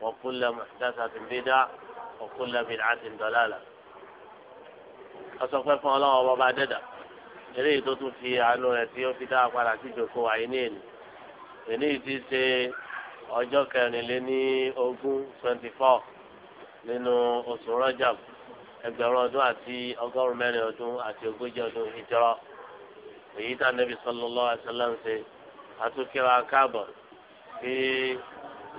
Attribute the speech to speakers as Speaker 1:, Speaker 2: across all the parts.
Speaker 1: وكل محدثة بدعة وكل بدعة ضلالة أصدق الله وبعد ذلك eléyìí tó tún fi àánú rẹ̀ tí ó fi dá padà sí ìjòkó àìní èlò èléyìí ti ṣe ọjọ́ kẹrìnléní ogún twenty four nínú oṣù Rajab ẹgbẹ̀rún ọdún àti ọgọ́rùn mẹ́rin ọdún àti ogójì ọdún Hijra èyí tá Nabi sallallahu alaihi wasallam ṣe àtúnkìrà káàbọ̀ sí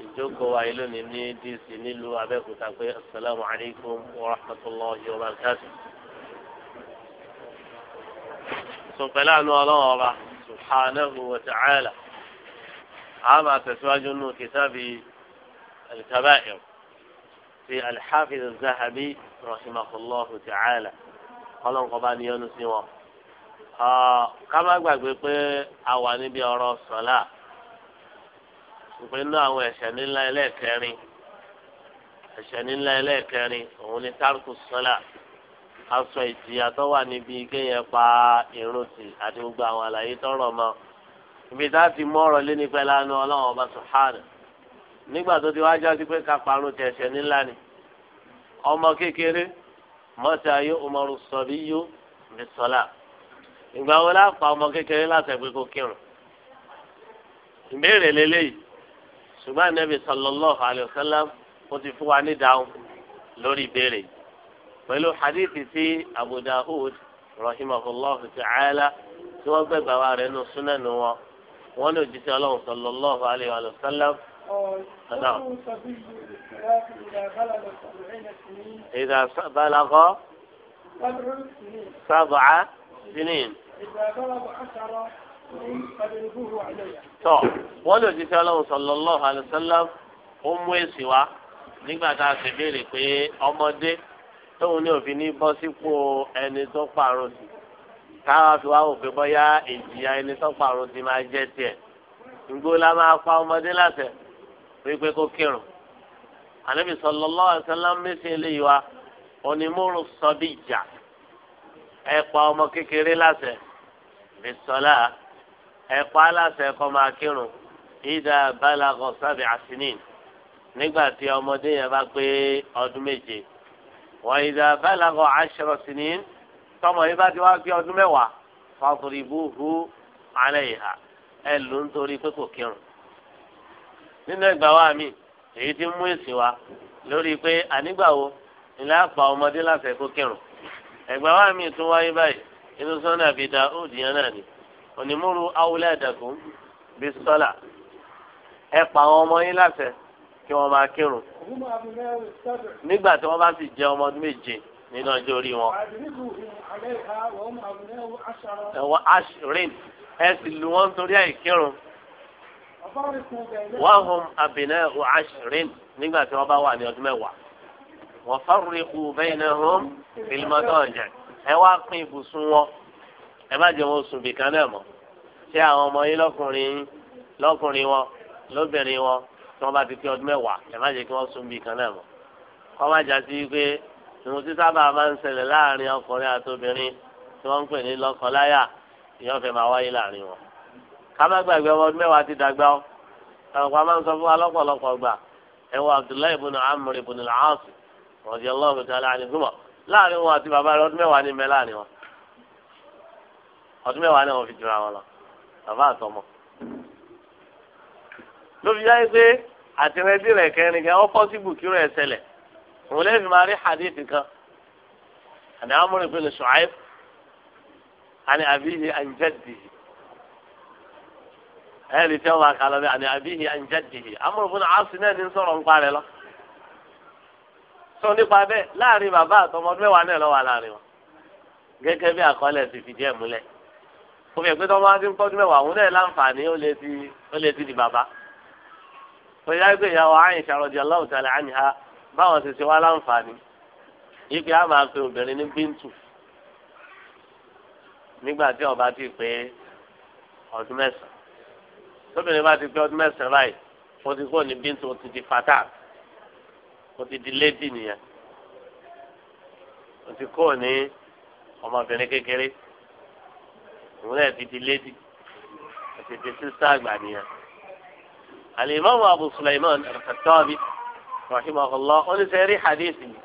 Speaker 1: ìjókòó wa ìlú ni ní dc nílùú abẹ́òkúta pé asalaamu alaykum wa rahmatulahi wa barakatu. sùnpẹ̀lẹ́ àánú ọlọ́run ọba subhanahu wa ta'ala a máa tẹ̀síwájú nù kìtàbí alkabair ti alḥafiz zahabi rahimahulahu ta'ala ọlọ́run kọ́ bá níyanu sí wọn. ká má gbàgbé pé a wà níbi ọ̀rọ̀ sọ̀lá ṣùgbọ́n inú àwọn ẹ̀ṣẹ̀ nílá ẹlẹ́ẹ̀kẹrin ẹ̀ṣẹ̀ nílá ẹlẹ́ẹ̀kẹrin òun ni tárùkù sọ́là aṣọ ìjìyà tó wà níbi kéèyàn pa irun tì àti gbogbo àwọn àlàyé tọrọ mọ ibi tá a ti mú ọ̀rọ̀ lé nípa ẹlànà Ọlọ́run ọba sùhánù nígbà tó ti wájú sí pé ká parun ti ẹ̀ṣẹ̀ nílá ni ọmọ kékeré mọ́tì ayé ọmọrù sọ̀bí yó mi sọ́là ìgbà wo lápá ọmọ kékeré láti kó kírun ìbéèrè lélẹ́yìí ṣùgbọ́n anabi sallallahu alayhi wa sallam ó ti fún wa ní dáhùn lórí ìbéèrè pẹ̀lú hadithi ti Abu Dawud rahimahullah ta'ala tí wọ́n gbẹ̀gbà wa rẹ̀ nù súnà nù wọn wọn ní òjíṣẹ́ ọlọ́run sallallahu alayhi wa sallam. إذا بلغ سبع سنين إذا بلغ عشر tọ wọ́n lè jíṣẹ́ ọlọ́run sallallahu alaihi wasallam ó mú èsì wá nígbà tá a sì béèrè pé ọmọdé tóun ní òfin ní bọ́ sípò ẹni tó ya sí káwá fi wá òfin ẹni tó sí máa máa pa ọmọdé láṣẹ wípé kó kírun sọ bí ìjà ẹ ọmọ kékeré láṣẹ ẹ̀kọ́ aláṣẹ kọ́ máa kírun ìdá balagọ sábẹ àsìnín nígbà tí ọmọdé yẹn bá pé ọdún méje wọ́n ìdá balagọ aṣọ sinin tọmọ yìí bá ti wá pé ọdún mẹ́wàá fàtúrìbùhù alẹ́ ìhà ẹ ló ń torí pé kò kírun nínú ẹgbàá wa mi èyí ti mú èsì wa lórí pé ànígbàwo ilé àpá ọmọdé láṣẹ kó kírun ẹgbàá wa mi tún wáyé báyìí inú sọ́nà àbídá ó dìyàn náà ni onímúru awladakum bis sala ẹ pa àwọn ọmọ yín láṣẹ kí wọ́n máa kírun nígbà tí wọ́n bá ti jẹ ọmọ ọdún méje nínú ọjọ́ orí wọn. ẹ̀wọ̀n ashrin ẹ sì lù wọ́n torí àìkírun. wọ́n hùn àbìnẹ́ ọ̀ ashrin nígbà tí wọ́n bá wà ní ọdún mẹ́wàá. wọ́n fárúri kù bẹ́ẹ̀ náà hùn fìlímọ́tò ọ̀jẹ̀ ẹ wá ibùsùn wọn ẹ má jẹ wọn sùn bìkan náà mọ ṣé àwọn ọmọ yín lọkùnrin lọkùnrin wọn lóbìnrin wọn tí wọn bá ti pé ọdún mẹ́wàá ẹ má jẹ kí wọn sùn bìkan náà mọ kọ má jà sí pé ìwọ tí sábà máa ń ṣẹlẹ̀ láàrin ọkùnrin àti obìnrin tí wọn ń pè ní lọ́kọláya ìyẹn fẹ́ máa wáyé láàrin wọn. ká má gbàgbé ọmọ ọdún mẹ́wàá ti dàgbà ọ ọ̀pọ̀ máa ń sọ fún wa lọ́pọ̀lọpọ̀ gbà ẹ Abdullahi ibùn Amr ibùn al-As radiyallahu ta'ala anhuma láàrin wọn àti bàbá rẹ ọdún mẹ́wàá ní mẹ́ láàrin wọn ọdún mẹ́wàá náà wọ́n fi jura wọn lọ bàbá àtọmọ. ló fi jáde pé àtìrẹ́dì rẹ̀ kẹrin gan ọ́ pọ́sibù kí rẹ̀ ṣẹlẹ̀ òun lè fi máa rí hadith kan àná amúrin pé lè ṣùáìf àní àbíyí àǹjẹ́dìhì ẹ̀ẹ́dì tí wọ́n máa kà lọ bí àní àbíyí àǹjẹ́dìhì amúrin fún àásù náà ní sọ̀rọ̀ ń parẹ́ lọ sọ nípa bẹ́ẹ̀ láàrin bàbá àtọmọ ọdún mẹ́wàá náà lọ́wọ́ láàrin wọn gẹ́gẹ́ bí àkọọ́lẹ̀ ti fìdí ẹ̀ múlẹ̀ omi ẹ̀pẹ́ tó máa ń tọ́jú mẹ́wàá òun náà láǹfààní ó lè ti ó lè ti di bàbá. òye á gbé ìyàwó Àìṣà radiyallahu ta'ala anha báwọn ti ṣe wá láǹfààní yípe á máa pe obìnrin ní bíntù nígbà tí ọba ti pé ọdún mẹ́sàn-án tóbìnrin bá ti pé ọdún mẹ́sàn-án báyìí ó ti kó ní bíntù ó ti di fatah ó ti di lady nìyẹn ó ti kó ní ọmọbìnrin kékeré òun náà fi ti létí àtètè sísá àgbà nìyẹn. alimami abu suleiman al-khattabi rahimahullah oníṣẹ́ rí hadith yìí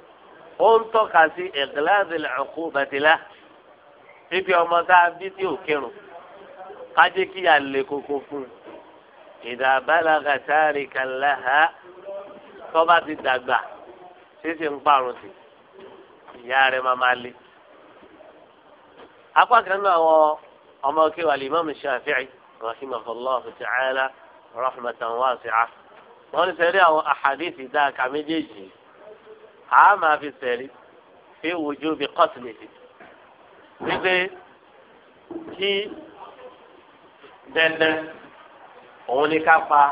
Speaker 1: ó ń tọ́ka sí ẹ̀gláàdìlẹ̀ ọ̀kú bàtìlá fífi ọmọ tá a bí tí ò kírun kájí kí a lè koko fún un ìdá balaga sáré kàláhà tọ́ba ti dàgbà ṣíṣe ń parun sí ìyá rẹ̀ máa máa lé. apá kan náà wọ́n ọmọ kí wà Imam Shafi'i rahimahullah ta'ala rahmatan wasi'ah wọ́n ní sẹ́rí àwọn àhàdìsì dáàka méjèèjì a máa fi sẹ́rí fi wujubi qatlihi wípé kí dandan òun ní ká pa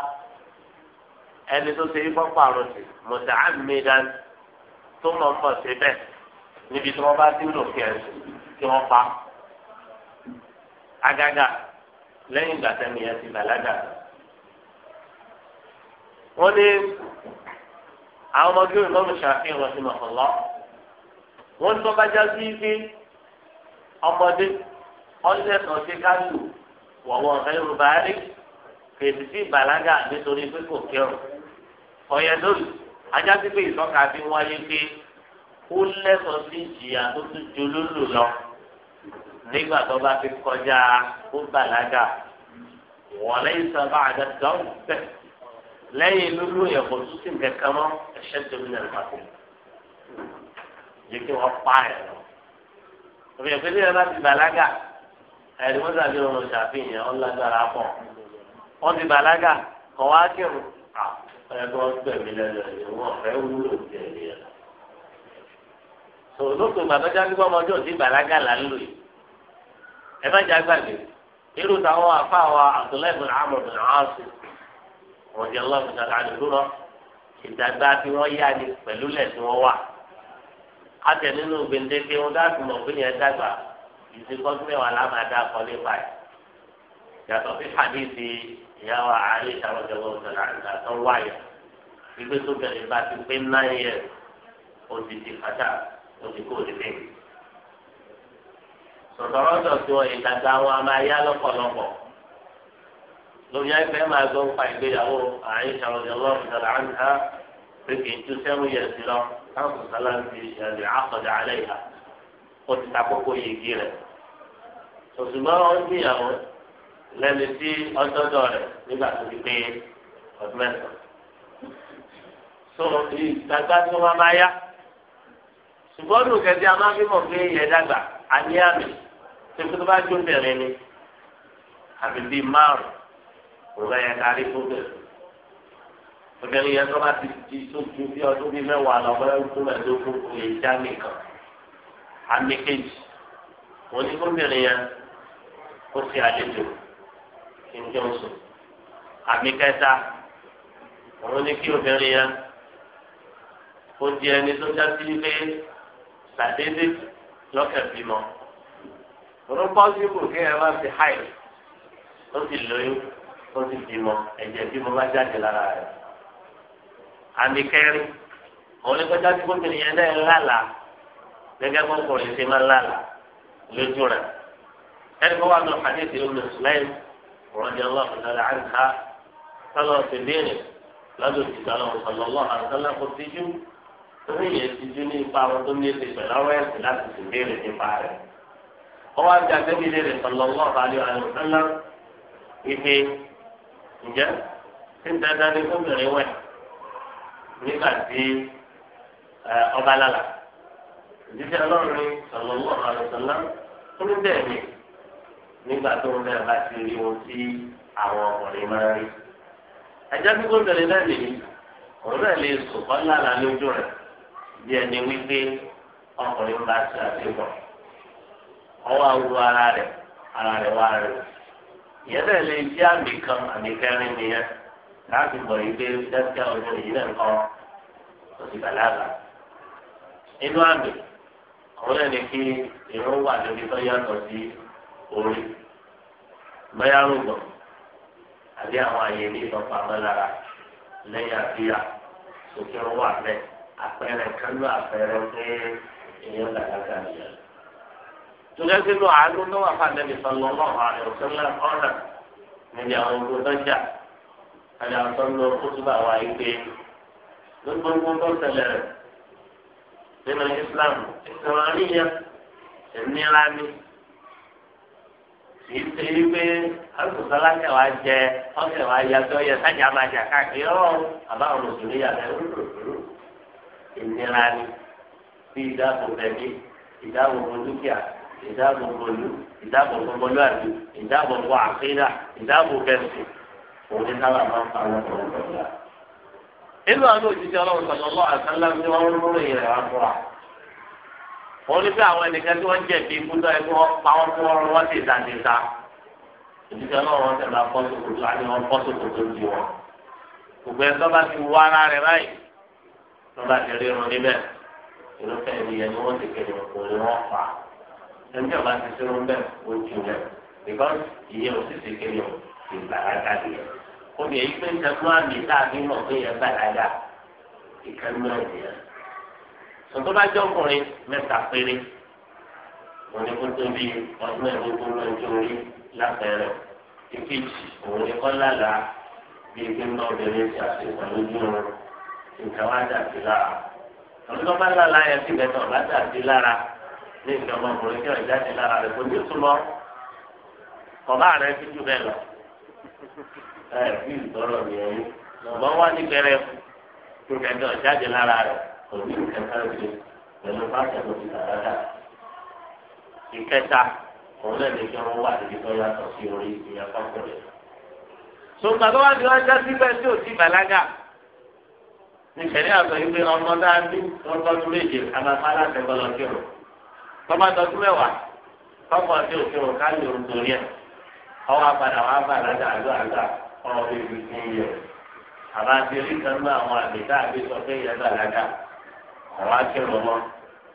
Speaker 1: ẹni tó ṣe fọ́ pààrọ̀ sí muta'ammidan tó mọ̀ ń bọ̀ síbẹ̀ níbi tí wọ́n bá ti ń lò kí ẹ̀ kí wọ́n pa. agaga lẹ́yìn ìgbà tẹ́mi yẹn ti bàlágà. wọ́n ní àwọn ọmọdé ìmọ̀mù ṣàfihàn wọn sí mọ̀kànlá. wọ́n ní bọ́bá já sí pé ọmọdé ọ̀sẹ̀tàn ṣe ká lù wọ̀wọ́ ẹ̀rù bàárẹ̀ kèsì sí bàlágà nítorí pé kò kẹrù. ajá sí pé ìtọ́ka pé ó lẹ́sọ̀ọ́ sí ìjìyà tó tún nígbà tó bá fi kọjá ó bàlágà wọ́n lẹ́yìn sábà àdàtọ̀ bẹ́ẹ̀ lẹ́yìn lulu yẹn kò tún sí nǹkan kan mọ́ ẹ̀ṣẹ́ tóbi náà lọ́wọ́ àti yìí kí wọ́n pa ẹ̀ lọ. òfin ìpínlẹ̀ yẹn bá ti bàlágà ẹ̀rí wọ́n sàbí ọ̀run ṣàfihàn ọ̀làdàrà pọ̀ wọ́n ti bàlágà kọ̀ wá kírun à ẹ̀gbọ́n gbẹ̀mí lẹ́nu ẹ̀yẹ wọ́n fẹ́ wúlò gbẹ̀mí ẹ̀. sòlótò gbàdọ́jà gbígbọ́ ọmọdé òsì bàlágà là ń lò yìí. ẹ má jẹ agbàgbé irú táwọn wa abdullahi bin amr bin aasi wọn jẹ lọ bin alaali lọ ìdàgbà tí wọn yá ni pẹ̀lú lẹ wọn wà àtẹ nínú gbèǹdéke wọn dáàbò mọ fún yẹn dàgbà ìsìnkọ́sí mẹ́wàá lámàdá kọ́lé báyìí yàtọ̀ sí àárín wáyà bá ti pé náírà tọ̀tọ̀rọ̀tọ̀ tí wọ́n ìtajà wọn a máa yá lọ́pọ̀lọpọ̀ lórí ẹgbẹ́ máa gbọ́ nípa ìgbéyàwó àyíṣà ọ̀dẹ̀lọ́ ìdàlẹ̀ àńká pé kì í tú sẹ́wọ̀n yẹ̀ sí lọ káàkùn sálá ti ṣẹlẹ̀ àkọ́dà ta kókó ó ń tí nígbà tó ti pé ọdún so tí máa yá nù a máa fi pé dàgbà tuntun tó bá jó bẹ̀rẹ̀ ni àbí bíi márùn òun ẹ̀yẹ kárí tó bẹ̀rẹ̀ obìnrin yẹn tó bá ti di sójú bí ọdún bíi mẹ́wàá lọ bá ń tó mẹ́ẹ̀ẹ́dógún kò lè já nìkan àmì kejì òun ní gómìnrin yẹn kó ṣe àlejò kí n jẹun sùn àmì kẹta òun ní kí obìnrin yẹn kó di ẹni tó já sí ilé sàdédé lọ́kẹ̀ bímọ òun pọ́sibù kí ẹ máa fi háì ó ti lóyún ó ti bímọ ẹ̀jẹ̀ bímọ bá jáde lára rẹ̀ àmì kẹrin òun ní kọjá tí gómìnà yẹn náà ń lálàá gẹ́gẹ́ bó kùnrin ṣe máa ń lálàá lójú rẹ̀ ẹni kó wà lọ hadith Umm Sulaym radiyallahu ta'ala anha sọlọ ti béèrè lọ́dún ìgbàlọ́ sallallahu alaihi wasallam kò tijú ó ní yẹn tijú ní ipa àwọn tó ní ètò ìpẹ̀lẹ́ ẹ̀sìn láti ti béèrè nípa rẹ̀ ọwọ́ àti àgbẹ̀bí ilé rẹ̀ sọ̀lọ́lọ́ àlẹ́ àlùfẹ́lá ìhe ǹjẹ́ tí dandan ni obìnrin wẹ̀ nígbà tí ọba lálà ìdíjẹ́ ọlọ́run sọ̀lọ́lọ́ àlùfẹ́lá ó ní bẹ́ẹ̀ ni nígbà tó ń bẹ̀rẹ̀ bá ti rí ohun tí àwọn ọkùnrin máa ń rí. ajá gbígbó tẹ̀lé náà lè òun náà lè sùn kọ́ lálàá lójú rẹ̀ bí ẹni wípé ọkùnrin bá ṣe àṣepọ̀. ọwọ́ awo ara rẹ̀ ara rẹ̀ wá rẹ̀ ìyẹn náà lè jẹ́ àmì kan àmì kẹrin nìyẹn láti bọ̀ yìí pé dákítà ọjọ́ yìí náà kọ́ òsì bàlágà inú àmì àwọn náà ní kí irun wà lórí tó yàtọ̀ sí orí àbí àwọn àyè ní ìtọ́pọ̀ àmọ́lára lẹ́yìn sókè wà bẹ́ẹ̀ àpẹẹrẹ kánú àpẹẹrẹ pé èèyàn nìyẹn. tòlẹ́ sí lu àánú ní wàhálà nẹ́bí sọ̀rọ̀ lọ́wọ́ àrùn sọ́lá ọ̀nà níbi àwọn ogun lọ́jà àti àwọn sọ́nù kótóbà wa ìgbé gbogbo ogun tó tẹ̀lé rẹ̀ nínú Islam ìsọ̀rọ̀ àríyá ìnira ni kìí ṣe wípé alùpùpù aláṣẹ wa jẹ ọ̀sẹ̀ wa ya tó yẹ sájà máa jà káàkiri ọ̀rọ̀ àbáwọn mùsùlùmí yàtọ̀ ìnira ni bí ìdáàbò bẹ̀mí ìdáàbò bọ̀ dúkìá ìdáàbòbò ìlú ìdáàbòbò bọlú àti ìdáàbòbò àkéyà ìdáàbòbò ẹsìn òun ní sábà máa ń fa àwọn ọmọ ọmọ ọmọ inú àwọn òṣìṣẹ́ ọlọ́run sọ̀rọ̀ lọ́wọ́ àtàlà tí wọ́n ń rún ìrẹ̀ wọn fún wa. wọ́n ní pé àwọn ẹnìkan tí wọ́n jẹ̀bi ikú tó ẹgbẹ́ wọn pa wọ́n fún wọn wọ́n ti dà ní ta. òṣìṣẹ́ ọlọ́run wọn tẹ̀lé afọ́sòkòtò àti wọn fọ́sòkòtò di wọn. gbogbo ẹ̀ sọ́ba ti wọ ara rẹ̀ báyìí sọ́ba ti wọ́n ti kẹ́lẹ̀ ẹni ọba ti ṣe ń bẹ ojú rẹ because ìyẹn ò sì ṣe o ti bàlágà lè o lè yí pé ń tẹnu àmì tá a pé yẹn bàlágà ìkànnì ọ̀dìyàn sọ̀tọ́ bá jọ ọkùnrin mẹ́ta péré òun ni kó tóbi ọdún ẹ̀ẹ́dógún lọ́jọ́ orí lápẹ̀rẹ̀ ìkejì òun ni kọ́ lálàá bí ebi ń bá obìnrin ṣe àṣepọ̀ lójú oorun nǹkan wá dàbí lára ọdún tó bá lálàá yẹn sì bẹ́tọ̀ bá dàbí lára ní ìgbà ọmọkùnrin kí wọn jáde lára rẹ kò ní ìtumọ̀ kọba rẹ fi jù bẹ́ẹ̀ lọ ẹ fi ìtọrọ mi ẹ yín ṣùgbọ́n wá ní bẹ̀rẹ̀ fún kẹkẹ ọjáde lára rẹ kò ní kẹkẹ ṣe pẹ̀lú bàtà tó fi tàdáda ìkẹta òun náà lè jẹun wà níbi tó yàtọ̀ sí orí ìyá fọkùnrin. sọgbà tó wà ní wọn já síbẹ̀ tí ò sí bàlágà ní sẹ́ni àgbẹ̀ yìí pé ọmọ dáadé ọgbọ́n méje àbáfáàlà tẹ́gbọ́n lọ́jọ́ rẹ̀ tọ́ba dọ́dún mẹ́wàá fọ́ọ̀mù àti òfin òkà lè ń torí ẹ̀ ọwọ́ abàdà wà bà ládà àlọ́ àlọ́ ọ̀rọ̀ bèbè ti yẹ àbá ti rí kan àwọn àgbẹ̀dá àgbẹ̀ sọ pé ìyá bàlágà ọ̀rọ̀ akẹ́rọ̀ mọ́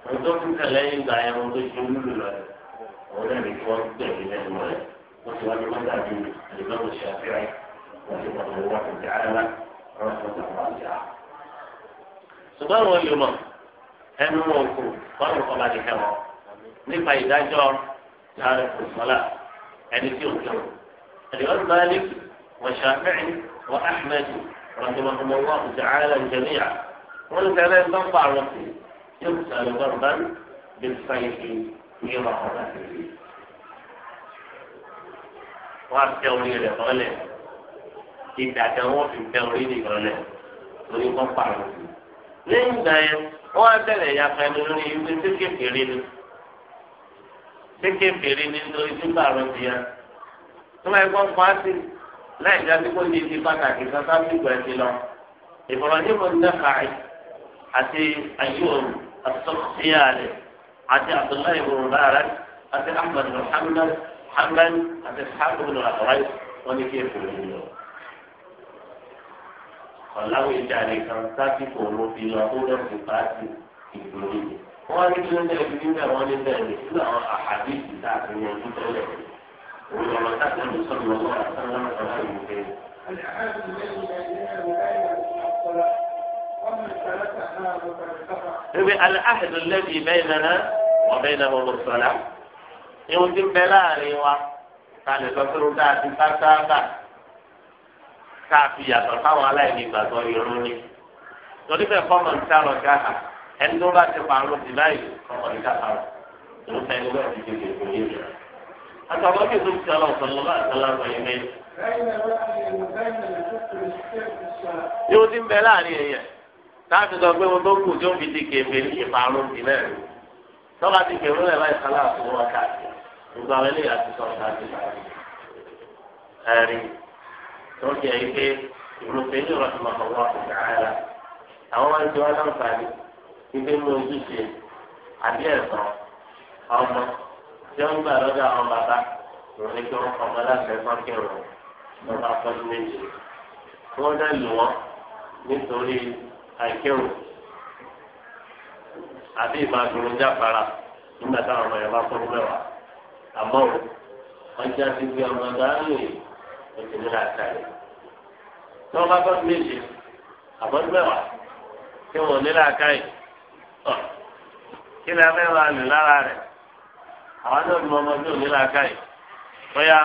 Speaker 1: ohun tó tún tẹ̀lé ìgbà yẹn ohun tó ṣe olúlu lọ rẹ̀ náà ní kí wọ́n gbẹ̀mí lẹ́nu rẹ̀ wọ́n ti wá wọ́n dàbí àlùbọ́ọ̀lù ṣàfihàn wọ́n wọ́n ti dì ara wọn fún àwọn ẹnu wọn kò wọ́n kọ́ bá ti kẹ́ wọn. nípa ìdájọ́ sáré kùsọ́lá ẹni tí ò jẹun ẹ̀dẹ̀wọ́n malik wọ́n ṣàfihàn wọ́n ahmed rahimahumullah ta'ala jamiya wọ́n ní sẹ́lẹ̀ ń dọ́gba àwọn sí yóò sáré gbọ̀ngàn bí sáyẹ̀kì ní ìwà ọ̀rọ̀ wọ́n á tẹ orí rẹ̀ lọ́lẹ̀ ìdàgbà wọn fi tẹ orí rẹ̀ lọ́lẹ̀ lórí kọ́ pààrọ̀ lẹ́yìn ìgbà yẹn wọ́n á bẹ̀rẹ̀ yàtọ̀ ẹni lórí ibi tí kékeré ni sele n dogba awon si yoo sare gbongan bi sayeki ni iwa oro won a te ori re lole idagba won fi te ori re lole lori ko ti leyin igba yen won a tele yato eni lori ibi ti kekere ni kéèké fèrè ní nítorí nígbà rẹ̀ ti yá tó máa gbọ́n pa á sí láì já sí kó ní ibi pàtàkì kankan bí ìgbà ti lọ Ibrahim an-Nakha'i àti Ayyub as-Sakhtiyaani àti Abdullahi ibn Mubarak àti Ahmad Muhammad Muhammad àti Ishaq ibn Rabi wọn ní kéèké fèrè ní lọ ọ̀làwìn ìjà nìkan sáfì kò ló fi lọ tó lọ́ọ́ fi pa á sí ìgbòho yìí wọ́n ní kí ló ń tẹ̀lé fi níbẹ̀ wọ́n ní bẹ́ẹ̀ ní sí àwọn àhàbí ìta àfihàn tó tẹ̀lé òyìnbó táti ẹni sọ́nù lọ́wọ́ àtàwọn ọmọ ọ̀la yìí pé. ebi alahadu lẹbi bẹyìnana wọn bẹyìnana wọn sọlá ihun ti bẹ láàrin wa ká lè sọ pé ti bá sáábà ká fáwọn aláìní ìgbàgbọ́ ìrún ni torí bẹ́ẹ̀ fọ́ọ̀mù ń ẹni tó bá ti pààrọ̀ sí báyìí ọkọ̀ ní ló fẹ́ ní bẹ́ẹ̀ ti di gbogbo yìí rẹ̀. àtàwọn kí ló ti sọ̀rọ̀ sọ̀rọ̀ bá àtàlà sọ yìí mẹ́rin. yóò ti ń bẹ láàrin èèyàn láti sọ pé mo tó kù tó fi di kèfé ní ìpààrọ̀ sí náà tọ́ka ti kèfé rẹ̀ láì sálà fún wọn káàkiri gbogbo àwọn eléyà ti sọ̀rọ̀ káàkiri ẹ̀rí tó jẹ́ ike ìrùfẹ́ ní ìrọ̀tìmọ̀ àwọn àwọn ibi ní ojúṣe àbí ẹ̀sán ọmọ tí wọ́n gbà lọ́dọ̀ àwọn bàbá wọn ni kí wọ́n fọmọ láti ẹ̀sán kẹrùn wọn bá fọ́jú méjì wọ́n dá lù wọ́n nítorí àìkẹrùn àbí ìmàdùn jáfara nígbà táwọn ọmọ yẹn bá fọ́jú mẹ́wàá àmọ́ wọ́n já sí pé ọmọ dáhùn ètò ìlera àtàlẹ́ tí wọ́n bá fọ́jú méjì àbọ̀dún tí wọ́n nílà káyìí tọ̀ kí ni abẹ́ máa lò lára rẹ̀ àwọn náà mọ ọmọ tó ní làákàyè bóyá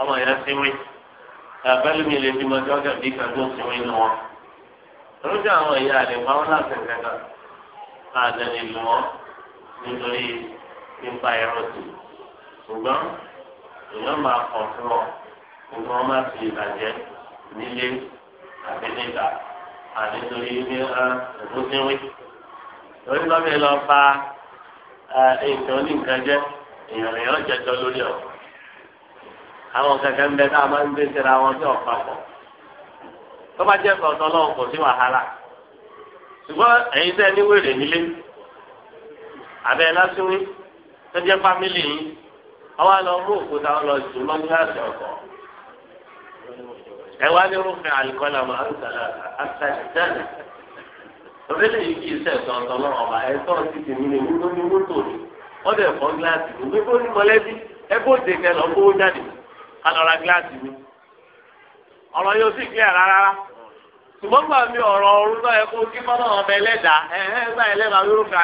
Speaker 1: ọmọ yẹn ti wí àbẹ́lú mi lè fi mọ ọjọ́ kẹ̀kẹ́ kan tó ti wí nù wọn. lójú àwọn ìyá rẹ̀ máa ń láti kẹ̀kẹ́ máa dẹni lù wọ́n nítorí nípa ẹ̀rọ tì ṣùgbọ́n èèyàn máa kọ̀ fún ọ ṣùgbọ́n wọ́n máa fi ìbàjẹ́ nílé àbí níta àti nítorí ní ah, ẹ̀ tó ti wí. torí lọ́mọ yẹn lọ fa oníkan jẹ́ lórí ọ̀ àwọn ń bẹ tá a máa ń gbé síra wọn sí ọ̀pá pọ̀ tó bá jẹ́ kọ̀ọ̀tọ̀ lọ́wọ́ kò sí wàhálà ṣùgbọ́n ẹ̀yin tẹ́ ní wèrè nílé àbẹ̀ tó jẹ́ fámìlì yìí ọwọ́ lọ mú òkúta lọ òbẹ́lẹ̀ yìí kì í sẹ̀tọ̀ ọ̀tọ̀ náà ọ̀bà ẹ̀tọ́ ti ti mi lè mú ló ní mọ́tò ni wọ́n dẹ̀ fọ́ gíláàsì mi gbogbo ní mọ̀lẹ́bí ẹ bó kẹ lọ gbówó jáde gíláàsì mi yóò sì rárá ṣùgbọ́n gbà mí ọ̀rọ̀ ọ̀run náà ẹ kó kí mọ́nà ọmọ ẹlẹ́dàá yóò fẹ́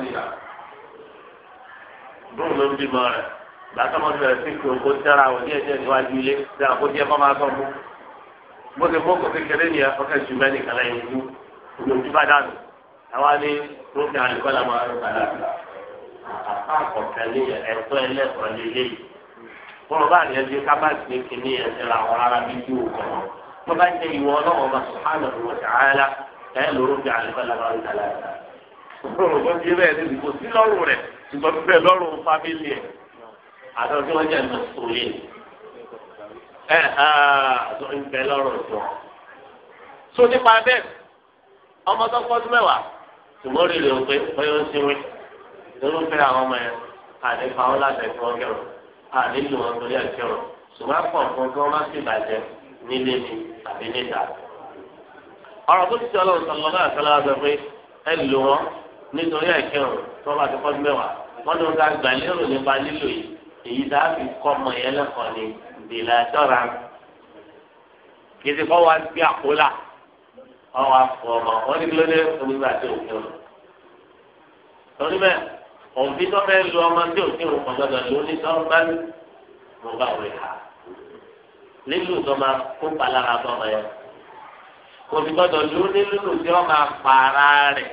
Speaker 1: máa bóun ló ń bímọ rẹ gbàtọ́ mọ́ bẹ̀rẹ̀ sí kí oko dára òní ẹ̀jẹ̀ níwájú ilé dára kó jẹ́ kọ́ máa sọ bó ti fọ́kọ̀ kékeré ni ọkẹ́ ju mẹ́ni kàlá yẹn ju olójú bá dànù àwa ní rúkì àlùkọ́lá máa ní bá di kìíní bí ju bá ìwọ bá sàáyà ṣùgbọ́n fífẹ́ lọ́rùn fámìlì ẹ̀ àti ọdún ọjà ní sòlè ẹ àtọ ìfẹ́ lọ́rùn tó. so nípa bẹ́ẹ̀ ọmọ tó pọ́jú mẹ́wàá ṣùgbọ́n rèé lòó pé wọ́n yóò ṣe wí lórúfẹ́ àwọn ọmọ yẹn àti fáwọn láti ẹ̀kọ́ kẹrùn àti ìlú wọn torí ẹ̀kẹrùn ṣùgbọ́n àpọ̀ nǹkan kí wọ́n má sì bàjẹ́ nílé ni àbí níta. ọ̀rọ̀ tó ti sọ ọlọ́run sọ̀rọ̀ tí wọ́n bá ti kọ́dún mẹ́wàá wọ́n ló ń ga gbà lérò nípa lílo yìí èyí tá a fi kọ́ ọmọ yẹn lẹ́kọ̀ọ́ ni ìdèlà dọ́ra kì í ti kọ́ wa gbé àkólà wọ́n wá fọ ọmọ wọ́n ní kílódé onígbà tí ò kírun torí bẹ́ẹ̀ òbí tó fẹ́ lu ọmọ tí ò kírun kan gbọdọ̀ ló ní tó ń bá mo bá wẹ̀ ha lílù tó máa kó palára tó ọmọ yẹn òbí gbọdọ̀ ló ní lílù tí ó máa pa ara rẹ̀.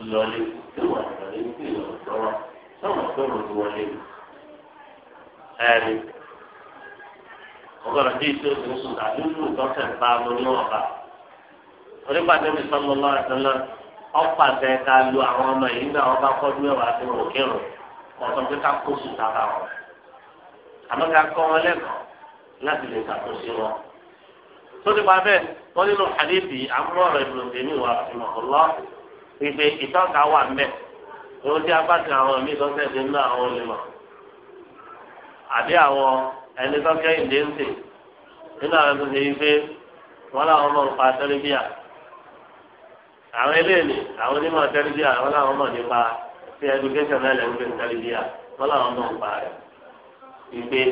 Speaker 1: lọlé tí wọn lọlé tí wọn lọ́wọ́ sọmọ tó lọ sí wọlé ẹni ọgọ́rọ̀ tí ìṣe oṣooṣù àdúgbò tọkẹ bá a lọ ní ọba onípàdé mi sọmọ lọrọ sọlọ ọpàtẹ ká lu àwọn ọmọ yìí nígbà wọn bá kọjú ẹwà tó wọn kírun ọsọ pé ká kó sùn sábà wọn àmọ́ ká kọ́ wọn lẹ́kọ̀ọ́ láti lè ṣàtúnṣe wọn tó ti pa bẹ́ẹ̀ wọn nínú àdébì àmúrò ọ̀rọ̀ ìbùdó tèmi wà fìmọ̀ ọlọ́ọ̀ ìpè ìtọ́ka wà mbẹ lóun tí a bá kan àwọn míì sọ́sẹ̀ ti ná àwọn olùmọ̀ àbí àwọn ẹni sọ́kẹ́ ìdẹ́nsì nínú àwọn tó ṣe yí pé wọ́n láwọn mọ̀ nípa tẹ́lifíà àwọn eléyìí àwọn onímọ̀ tẹ́lifíà wọ́n láwọn mọ̀ nípa ti ẹdùkẹ́sẹ̀ náà lẹ́nu pé tẹ́lifíà wọ́n láwọn mọ̀ nípa rẹ̀ ìpè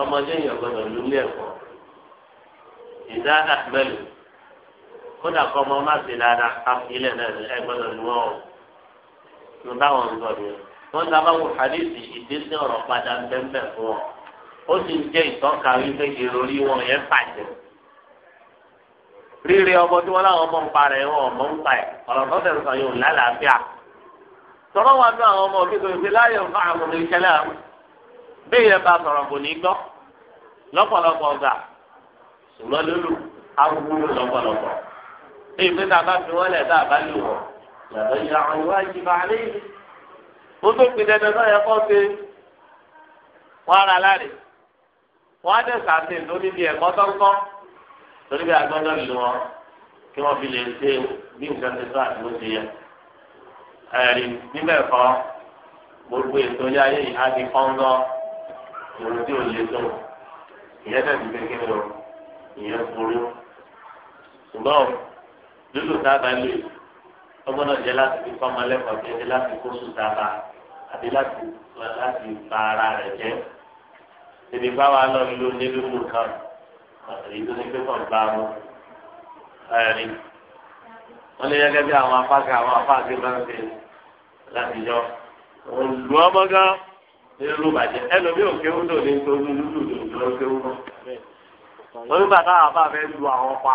Speaker 1: ọmọdé yẹn gbọdọ̀ lulẹ̀ ẹ̀kọ́ ìdá àtìmẹ́lì kódà kọ́ ọmọ má sì dáadáa àfilẹ̀ náà ẹgbẹ́dọ̀ ni wọ́n ò tó ń sọ nìyẹn wọ́n dábàá wò hadithi ìdésí ọ̀rọ̀ padà bẹ́ẹ̀ fún wọn ó sì ń jẹ́ ìtọ́ka wípé ìròrí wọn yẹn pàjẹ́ rírẹ ọmọ tí wọ́n láwọn ọmọ ń parẹ́ wọn ọmọ ń pa ẹ̀ ọ̀rọ̀ tó tẹ̀sán sọ yóò lálàáfíà tọ́rọ wa ní àwọn ọmọ òbí tó láyọ̀ fún àwọn ọmọ ìṣẹ̀lẹ̀ àwọn bí ìyẹn bá sọ̀rọ̀ kò ní gbọ́ lọ́pọ̀lọpọ̀ ọ̀gá ṣùgbọ́n lólu awúrú lọ́pọ̀lọpọ̀ èyí pé tá a bá fi wọ́n lẹ̀ tá a bá lò wọ́n yàtọ̀ yà àwọn ìwà ìjìbá alẹ́ yìí mo tó pin dandan náà yẹ kọ́ ṣe wọ́n ara láre wọ́n á dẹ̀sà sí i lórí bí ẹ̀kọ́ tọ́ńtọ́ lórí bí agbọ́dọ̀ lù wọ́n kí wọ́n fi lè ṣe bí nǹkan ti tó àti bó ṣe ẹ̀rí níbẹ̀ kọ́ gbogbo ètò ilé ayé yìí á di kọ́ńtọ́ ìrù tí ò lè tó ìyẹn tẹ̀sí kékeré o ìyẹn burú ṣùgbọ́n lólu sábà lè ọgbọ́n náà jẹ́ láti fi kọ́mọ lẹ́kọ̀ọ́ jẹ́ jẹ́ láti kó sùn sábà àti láti láti ba ara rẹ̀ jẹ́ tèmi bá wa lọ ló ní lólu kan èyí tó ní pé kàn gbá mu ẹ̀rí wọ́n lé gẹ́gẹ́ bí àwọn afáàkì àwọn afáàkì máa ń ṣe láti yọ olù ọmọ gan lólu bàjẹ́ ẹlòmí ò kéwú lò ní tó lulú lòdò lọ́ọ́ kéwú lọ. wọ́n ní bàtà àbá fẹ́ lu àwọn pa.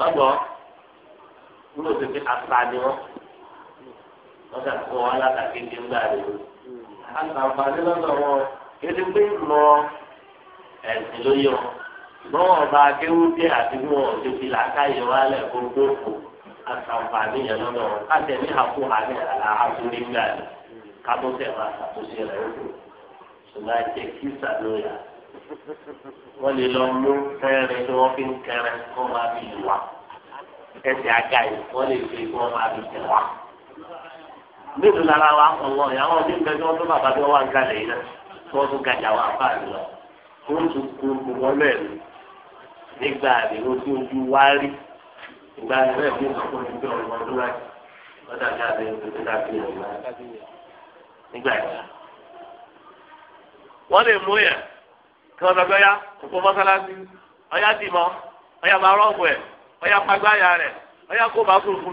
Speaker 1: lọ́gbọ́ wúlò tó fi àṣà ni wọ́n wọ́n dà fún wọn látàkì ní ńlá rẹ̀ àǹfààní lọ́dọ̀ wọn kéde pé mọ ẹ̀sìn ló yọ mọ ọba akéwú dé àti mú ọ tó fi làákàyè wá lẹ̀ gbogbo kù àǹfààní yẹn lọ́dọ̀ wọn káṣẹ̀ ní àkó àní àlàáfù nígbà rẹ̀ kábọ́sẹ̀ máa ṣàtúnṣe rẹ̀ ó kù ṣùgbọ́n ẹ jẹ́ kí sàlóyà wọ́n lè lọ mú fẹ́rẹ̀ tí wọ́n fi ń kẹrẹ kó máa fi wà ẹsẹ̀ ajá yìí wọ́n lè fi kó máa fi tẹ̀ wá. lára wa ọ̀wọ́ ìyàwó ọdún ìgbẹ́ tí wọ́n tó bàbá tí wọ́n wà ń kalẹ̀ yìí náà tí wọ́n tún gajà wà fà lọ. wọ́n tún kú wọn lẹ́nu nígbà àdéhùn tí ojú wá rí ìgbà bẹ́ẹ̀ bí ìsọ̀kò ní bí ọ̀rọ̀ ọdún láì ọ̀dà tí wọ́n sọ pé ọyá òkú mọ́sálásí ọyá dìmọ́ ọyá máa rọ́ọ̀bù ẹ̀ ọyá pagbáyà rẹ̀ ọyá kó bá fúrufú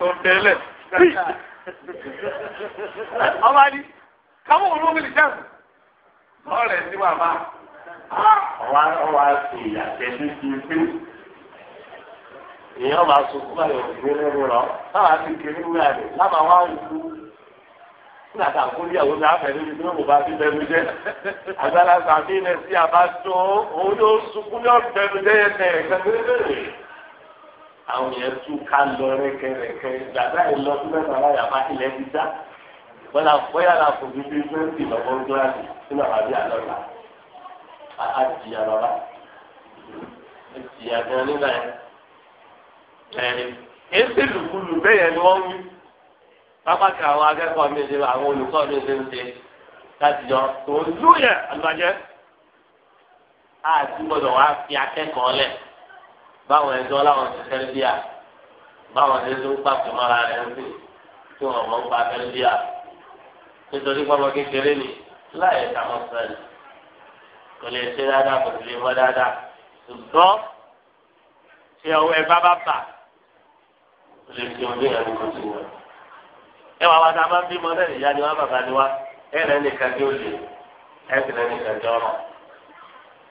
Speaker 1: àpá rẹ̀ ọba ni káwọn olómìnir jẹun ọ̀rẹ́ ní bàbá ọwọ́ ọwọ́ àti ìyàtẹ̀lú ti pé èèyàn máa sunkún báyọ̀ òkúrò lẹ́nu rọ táwọn àti kiri wúlò àdé lábàá wá wù nígbà tá a kó níyàwó ní afẹ́lẹ́ ní ìlú bá fi bẹnu jẹ àgbàlagbà mi lẹ sí òun yóò sunkún yóò bẹnu jẹ yẹn tẹ̀ ẹ̀ kẹ́kẹ́ àwọn yẹn tú ká lọ rẹkẹrẹkẹ gbàgbá yìí lọ sí mẹ́ta láyà bá ilẹ̀ ti dá bọ́lá bóyá la kò fi fi fẹ́ǹsì lọ́wọ́ gíláàsì sínú àbí àlọ́lá a ti yà lọ́la a ti yà gan nígbà yẹn ẹ̀ẹ́n èsì lùkulù bẹ́ẹ̀ yẹn ni wọ́n wí pápákọ̀ àwọn akẹ́kọ̀ọ́ mi ṣe àwọn olùkọ́ mi ṣe ń ṣe láti yọ òun lóye àgbàjẹ́ àti gbọ́dọ̀ wá fi akẹ́kọ̀ọ́ lẹ̀ báwọn ẹjọ́ láwọn ti tẹ́lifíà báwọn ẹjọ́ ń pàṣẹ mọ́ra rẹ̀ ń bì tí wọ́n mọ̀ ń pa tẹ́lifíà nítorí pọ́nmọ́ kékeré ni láyé táwọn sẹ́ẹ̀lì kò lè ṣe dáadáa kò sì lè mọ́ dáadáa ṣùgbọ́n ṣé ọwọ́ ẹ bá bá bà kò lè ṣe ọdún ìyàwó kò sí wọn. ẹ wà wá tá a máa ń bímọ náà ìyá ni wá bàbá ni wá ẹ rẹ nìkan tí ó lè ẹ sì rẹ nìkan tí ọ̀rọ̀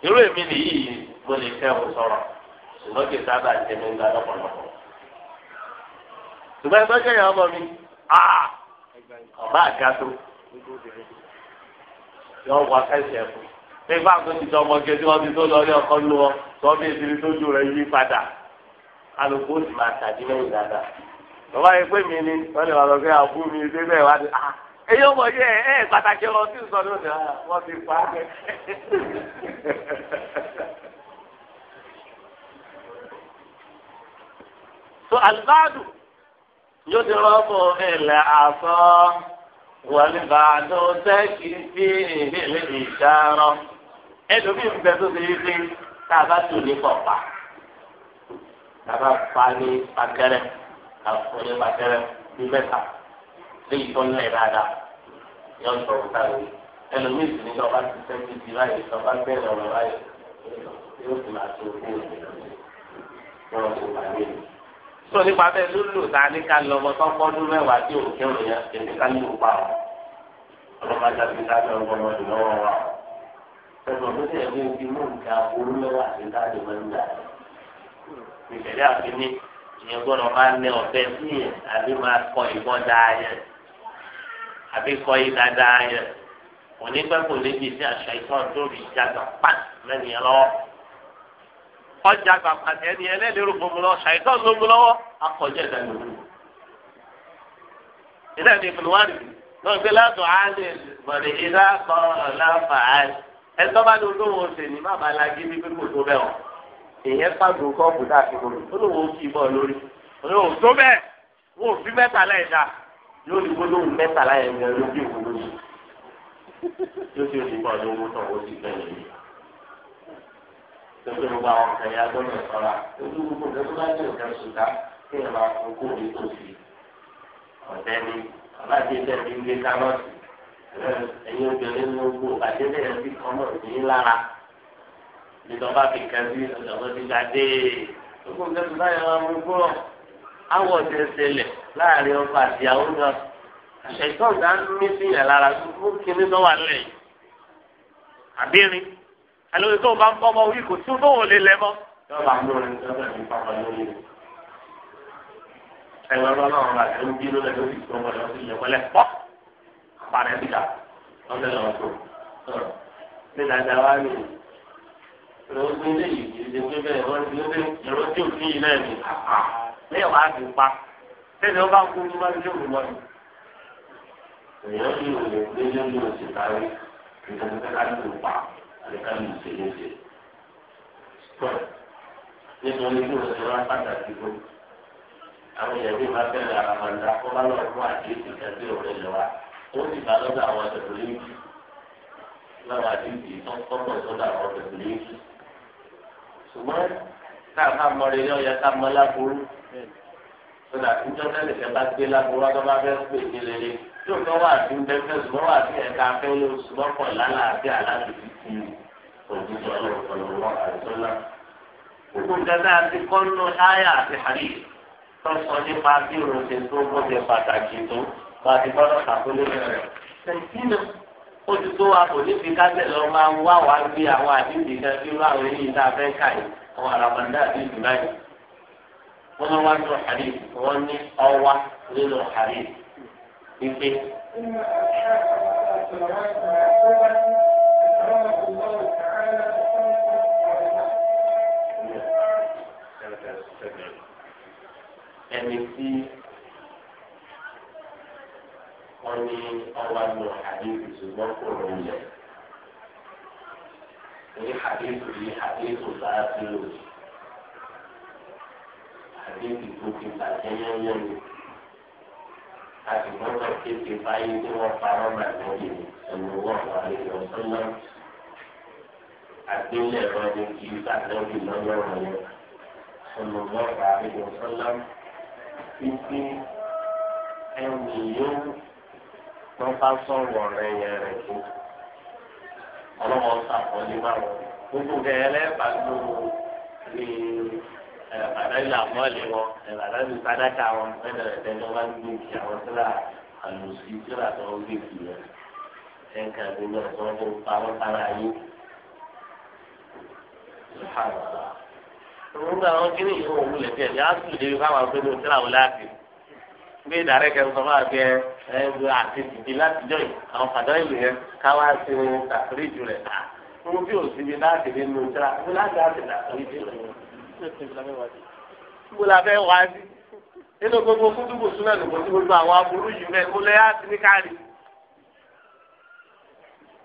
Speaker 1: irú èmi nìyí mo lè fẹ́ mo sọ̀rọ̀ ṣùgbọ́n kì í sábà ṣe mí ńlá lọ́pọ̀lọpọ̀. ṣùgbọ́n ẹgbẹ́ kẹ́yìn ọmọ mi ọba àgàtò yọ wà kẹsẹ̀ fún nígbà tó ti tọ́ ọmọge tí wọ́n ti tó lọ rí ọkọ ló wọn tó bí ìdílé tójú rẹ̀ yí padà alùpùpù sì máa tàbí lẹ́yìn dáadáa. bàbá yìí pé mi ni wọ́n lè wà lọ pé àbú mi dé bẹ́ẹ̀ wá dé ah, èyí ọmọ yìí ẹ pàtàkì ọ̀rọ̀ tí ń sọ lónìí ah, wọ́n ti pa á bẹ́ẹ̀. so alibadu yóò ti rọ́pò ilẹ̀ àfọ́ wọlé bàdó sẹ́kì sí ìhìlẹ̀ ìṣàrọ̀ ẹlòmíì ń bẹ tó ti rí tàbá tó ní pọ̀pá tàbá fa ní pàkẹ́rẹ́ àfọ̀ ní pàkẹ́rẹ́ ní mẹ́ta léyìí dáadáa yọ ń sọ̀rọ̀ táwọn ẹlòmíì sì ní lọ́ba ti sẹ́kì sí láyé lọ́ba bẹ́ẹ̀ lọ́rọ̀ láyé yóò sì máa tó kú òní lọ́wọ́ tó bá yé mi tó nípa bẹ́ẹ̀ lólò tá a ní ká lọ ọmọ tó kọ́dún mẹ́wàá tí òun kẹ́rù yẹn èmi ká ní òun pa ọ́ ọlọ́mọ ajá fi dájọ́ ọgbọ́n ọdún lọ́wọ́ wa ẹ̀sùn tó tẹ̀ mí fi mú nǹkan orú mẹ́wàá sí dájọ́ mẹ́rin dà ìṣẹ̀lẹ̀ àfiní ìyẹn gbọ́dọ̀ máa ń lẹ ọ̀fẹ́ sí yẹn àbí máa kọ ìbọn dáa yẹn àbí kọ ìdá dáa yẹn òní pẹ́ kò níbi sí àṣà ìtọ́ ọjà gbàgbà ẹni ẹlẹ́lẹ́rù gbòmùlọ ṣàìtàn ló ń lọ́wọ́ akọ̀jẹ́ ìdánilò. ilé ẹni ìfúnwárì náà gbé látọ̀ áálẹ̀ bọ̀dẹ̀ ìdá kan láǹfà áálẹ̀ ẹtọ́ bá ní olówó ṣe ní bàbá alágé bí pé kò tó bẹ́ẹ̀ ọ̀ èèyàn pàgò kọ́ọ̀bù dà sí kòrò olówó wọ́n fi bọ̀ lówó tẹ̀sí gbogbo àwọn ọ̀sẹ̀ yà gbọ́dọ̀ sọ̀ra ojú gbogbo ìjọba tó bá ní òkè ṣùgbà kí ẹ̀ máa fún kó lè tòsí ọ̀sẹ̀ ni aláàbí ẹgbẹ́ ti ń gbé kánọ́ọ̀sì ẹ̀yin obìnrin ní gbogbo àti ẹgbẹ́ ti kọ́mọ̀ ní lára nítorí fi kẹ́sí ọ̀dọ́ ti gba dé gbogbo ìjọba tó bá yẹ wọn mú gbọ́ awọ ti ṣẹlẹ̀ láàrin ọkọ àti àwọn náà àṣẹ àlọ́ tó bá ń kọ́ ọmọ orí kò tún tóun lè lẹ mọ́. ẹ̀wọ̀n lọ́wọ́ náà wà ló ń bí ló lẹ́nu ìgbà ọmọ rẹ̀ ọtí ìyẹ̀wò lẹ̀ pọ́ parẹ́ síta lọ́dẹ lọ́wọ́ tó. ní dada wa ni lọ́wọ́ tó lé yìí ṣe pé bẹ́ẹ̀ wọ́n ti lé ẹ̀rọ tí ò fíyì náà ni lẹ́yìn wàá fi pa tẹ́lẹ̀ wọ́n bá kú ní wọ́n ti lé òun lọ́nà. èèyàn yìí lè gbé àbíkámi ìṣèlédè tó nítorí bí wọ́n ti wá pàtàkì tó àwọn èèyàn bíi máa fẹ́ràn ara máa ń dá kó bá lọ fún àdéhùn ìtẹ́sí òun ilẹ̀ wa ó sì bá lọ́dọ̀ àwọn ọ̀dọ̀dọ̀ léèkì lọ́wọ́ àdéhùn tọ́pọ̀ sọ́dọ̀ àwọn ọ̀dọ̀dọ̀ léèkì ṣùgbọ́n káàká mọ́rin ní ọ̀yà ká mọ́ láburú sọ́dọ̀ àtijọ́ tẹ́lẹ̀ fẹ́ bá gbé láburú wá tó bá fẹ́ pè é tí o kan wà sí bẹ́ẹ̀ ṣùgbọ́n wà sí ẹ̀ka fẹ́ ló ṣùgbọ́n pọ̀ lálàáfíà láti fi ti òjijì ọlọ́wọ́ àìsọ́lá. Gbogbo ìdáná àti kọ́nù áyà àti àrí tó sọ nípa bí òun ṣe tó gbọ́dọ̀ pàtàkì tó bá ti gbọ́dọ̀ ṣàkólé rẹ̀. Ṣèǹtínà ó ti tó wa kò ní fi kásẹ̀ lọ máa wá wá gbé àwọn àdìsí kan bí irú àwọn eléyìí tá a fẹ́ kà yìí àwọn àràmàdá àti ìdùnnà yìí. Wọ́n lọ wá nínú àrí wọ́n ní ọwá nínú àrí. wípé. ẹni tí wọ́n ní ọwọ́ ní àdéhùn ṣùgbọ́n kò ló ń yẹ. ní àdéhùn yìí àdéhùn bá a ti lò. àdéhùn tó ti bàjẹ́ yẹ́nyẹ́ ni. àti mọ́tò kéde báyìí tí wọ́n parọ́ máa ń lóye ìṣòwò àlejò ọ̀sánná àgbélé ẹ̀rọ ni kì í sàtẹ́wì lọ́wọ́ rẹ̀ ìṣòwò àlejò ọ̀sánná títí ẹnì yóò wọ́n bá sọ̀rọ̀ rẹ̀ yẹn rẹ̀ tó ọlọ́wọ́ sàkọ́lé báwọn gbogbo kẹ̀yẹ́ lẹ́ẹ̀bà ló ní ẹ̀rọ̀kàdánilà mọ́ọ̀lì wọn ẹ̀rọ̀kàdánilà sádákà wọn ẹ̀rọ̀kàdánilà ni wọ́n máa ń gbé kí àwọn sílá àlùsí sílá tó ń gbé kì í ẹ̀ka ìgbìmọ̀ tó ń fún pamọ́ sára yín. nígbà wọn kí ni ìyẹn wọn wúlẹ̀ bí ẹ̀ ní asùn lè fi fáwọn agbẹ́ni sílá wọn láti gbé ìdàrẹ́ kẹ́ sọ fún àgbẹ̀ ẹ̀ àti ìdí látijọ́ yìí àwọn fàdánilù yẹn káwá sí tàkìrìjù rẹ̀ ta. mo bí òsibí láti nínú sílá mo láti láti tàkìrìjù rẹ̀ gbogbo la fẹ́ wá sí nínú gbogbo kúndùkù súnmọ́ lòpọ̀ sí gbogbo àwọn aburú yìí mẹ́ mo lè yá sí ní káàrí.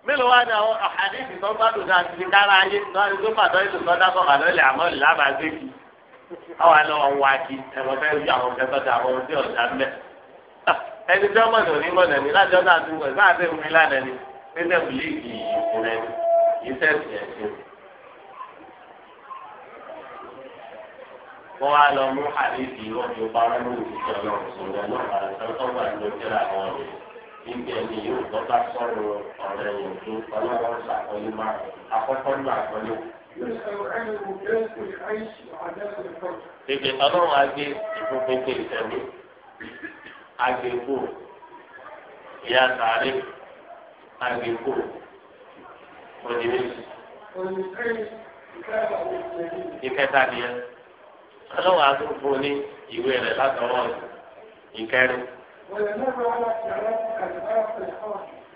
Speaker 1: mélòó wá ní àwọn àdéhùn tó ń bá dùn náà ti kára ayé náà ní tó pàtó ètò tó dákọ̀ pàtó ilẹ̀ àmọ́ ìlà bá dé kí. àwọn àlọ́ wọn wá kí ẹ̀rọ fẹ́ rí àwọn kẹfẹ́ tó àwọn ohun ọ̀dà mẹ́. ẹni tí ọmọ ìdòní mọ̀nà ní láti ọ̀dà àdúgbò ìbáà wọ́n wá lọ mú àdéhùn wọn tó parọ́ ní òṣìṣẹ́ ọlọ́run sọ̀rọ̀ ọlọ́run àtàkọ́ wà ní ojúra àwọn rẹ̀ níbi ẹni yóò gbọ́ bá sọ̀rọ̀ yẹn tó ọlọ́run ṣàkọlé máa àkọ́kọ́ ní àkọlé. Bèbè ọlọ́run agbé ìfúnpínpín ìtẹ̀mí agbègbò ìyá sàárè agbègbò òdìmí. Ìkẹta nìyẹn ọlọ́wọ́ àtúntò ní ìwé rẹ̀ látọwọ́ ìkẹrin.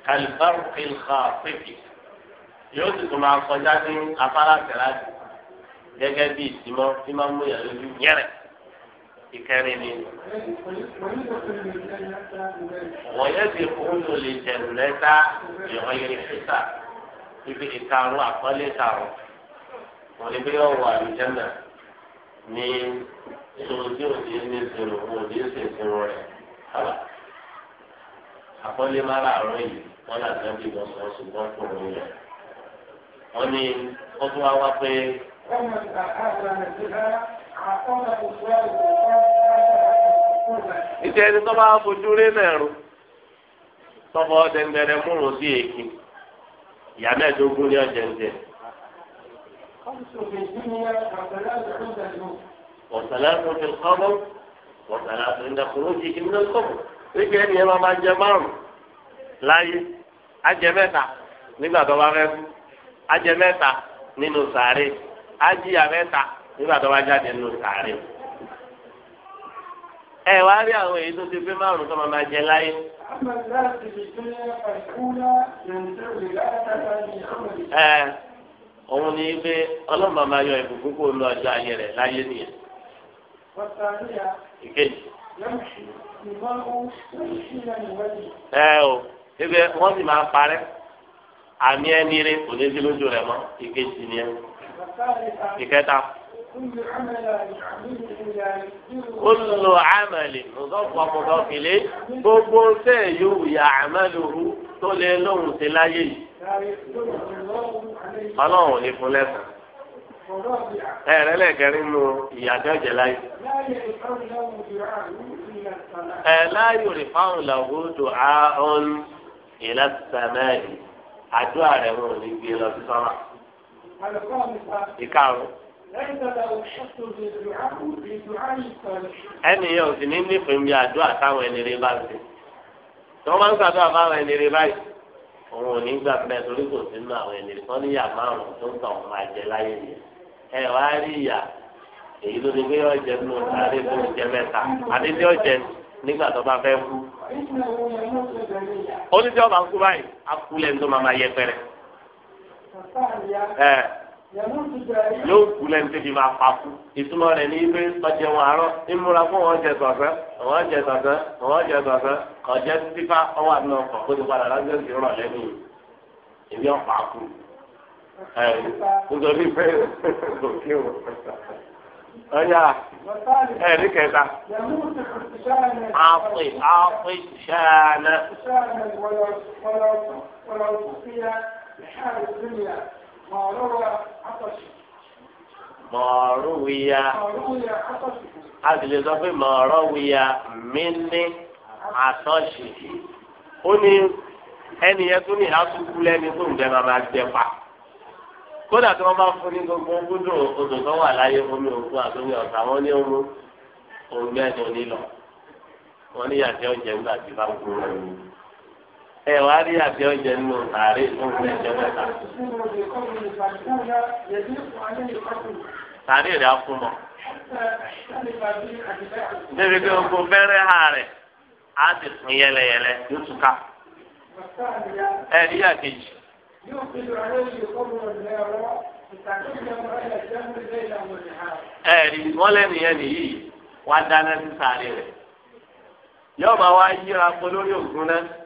Speaker 1: kalifaru kìlìkà pépì yóò sì tún máa kọjá ní afárá tẹ̀láṣì gẹ́gẹ́ bí ìsìmọ́ tí máa ń mú yàrá lójú yẹ́rẹ̀ ìkẹrin ni. wọ́n yẹ ti kúndùn lè jẹ̀rù lẹ́tà ìwọ̀n yẹrẹ fífà ibi ìkarùn-ún àkọlé wọ́n ní bí yóò wọ àlùjẹ́ náà. ní irun tí o ní ní ìṣirò wọn ní ṣe ìṣirò rẹ̀ hàlà. àkọlé mara àárọ̀ yìí wọ́n náà tẹ́ bí wọ́n sọ ṣùgbọ́n wọ́n ní wọ́n tún wá wá pé. ẹni tó bá fojú rí tọ́fọ́ múrùn sí èkì ìyá ní ọ̀jẹ̀ǹjẹ̀. وثلاثة في الخبر وثلاثة عند خروجه من الخبر wíkẹ́ ẹni yẹn máa máa jẹ márùn láyé ajẹ mẹ́ta nígbà tó bá fẹ́ kú ajẹ mẹ́ta nínú sàárè ajíyà mẹ́ta nígbà tó bá jáde nínú sàárè. ẹ wá rí àwọn èyí tó ti pé márùn tó máa máa jẹ láyé. ẹ òun ni pé ọlọ́mọ máa yọ ìbùkún kó lọ ọjọ́ ayé rẹ̀ láyé nìyẹn. ìkejì. ẹ o ṣébẹ wọn sì máa parẹ́ àmì ẹni rẹ kò ní sí lójú rẹ mọ́ ìkejì ni ẹ. ìkẹta. Kullu amali mudọ́fọ̀ mudọ́fìlé gbogbo sẹ́yìn yóò yà àmàlùhù tó lé lóhùn sí láyé yìí ọlọ́run ní fún lẹ́sàn. ẹ̀rẹ́ lẹ́ẹ̀kẹrin nu ìyàtọ̀ jẹ láyé. ẹ̀ láyò rè fáwọn làwòdò àhún ìlà sàmẹ́ẹ̀lì àdúrà rẹ̀ wọn ò ní gbé lọ sí sọ́mà. ìkarùn. ẹnì yẹn ò sì ní nífẹ̀ẹ́ mi àdúrà táwọn ẹni rẹ bá tí wọ́n máa ń ṣàdúrà fáwọn ẹni rẹ báyìí òun ò ní gbà bẹ́ẹ̀ torí kò sínú àwọn ènìyàn kan níyà márùn tó ń tàn wọn máa jẹ láyé nìyẹn ẹ wá rí ìyà èyí ló ní pé ọjẹ nù sáré tó ń jẹ mẹ́ta àdédé ọjẹ nígbà tó bá fẹ́ kú oníṣẹ́ ọba ń kú báyìí akú lẹ́nu tó máa máa yẹpẹrẹ yóò kú lẹ́nu tẹ́bi máa pa kú ìtumọ̀ rẹ̀ ní ibi ọjẹ́ wọn àárọ̀ ìmúra fún wọn jẹ sọ̀fẹ́ wọn jẹ sọ̀fẹ́ wọn jẹ sọ̀fẹ́ ọ̀jẹ́ pípa ọwọ́ àti ọkọ̀ kó ti padà lọ́jọ́ sí rọ̀ lẹ́nu ìbí ọ̀pá kú nítorí pé òkè wò ọ̀yà ẹ̀rí kẹta àpè àpè ṣáàna mọ̀ọ́rùwìyà
Speaker 2: a sì lè sọ pé mọ̀ọ́rùwìyà
Speaker 1: mi ní àtọ́sí ó ní ẹni yẹn tún ní asukú lẹ́ni tó ń jẹ máa máa jẹ pa kódà tí wọ́n bá fún ní gbogbo gbódò odò tó wà láyé omi òkun àtúnyẹ ọ̀tá wọn ní ọmú òun gbẹ́ni onílọ wọn ní yàtí ọ̀jẹ̀ ńgbà tí bá kú ọ̀hún. ẹ wá rí àbí ọjà nínú ààrẹ fún ẹjọ́ mẹ́ta. rẹ̀ á fún mọ́. débi pé gbogbo fẹ́rẹ́ hà rẹ̀ á sì fún yẹlẹyẹlẹ yóò tún ká. ẹ rí àkejì. ẹ rí wọ́n lẹ́nu yẹn nìyí wá dáná sí rẹ̀ yíra ògùn náà.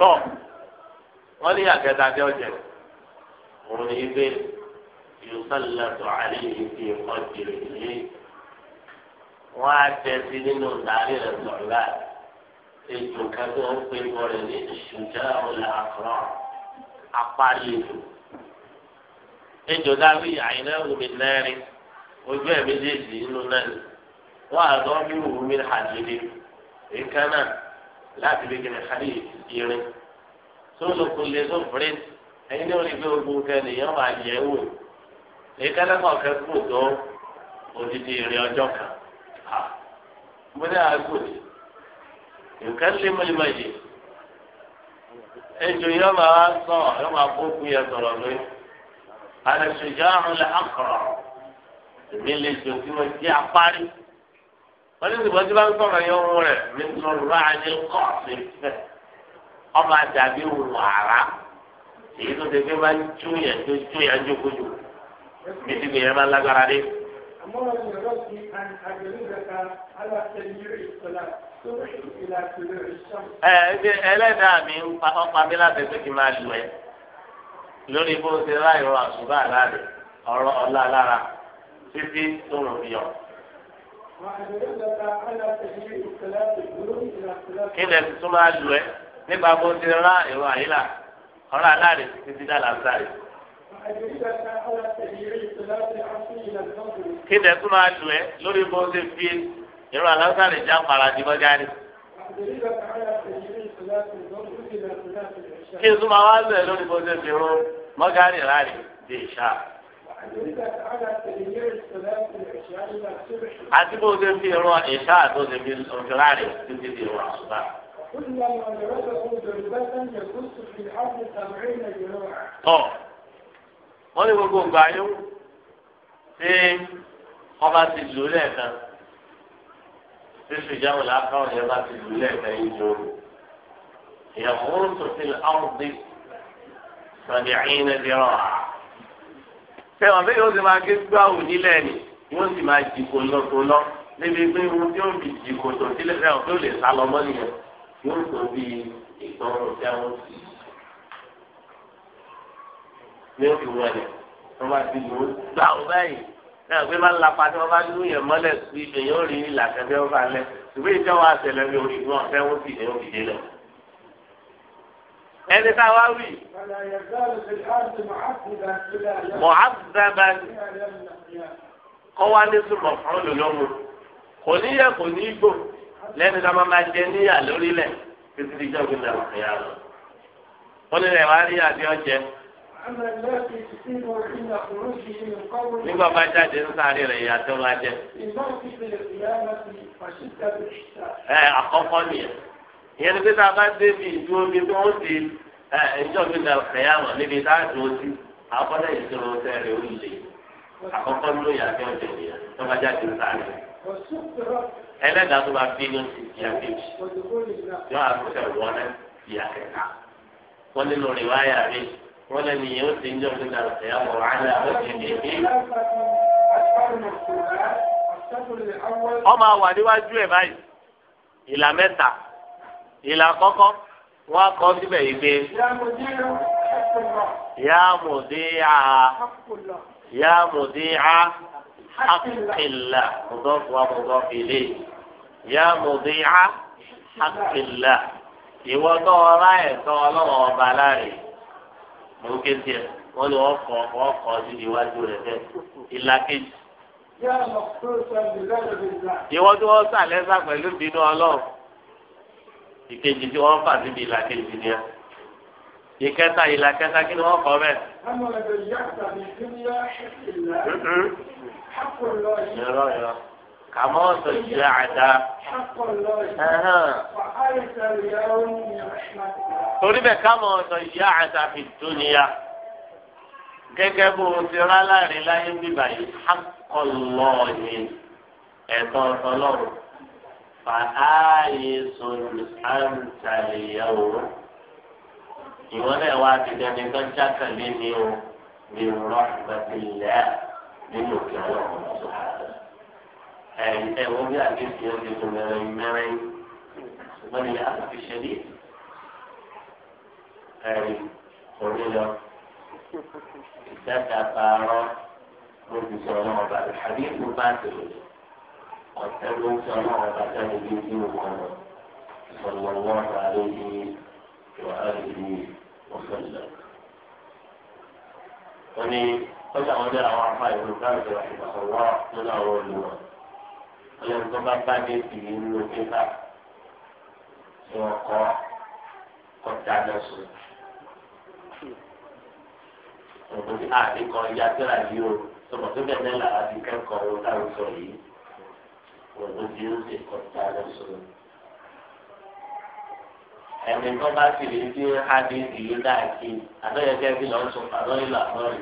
Speaker 1: tọ́ wọ́n ní àkẹta tí ọ̀jẹ̀ òun ní pé yusallatu alayhi fi qadri yìí wọ́n á tẹ̀sí nínú ìdarí rẹ̀ sọ̀rọ̀ ètò kan tó ń pè wọ́n rẹ̀ ní ìṣújá ọ̀la àkọ́rọ̀ apárí ètò ejò dábì àyìnlẹ́ omi mẹ́rin ojú ẹ̀ méjèèjì nínú náà wọ́n àdó bí wùmí hàjìlì èékánná láti lè gbìn xali irin tó ló kó lé tó fèrè ẹyin ní orí gbogbo nǹkan nìyẹn máa yẹ wò èyíká náà kàn kẹ́ kó tó odidi irin ọjọ́ kan mo ní àgbo ni nǹkan lé mọ́lẹ́mọ́ yìí ejò yẹn máa wá sọ yẹn máa kó kú yẹn sọ̀rọ̀ lóyún alẹ́ sọ̀jà àrùn lẹ́ àkọ́rọ̀ èmi lè jò tí mo jẹ́ apárí. wọ́n ní ìbọn tí bá ń sọ̀rọ̀ yẹn ohun rẹ̀ mi ń sọ̀rọ̀ bá kọ́ọ̀sì fẹ́ ọba dàbí wàrà èyí tó ti fi tó túyàn jókòjò bí ti gbìyànjú máa ń lágbára dé. ẹlẹ́dàá mi ń pa láti kí n máa lórí bó ṣe àṣùbà láàrin ọ̀rọ̀ ọ̀la lára títí tó kí lè tún máa lù ẹ́ nípa bó ti rán ìwà yìí là ọ̀rọ̀ aláàrẹ̀ títí dá làásàrẹ̀. kí lè tún máa lù ẹ́ lórí bó ti fi ìrọ̀ aláàrẹ̀ já paradì mọ́jà ni. kí lè tún máa wá lù ẹ́ lórí bó ti fi rún mọ́gàrì rárẹ̀ dé ìṣá àti bó ṣe fi rọ ìṣá tó ṣe fi òṣèlá rẹ̀ títí di ìwà ọ̀gá. tọ́ wọ́n ní gbogbo ìgbà yó ṣé ọba ti lò lẹ́ẹ̀kan ṣé ṣùjáwò lákàwọn yẹn bá ti lò lẹ́ẹ̀kan yìí jọ ìyàwó tó ti lọ́ọ́ bí sọ̀dí ẹ̀yìn náà ṣé wọn bẹ́ẹ̀ yóò ti máa gé gbáwò nílẹ̀ ni yóò sì máa jìkò lọ́tọ̀lọ́ níbi pé wọn tí yóò fi jìkò tó sílẹ̀ rẹ̀ wọn tó lè sá lọ mọ́ nìyẹn yóò tó bí ìtọ́rọ̀ sẹ́wọ̀n sí ní òkè wọlé wọn bá ti lò ó gbáwò báyìí náà pé máa ń lapa tí wọn bá lù yẹn mọ́lẹ̀ sí èèyàn rí ìlà kẹfẹ́ wọn bá lẹ ṣùgbọ́n ìjọba àṣẹlẹ̀ mi ò fẹ́ wọn sì ní òkè dé lọ. ẹni tá a wá wí. mọ̀hábàbàn kọ́ wá ní sùpọ̀ fún olùlọ́wọ́ kò níyà kò ní gbò lẹ́ni tá a máa máa jẹ níyà lórílẹ̀ títí di jọ́gbìn náà wọ́n yà lọ. wọ́n ní ìyẹn ni pé tá a bá dé bí ìdú omi tó ń di ẹjọ́ mi nà ẹ̀yàmọ̀ níbi tá a dùn sí àkọ́dá ìṣòro sẹ́rẹ̀ ó lè àkọ́kọ́ ló yà fẹ́ ọ̀jẹ̀ nìyẹn tó bá jáde sáré ẹlẹ́dàá tó bá bí ló ti di àkejì yọ àtúnṣe wọlé di àkẹta wọn nínú rìwáyà mi wọn lẹni yẹn ó ti ń jọ mi nà ẹ̀yàmọ̀ wàhálà ó ti dì í ọmọ àwàdíwájú ẹ̀ báyìí ìlà mẹ́ta ìlà àkọ́kọ́ wọ́n á kọ́ síbẹ̀ yìí pé yá mùdí à yá mùdí à hakilá mùdọ́fù wa mùdọ́fù ilé yá mùdí à hakilá ìwọ tó ọlá ẹ̀tọ́ ọlọ́wọ́ ọba láàrin mò ń ké tiẹ̀ wọ́n lè wọ́n kọ́ wọ́n kọ́ sí iwájú rẹ̀ fẹ́ ìlà kejì. ìwọ tí wọ́n sàlẹ̀ sá pẹ̀lú bínú ọlọ́run ìkejì tí wọ́n fà síbi ìlà kejì ni ẹ ìkẹta ìlà kẹta kí ni wọ́n kọ́ bẹ́ẹ̀. ìrọ̀ ìrọ̀ kàmọ́ ọ̀sọ̀ ìjìlá àdá. torí bẹ́ẹ̀ kàmọ́ ọ̀sọ̀ ìjìlá àdá fi dúnìyà gẹ́gẹ́ bó o ti rálá rẹ̀ láyé bíbáyé akọlọ́ọ̀ni ẹ̀tọ́ ọlọ́run. فآيس أنت اليوم يوانا يواتي دي نتان شاكا لنيو من رحمة الله من مكان الله سبحانه أي أمي أجيس يوجد من المرين من الأخذ الشديد أي قولي له إذا تفارق ربي سبحانه وتعالى الحديث مباشر ọ̀tẹ́ ló ń sọ náà bàtà níbi tí ó wọ̀ ọ́ sọ̀rọ̀ wọ́n rà lórí wàhálì ọ̀sẹ̀lẹ̀. wọ́n ní kọ́sà wọn dára wọn apá ìlú káàkiri àtìkọ̀ wá nínú àwọn olùwọ̀. ọlọ́run tó bá bá dé sí i nínú pépà tí wọ́n kọ́ kọ́ta lọ́sùn. òkùnkùn àdékọ̀ ya tẹ́lá yìí o tọmọtò bẹ́ẹ̀ náà làwọn ti kẹ́kọ̀ọ́ wọn táwọn sọ yìí. والذي قد تعلم ẹni tó bá sì lè dé hádìsì yìí dáàkì àtọ́yẹ̀kẹ́ bí lọ́n sọ àlọ́yìn làbọ́rì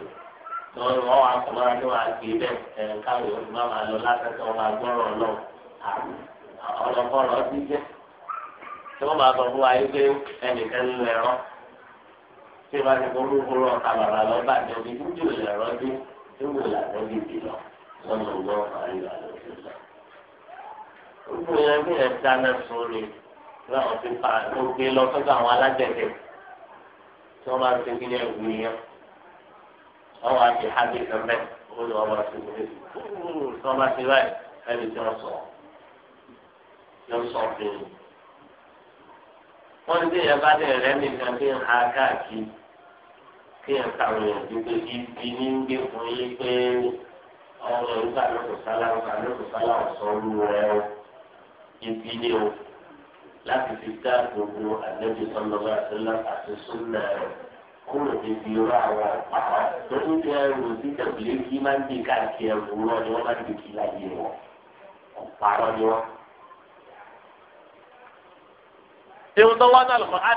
Speaker 1: lọ́rùn wọn wà kọ́ máa ní wọn àgbè bẹ́ẹ̀ ẹ̀ káwé oṣù máa máa lọ látẹ̀tẹ̀ wọn máa gbọ́rọ̀ lọ ọ̀rọ̀kọ̀rọ̀ jíjẹ́ tí wọ́n máa sọ fún wa yìí pé ẹnìkan ń lẹ̀rọ tí wọ́n ti kó lóko ọ̀tà bàbá lọ́ba àjọbí níjò lẹ̀rọ dé níwò làjọbí bì lọ gbogbo yẹn bí yẹn dáná sórí láwọn ti pa tó gbé lọ sọ́dọ̀ àwọn alágbẹ̀dẹ tí wọ́n máa ń ṣe kílẹ̀ wù yẹn àwọn àti hábì kan bẹ́ẹ̀ ó lè wọ́n máa ṣe kílẹ̀ tí wọ́n bá ti báyìí ẹni tí wọ́n sọ yóò sọ fún mi. wọ́n ní bí yẹn bá dẹ̀ rẹ́ nìkan bí ha káàkiri kí yẹn kàwé yẹn gbígbé ibi ní gbé fún yín pé ọmọ ìgbà lóko sálá ọ̀sán lóko sálá ọ̀sán lù rẹ o ìpìlẹ̀ o láti fi dá gbogbo àlejò sọlọ́gbà sọlá àti súnà rẹ̀ kúrò níbi irú àwọn àpáta tó ń jẹ́ ẹrù tí tẹ̀lé kí máa ń gbé káàkiri ẹrù rọ ni wọ́n máa ń gbé kí láyé wọn ọ̀pàrọ̀ ni wọ́n. ewu tó wá náà lọ́kọ̀ á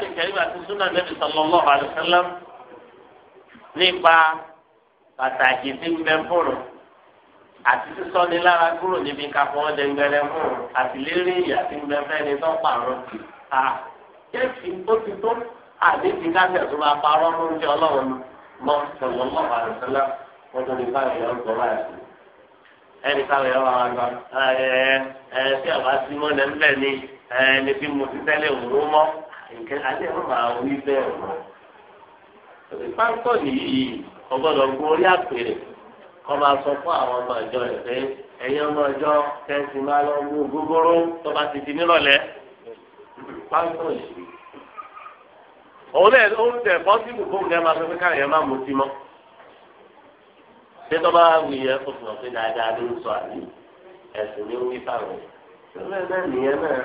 Speaker 1: àti súnà nẹ́bí sọlọ́lọ́ àlùfẹ́lẹ́ nípa pàtàkì tí ń bẹ fóònù àti sísọ ni lára kúrò níbi kakọ ọdẹ gbẹrẹ mú àti lérí ìyá tí ń bẹ fẹni tó pààrọ̀ tì á kéèsì ó ti tó àdéhùn káfíà tó máa parọ́ ló ń jẹ ọlọ́run mọ sọlọ mọ àrùsọlá wọn tó ní káwé yọ ọgbọ báyìí sí ẹni káwé yọ wàá gbọ ẹ ẹ tí ọba sí mọ nẹ nbẹ ni ẹ ní bí mo ti tẹ́lẹ̀ òru mọ nǹkan kọ́ máa sọ fún àwọn ọmọ ìjọ rẹ̀ pé ẹ̀yin ọmọ ìjọ kẹ́sì máa lọ mú gbogbooro tó bá ti di nírọ̀lẹ́ pásítọ̀ yìí. òun náà ó ń tẹ̀ pọ́sibù fún kẹ́ máa sọ pé káyọ̀ máa mú sí mọ́. ṣé tó bá wù yẹ kó fún ọ pé dáadáa ló ń sọ àbí ẹ̀sìn ní wí fáwọn ẹ̀. ṣé bẹ́ẹ̀ nìyẹn náà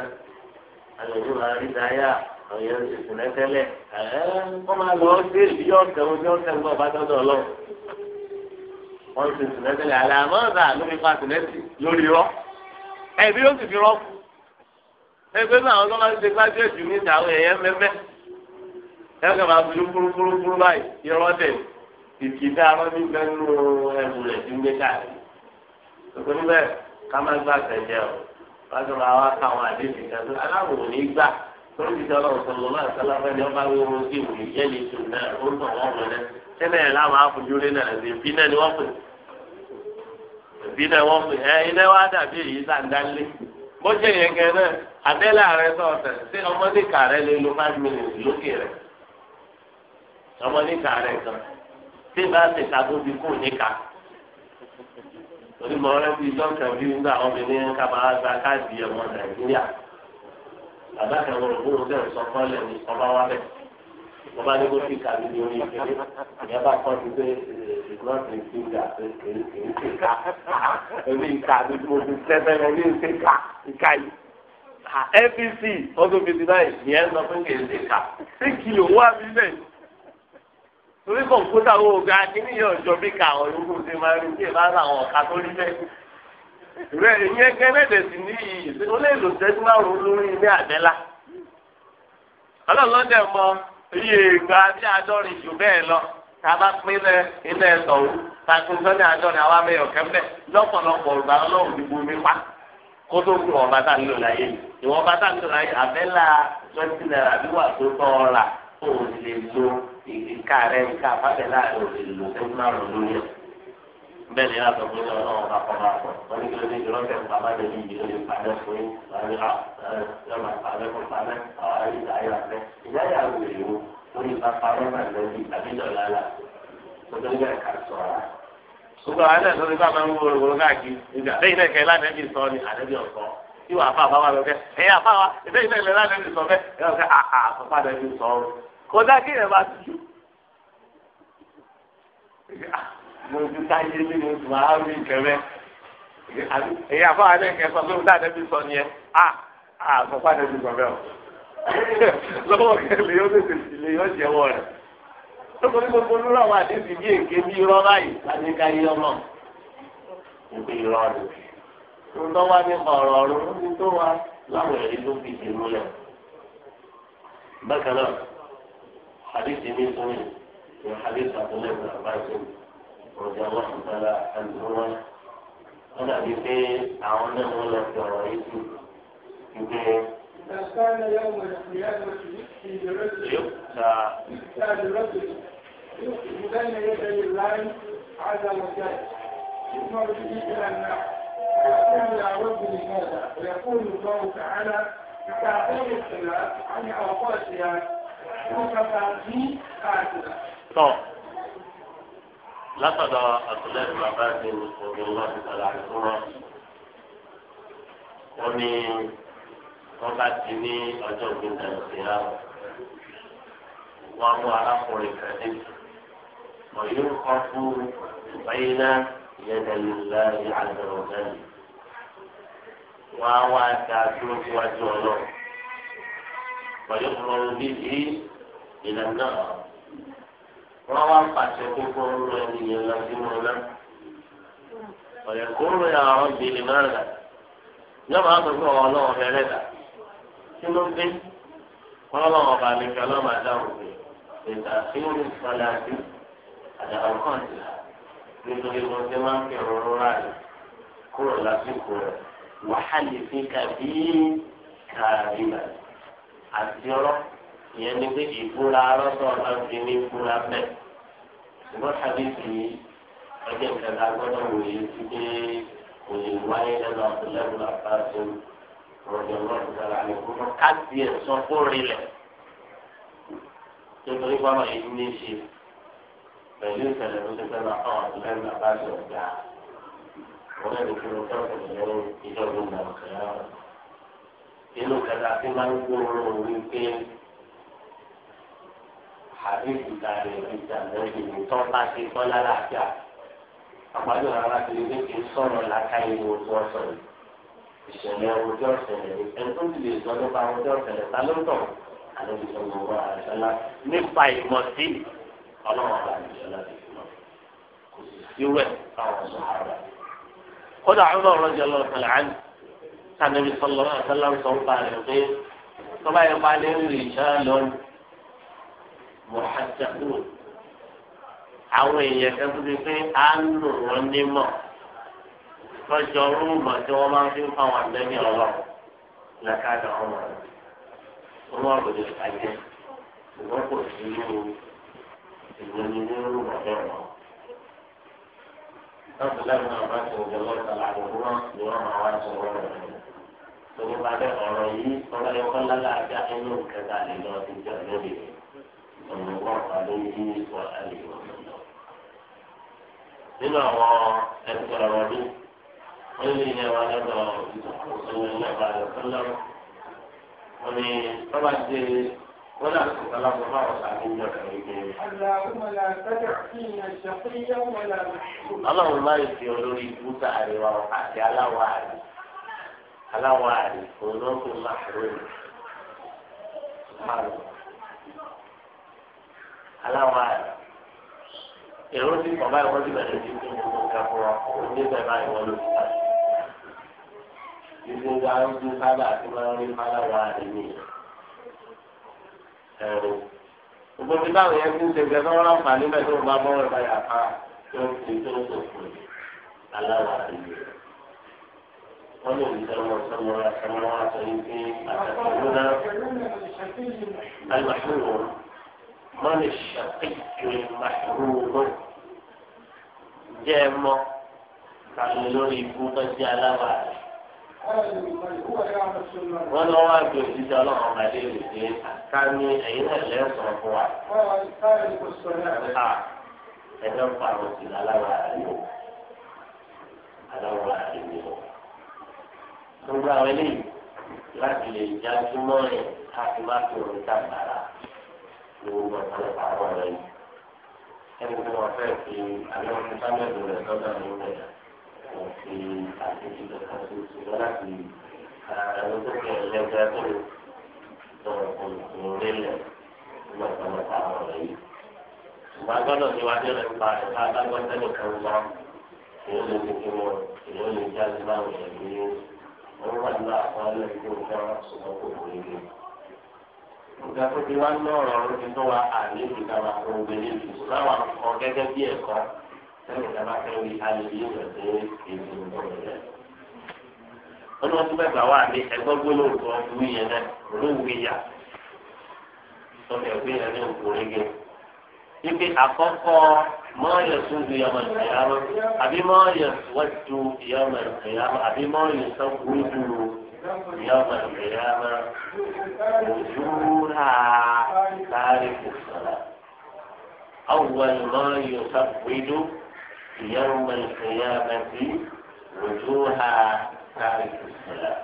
Speaker 1: àlejò máa rí dáyà àwọn èèyàn ti sùn lẹ́tẹ́lẹ̀ ẹ̀ẹ́ wọ́n máa lọ sí ìdí ọ̀sẹ̀ ojú ọ̀sẹ̀ ń bọ̀ bá dọ́dọ̀ ọlọ́run wọ́n ti sùn lẹ́sẹ̀lẹ̀ àlàmọ́ọ̀dà ló fi fa sìlẹ́sì lórí rọ́ ẹ̀bí yóò sì fi rọ́ kù ẹgbẹ́ náà àwọn ọlọ́mọ ti gbájú ẹ̀jú ní ìdáwọ̀ ẹ̀yẹ mẹ́mẹ́ ẹ̀kẹ́ máa fi kúrúkúrúkúrú báyìí irọ́ dẹ̀ ìkìtà arọ́ ní gbẹ́nu ẹ̀bù rẹ̀ ti ń gbé káàkiri tòkó níbẹ̀ ká má gbà tẹ̀jẹ̀ o wá sọ ma wá káwọn àdébì kan tó aláwòrán ní gbà tó ń bìtẹ́ ọlọ́run sọ̀rọ̀ lọ́wọ́ àtàlámẹ́ ni wọ́n bá wí oorun sí ìwé yẹ́ni tòun náà ó ń tọ̀ wọ́n wọlé tẹ́lẹ̀ láwọn afojúlé náà lè fi náà ni wọ́n pè ìbílẹ̀ wọn pè ẹ ilé wa dàbí èyí tá à ń dálé bó ṣe yẹn gẹ náà àtẹ́lẹ̀ ààrẹ tó ọ̀sẹ̀ sí ọmọdé kàrẹ́ lè lo five minutes lókè rẹ̀ ọmọdé kàrẹ́ kan tí bá ti sàgbóbi kù níka onímọ̀ ọ̀rẹ́ bíi dọ́kítà bíi nígbà àwọn obìnrin ká máa gba káàdì ọmọ nàìjíríà bàbá kan wọ́n rò bóun dẹ̀ sọ fọ́lẹ̀ ní ọba wa bẹ́ẹ̀ mo bá ní kó fi kàbí ní orí ìkéré ìyá bá kọ́ sí pé ìgbọ́nsì ti gbà pé kìí kìí ti ká èmi ìka ni mo ti tẹ́tẹ́ mo ní ti ká ìka yìí. FCC ọdún fifty nine ìyẹn sọ fún kìí ti ká sí kìlò wá mi bẹ́ẹ̀ torí kọ̀ǹpútà wo ga kíní yẹn ọjọ́ bí ká àwọn yòókù ṣe máa rí kí ẹ bá ra àwọn ọ̀ka tó rí bẹ́ẹ̀. rẹ ìyẹn gẹ́gẹ́ sì ní iyì ó lè lò sẹ́jú márùn-ún lórí ilé àdẹ́lá. ọlọ́run lọ́dẹ̀ mọ́ iye ìgbà bí àádọ́rin jù bẹ́ẹ̀ lọ tàbá pín lẹ ilé ẹ̀sọ̀wò takùn sọ́ni àádọ́rin àwa mẹ́yọ̀ kẹ́mbẹ́ lọ́pọ̀lọpọ̀ ọ̀gbà ọlọ́run ti bomi pa kó tó kú ọ̀bá tá nílò láyé ìwọ̀n bá tá nílò láyé àbẹ́là twenty naira bí wà tó tọ́ ọ rà ó lè lo ìka rẹ̀ ìka àbábẹ́là rẹ̀ ò lè lo ẹgbẹ́ márùn-ún lórí bẹ́ẹ̀ ni láti ọ̀gbìn náà náà bá kọ́ra pọ̀ wọ́n ní kí ló dé ìjọba tẹ̀ nípa bá dẹ̀bi ìdílé lè padà fún yín láti à ẹ̀ máa padà fún padà àwọn ayé ayé àfẹ́ ìyá yà wù èyí ó ní bá àwọn ẹ̀sẹ̀ lórí bá ń wúro wúro káàkiri ìgbà lẹ́yìn náà kẹ́ lánàbí sọ ni ànàbí ọ̀sọ́ tí wàá fà fáwọn lọ́kẹ́ ẹ̀yà fáwa lẹ́yìn náà lánàbí sọ bẹ́ẹ̀ ẹ̀yà ọ̀kẹ́ àhà fàfàdàbí sọ kọjá kí ẹ̀ máa tuju mo táyé ní mo kẹrẹ èyí àfọ àdéhùn kẹsàn tó ń dá àdébí sọ ni ẹ à à sọ fún sọ bẹ́ẹ̀ o lọ́wọ́ kẹlẹ́ yóò tètè sí ilé yóò jẹ́ wọ́n rẹ̀ lóko ní gbogbo olúra wa àdébí bí èké bí irọ́ báyìí láti ká yé ọmọ níbi irọ́ rẹ̀ tó ń nípa ọ̀rọ̀ ọ̀run ó tó wa láwọn èyí ló fi ṣe múlẹ̀ bákan náà àdéhùn mi sọ yìí ní àdéhùn رضي الله تعالى عنهما wọn dàbí pé àwọn náà wọn lọ sí ọ̀rọ̀ yìí tù wípé. yóòtà يسمع به إلى الناس ويقول يا رب لماذا ويقول الله تعالى بتعطيل الصلاة عن أوقاتها وكتعطيل قاتلة látọ̀dọ̀ àtúlẹ̀sì bàbá mi òbí ńlá ti sọ̀rọ̀ àdúgbò wọn. ó ní wọ́n bá ti ní ọjọ́ ìgbìndà ìsìnlá wọn mú arákùnrin kan dé. ọ̀yọ́ kan fún báyìí náà yẹn lẹ́yìn láàrin àgbẹ̀rọ̀ náà wọn á wá da dúró síwájú ọlọ́run pẹ̀lú ọ̀rọ̀ bíbí ìlànà wọn wá pàṣẹ gbogbo ọmọ ènìyàn lọ sínú ọlá ọ̀yẹ̀kúrò àwọn ìbílẹ̀ máa ń rà yọ̀bọ̀ àgbègbè ọlọ́wọ́ fẹ́rẹ́ dà kí ló dé ọlọ́wọ́ ọba mi kí ọlọ́wọ́ àdáwò rẹ̀ ìgbà tí ó ń sọlá sí àdàbọ̀ kan ti là nítorí wọn ti máa ń fi ọ̀rọ̀ rà rẹ̀ kúrò lásìkò rẹ̀ wàhálì fi kàbí kàbí àti ọlọ́pàá ìyẹn ní pé ìfúra arọ́tọ̀ máa ń fi ní fúra mẹ́. ṣùgbọ́n hadithi ọjọ́ ìkẹta gbọ́dọ̀ wòye sí pé òye wáyé lẹ́nu àtúlẹ́nu àbáṣe rọ̀jọ̀ lọ́dún sára àlékún káàdì ẹ̀sán kó rinlẹ̀. nítorí pàmò èyí ní í ṣe pẹ̀lú ìṣẹ̀lẹ̀ tó ti fẹ́ máa fáwọn àtúlẹ́nu àbáṣe ọ̀gá wọ́n lè fi lọ sọ́kùn ìyẹn ìjọba ìgbà àdéhùn ìdarí ìjà lẹ́yìn ìtọ́ bá ti kọ́ lára àjà àpájọ ara ti lè fi sọ̀rọ̀ làkàyè wo tí wọ́n sọ̀rọ̀ ìṣẹ̀lẹ̀ ọjọ́ ìṣẹ̀lẹ̀ ẹni tó ti lè sọ nípa ọjọ́ ìṣẹ̀lẹ̀ ta ló ń tọ̀ àdéhùn ìṣẹ̀lẹ̀ ọwọ́ àṣálá nípa ìmọ̀ sí ọlọ́run àgbà ìṣẹ̀lẹ̀ ti fi mọ̀ kò sì síwẹ̀ fáwọn ọ̀sán àgbà. kódà àwọn ọ̀rọ̀ jẹ́ lọ́wọ́ sọ̀lá àná sànẹ́bí sọ̀lọ́ àṣálá ń sọ muhajjahun àwọn èèyàn kan tó ti pé á ń lò wọn nímọ̀ lọ́jọ́ rúùmọ̀ tí wọ́n máa ń fi ń fa àwọn àgbẹ̀ ní ọ̀rọ̀ làkàdà ọmọ rẹ̀ wọ́n máa gbọdọ̀ ṣàjẹ́ ìwọ́n kò sí irú ìwọ́n ní irú ọ̀dọ́ wọn. láti lẹ́nu àwọn àti òjò lọ́ta làbùkù náà ni wọ́n máa wá sọ ọ̀rọ̀ rẹ̀. tòun bá dé ọ̀rọ̀ yìí ọ̀rọ̀ lálẹ́ àjá ẹnu kẹta lè lọ sí ìjọ lórí rẹ̀ ọ̀nà wà àlejò wà àlejò ọ̀nà. nínú àwọn ẹgbẹ́ ọ̀rọ̀ ọdún wọ́n lè yẹ wa lọ́dọ̀ ìṣòwò lẹ́ba àlọ́sọ́lá wọ́n ní bábà ṣe wọ́n náà sọ kálá fún báwọn sàbí ń jọ̀dọ̀ ìgbẹ́. ọlọ́run máa ń fi olórí ibú sáàrí wa àti aláwọ̀ àrí aláwọ̀ àrí òun ló ń fi máa rò ní aláwọ̀ àyè èrò ti kàn báyìí wọ́n ti bẹ̀rẹ̀ sí fún gbogbo nǹkan fún wa òun ní bẹ̀rẹ̀ báyìí wọ́n ló ti ta gbogbo arúgbó sábà tí wọ́n rí aláwọ̀ àyè ní ẹ̀rọ gbogbo tí báwọn yẹn ti ń tẹ̀gbẹ́ tó wọ́n láǹfààní bẹ́ẹ̀ tó ń bá bọ́ ọ̀rọ̀ báyà pa tó ń fi tó ń sòfò aláwọ̀ àyè wọ́n lè ní sọ́wọ́ sọ́wọ́ sọ́wọ́ sọ́wọ́ sọ́wọ́ sọ́wọ́ من الشقي المحروم جيمو تعللوني بوطة جالبا wọ́n lọ wá gbé òjijì ọlọ́run ọba ilé rẹ̀ dé ká ní ẹ̀yin náà lẹ́yìn sọ̀rọ̀ fún wa. ẹ̀fẹ́ ń pa àwọn òsìlẹ̀ aláwọ̀ àríwó aláwọ̀ àríwó. gbogbo àwọn eléyìí láti lè jájú mọ́rin ká fi má fi ká bàrà gbogbo ọ̀pọ̀lọpọ̀ àwọn ọ̀rẹ́ yìí. ẹni tí wọ́n fẹ́ fi àwọn ọmọ sábẹ́ẹ̀dù rẹ̀ lọ́dọ̀ ní ilẹ̀ kò fi àtúntì kankan sí ṣùgbọ́n láti àwọn tó kẹ̀ lẹ́gbẹ́ tó lọ́wọ́ kò tó rélẹ̀ gbogbo ọ̀pọ̀lọpọ̀ àwọn ọ̀rẹ́ yìí. ṣùgbọ́n agbọ́dọ̀ ni wájú rẹ̀ pa ẹ̀ka adágbọ́sẹ́ nìkan lọ èyí ló ti kí wọn èyí ló jáde láwọn ẹ̀mí wọn wà ní àkọọ́lẹ̀ tó ń bá ṣùgbọ́n kò ìgbà tó ti wá ní ọ̀rọ̀ ọ̀rọ̀ ti tó wa àlè ìgbàgbà tó ń gbélé ìlú láwa kọ gẹ́gẹ́ bí ẹ̀kọ́ sẹ́yìn ìjọba fẹ́ rí alèlè ìrọ̀lẹ́ èdè ìgbọ̀lẹ́. wọ́n ní wọ́n ti mẹ́ta wá ní ẹgbẹ́ gbólóòtọ́ ìlú yẹn náà olóòwe yá sọ́kẹ́ òwe yẹn ní òkúrégé. ibi àkọ́kọ́ mọ́ọ̀yẹ̀sùn ju yọmọ ìgbéyàwó àbí mọ́ọ̀yẹ̀sùn wọ́n يوم القيامة وجوها تارك الصلاة أول ما يفقد يوم القيامة وجوها تارك الصلاة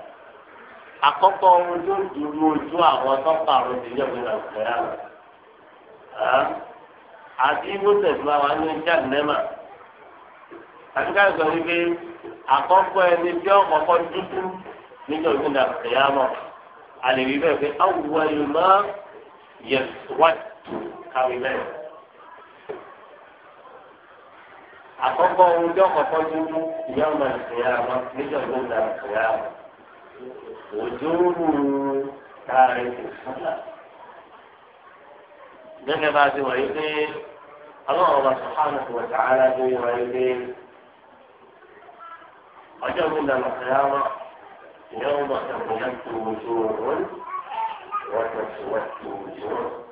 Speaker 1: àkọ́kọ́ ohun tó dùn ojú àwọn tó pààrọ̀ ti yẹ wíwá ìfẹ́ra rẹ̀ àti mọ́tẹ̀sí wa wà ní jàǹdẹ́mà àti ká sọ wípé àkọ́kọ́ ẹni tí ọ̀kọ̀ọ̀kọ́ dúdú níjọ́ ìgbìndà ìyàmọ̀ àlèrí bẹ́ẹ̀ pé awùwàlì máa yẹ wájú káwé bẹ́ẹ̀. àkọ́kọ́ ohun tí ọ̀kọ̀ọ̀kan tó mú ìyàmọ̀ ìyàmọ̀ níjọ́ ìgbìndà ìyàmọ̀ òjò rú káàrin kò sọ́là. gẹ́gẹ́ bá a ti wọ̀ pé ọlọ́run ọba sọ̀hánù kò tààrà lórí wọ̀ yí pé ọjọ́ ìgbìndà ìyàmọ̀. يوم تقلت وجوه وتسود وجوه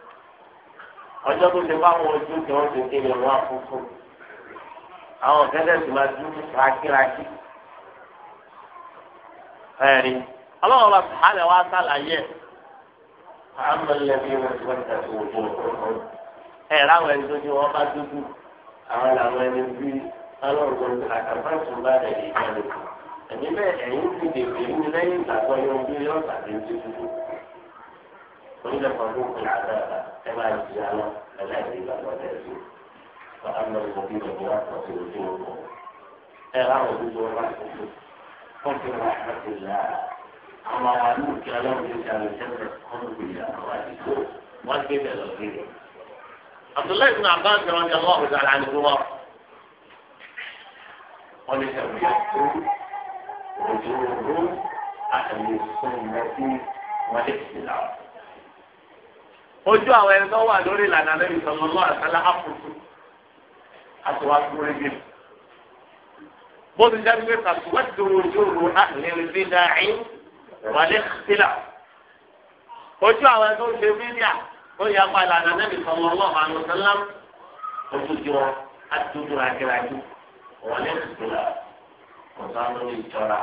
Speaker 1: ọjọ́ tó ti fáwọn ojú kí wọ́n ti kéde wọn fúnfún àwọn kẹ́lẹ́ sì máa dúró rákíraki ẹ̀rí ọlọ́wọ́ bá sàlẹ̀ wá sàlàyé àmọ́lẹ́bí wọn ti wọ́n ti tẹ̀sí ojú ọ̀hún ẹ̀ ráwọn ẹni tó ní wọ́n bá dúdú àwọn làwọn ẹni bí ọlọ́run tó ń ta àkàfà ìṣúná ẹ̀yìn ìjọba ẹ̀mí bẹ́ẹ̀ ẹ̀yìn ti dèbè ní lẹ́yìn ìgbàgbọ́ yóò bí yóò tàbí ti dúdú. onílẹ̀ kan ló pè àdáàdà ẹ máa di àná ẹlẹ́yìn ìgbàgbọ́ rẹ̀ sí. ọ̀hánà ìgbàgbọ́ rẹ̀ ní wọ́n ti ojú ogun. ẹ láwọn ojú wọn bá ti dúdú. wọ́n ti wá àti ìlà àwọn àwọn àdúgbò kí ọlọ́run ti ṣàlù sẹ́fẹ̀ kọ́ńtùgbìyà àwọn àdìgbò wọ́n gbé bẹ̀ lọ sí i. àtúnlẹ̀ ìgbà bá ń sọ̀rọ̀ ní ọlọ́run وجوه أهل السنة والاختلاف ojú àwọn ẹni tó wà lórí ìlànà lórí ìsọlọlọ àtàlà àpòtù àtiwájúwèé bíi bó ti jáde pé kàtúwájú ojú ru àhìlẹ bídáì wàlẹ sílà ojú àwọn ẹni tó ṣe bídíà ó yà pa ìlànà lórí ìsọlọlọ àlùsálàm ojú jọ àtúndúrà gíràjú wàlẹ sílà kò sá lórí ìjọra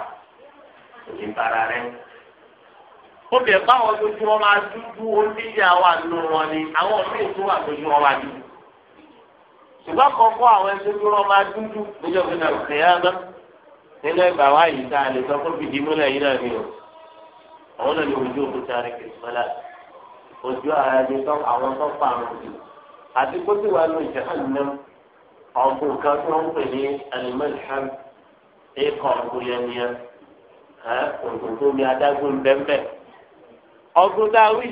Speaker 1: kò ní bára rẹ. obìnrin báwọn lójú wọn máa dúdú oníyà wà nù wọn ni àwọn míì tó wà lójú wọn wà dúdú. ṣùgbọ́n kọ̀ọ̀kan àwọn ẹgbẹ́ tó wọn máa dúdú níjọ́ fi náà ṣe é ná nínú ẹgbà wá yìí tá a lè sọ fún fìdí múlẹ̀ yìí náà ni o àwọn náà ni ojú òkúta rẹ kìrìsìmọ́lá ojú ara ẹni àwọn tó pa àwọn òbí àti kó tí wàá lọ ìjàkálù náà ọ̀gbìn kan tó ń pè ní ikọ̀ òkúyẹniyẹ òkùnkù mi adágún bẹ́ẹ̀ ọdún dáwì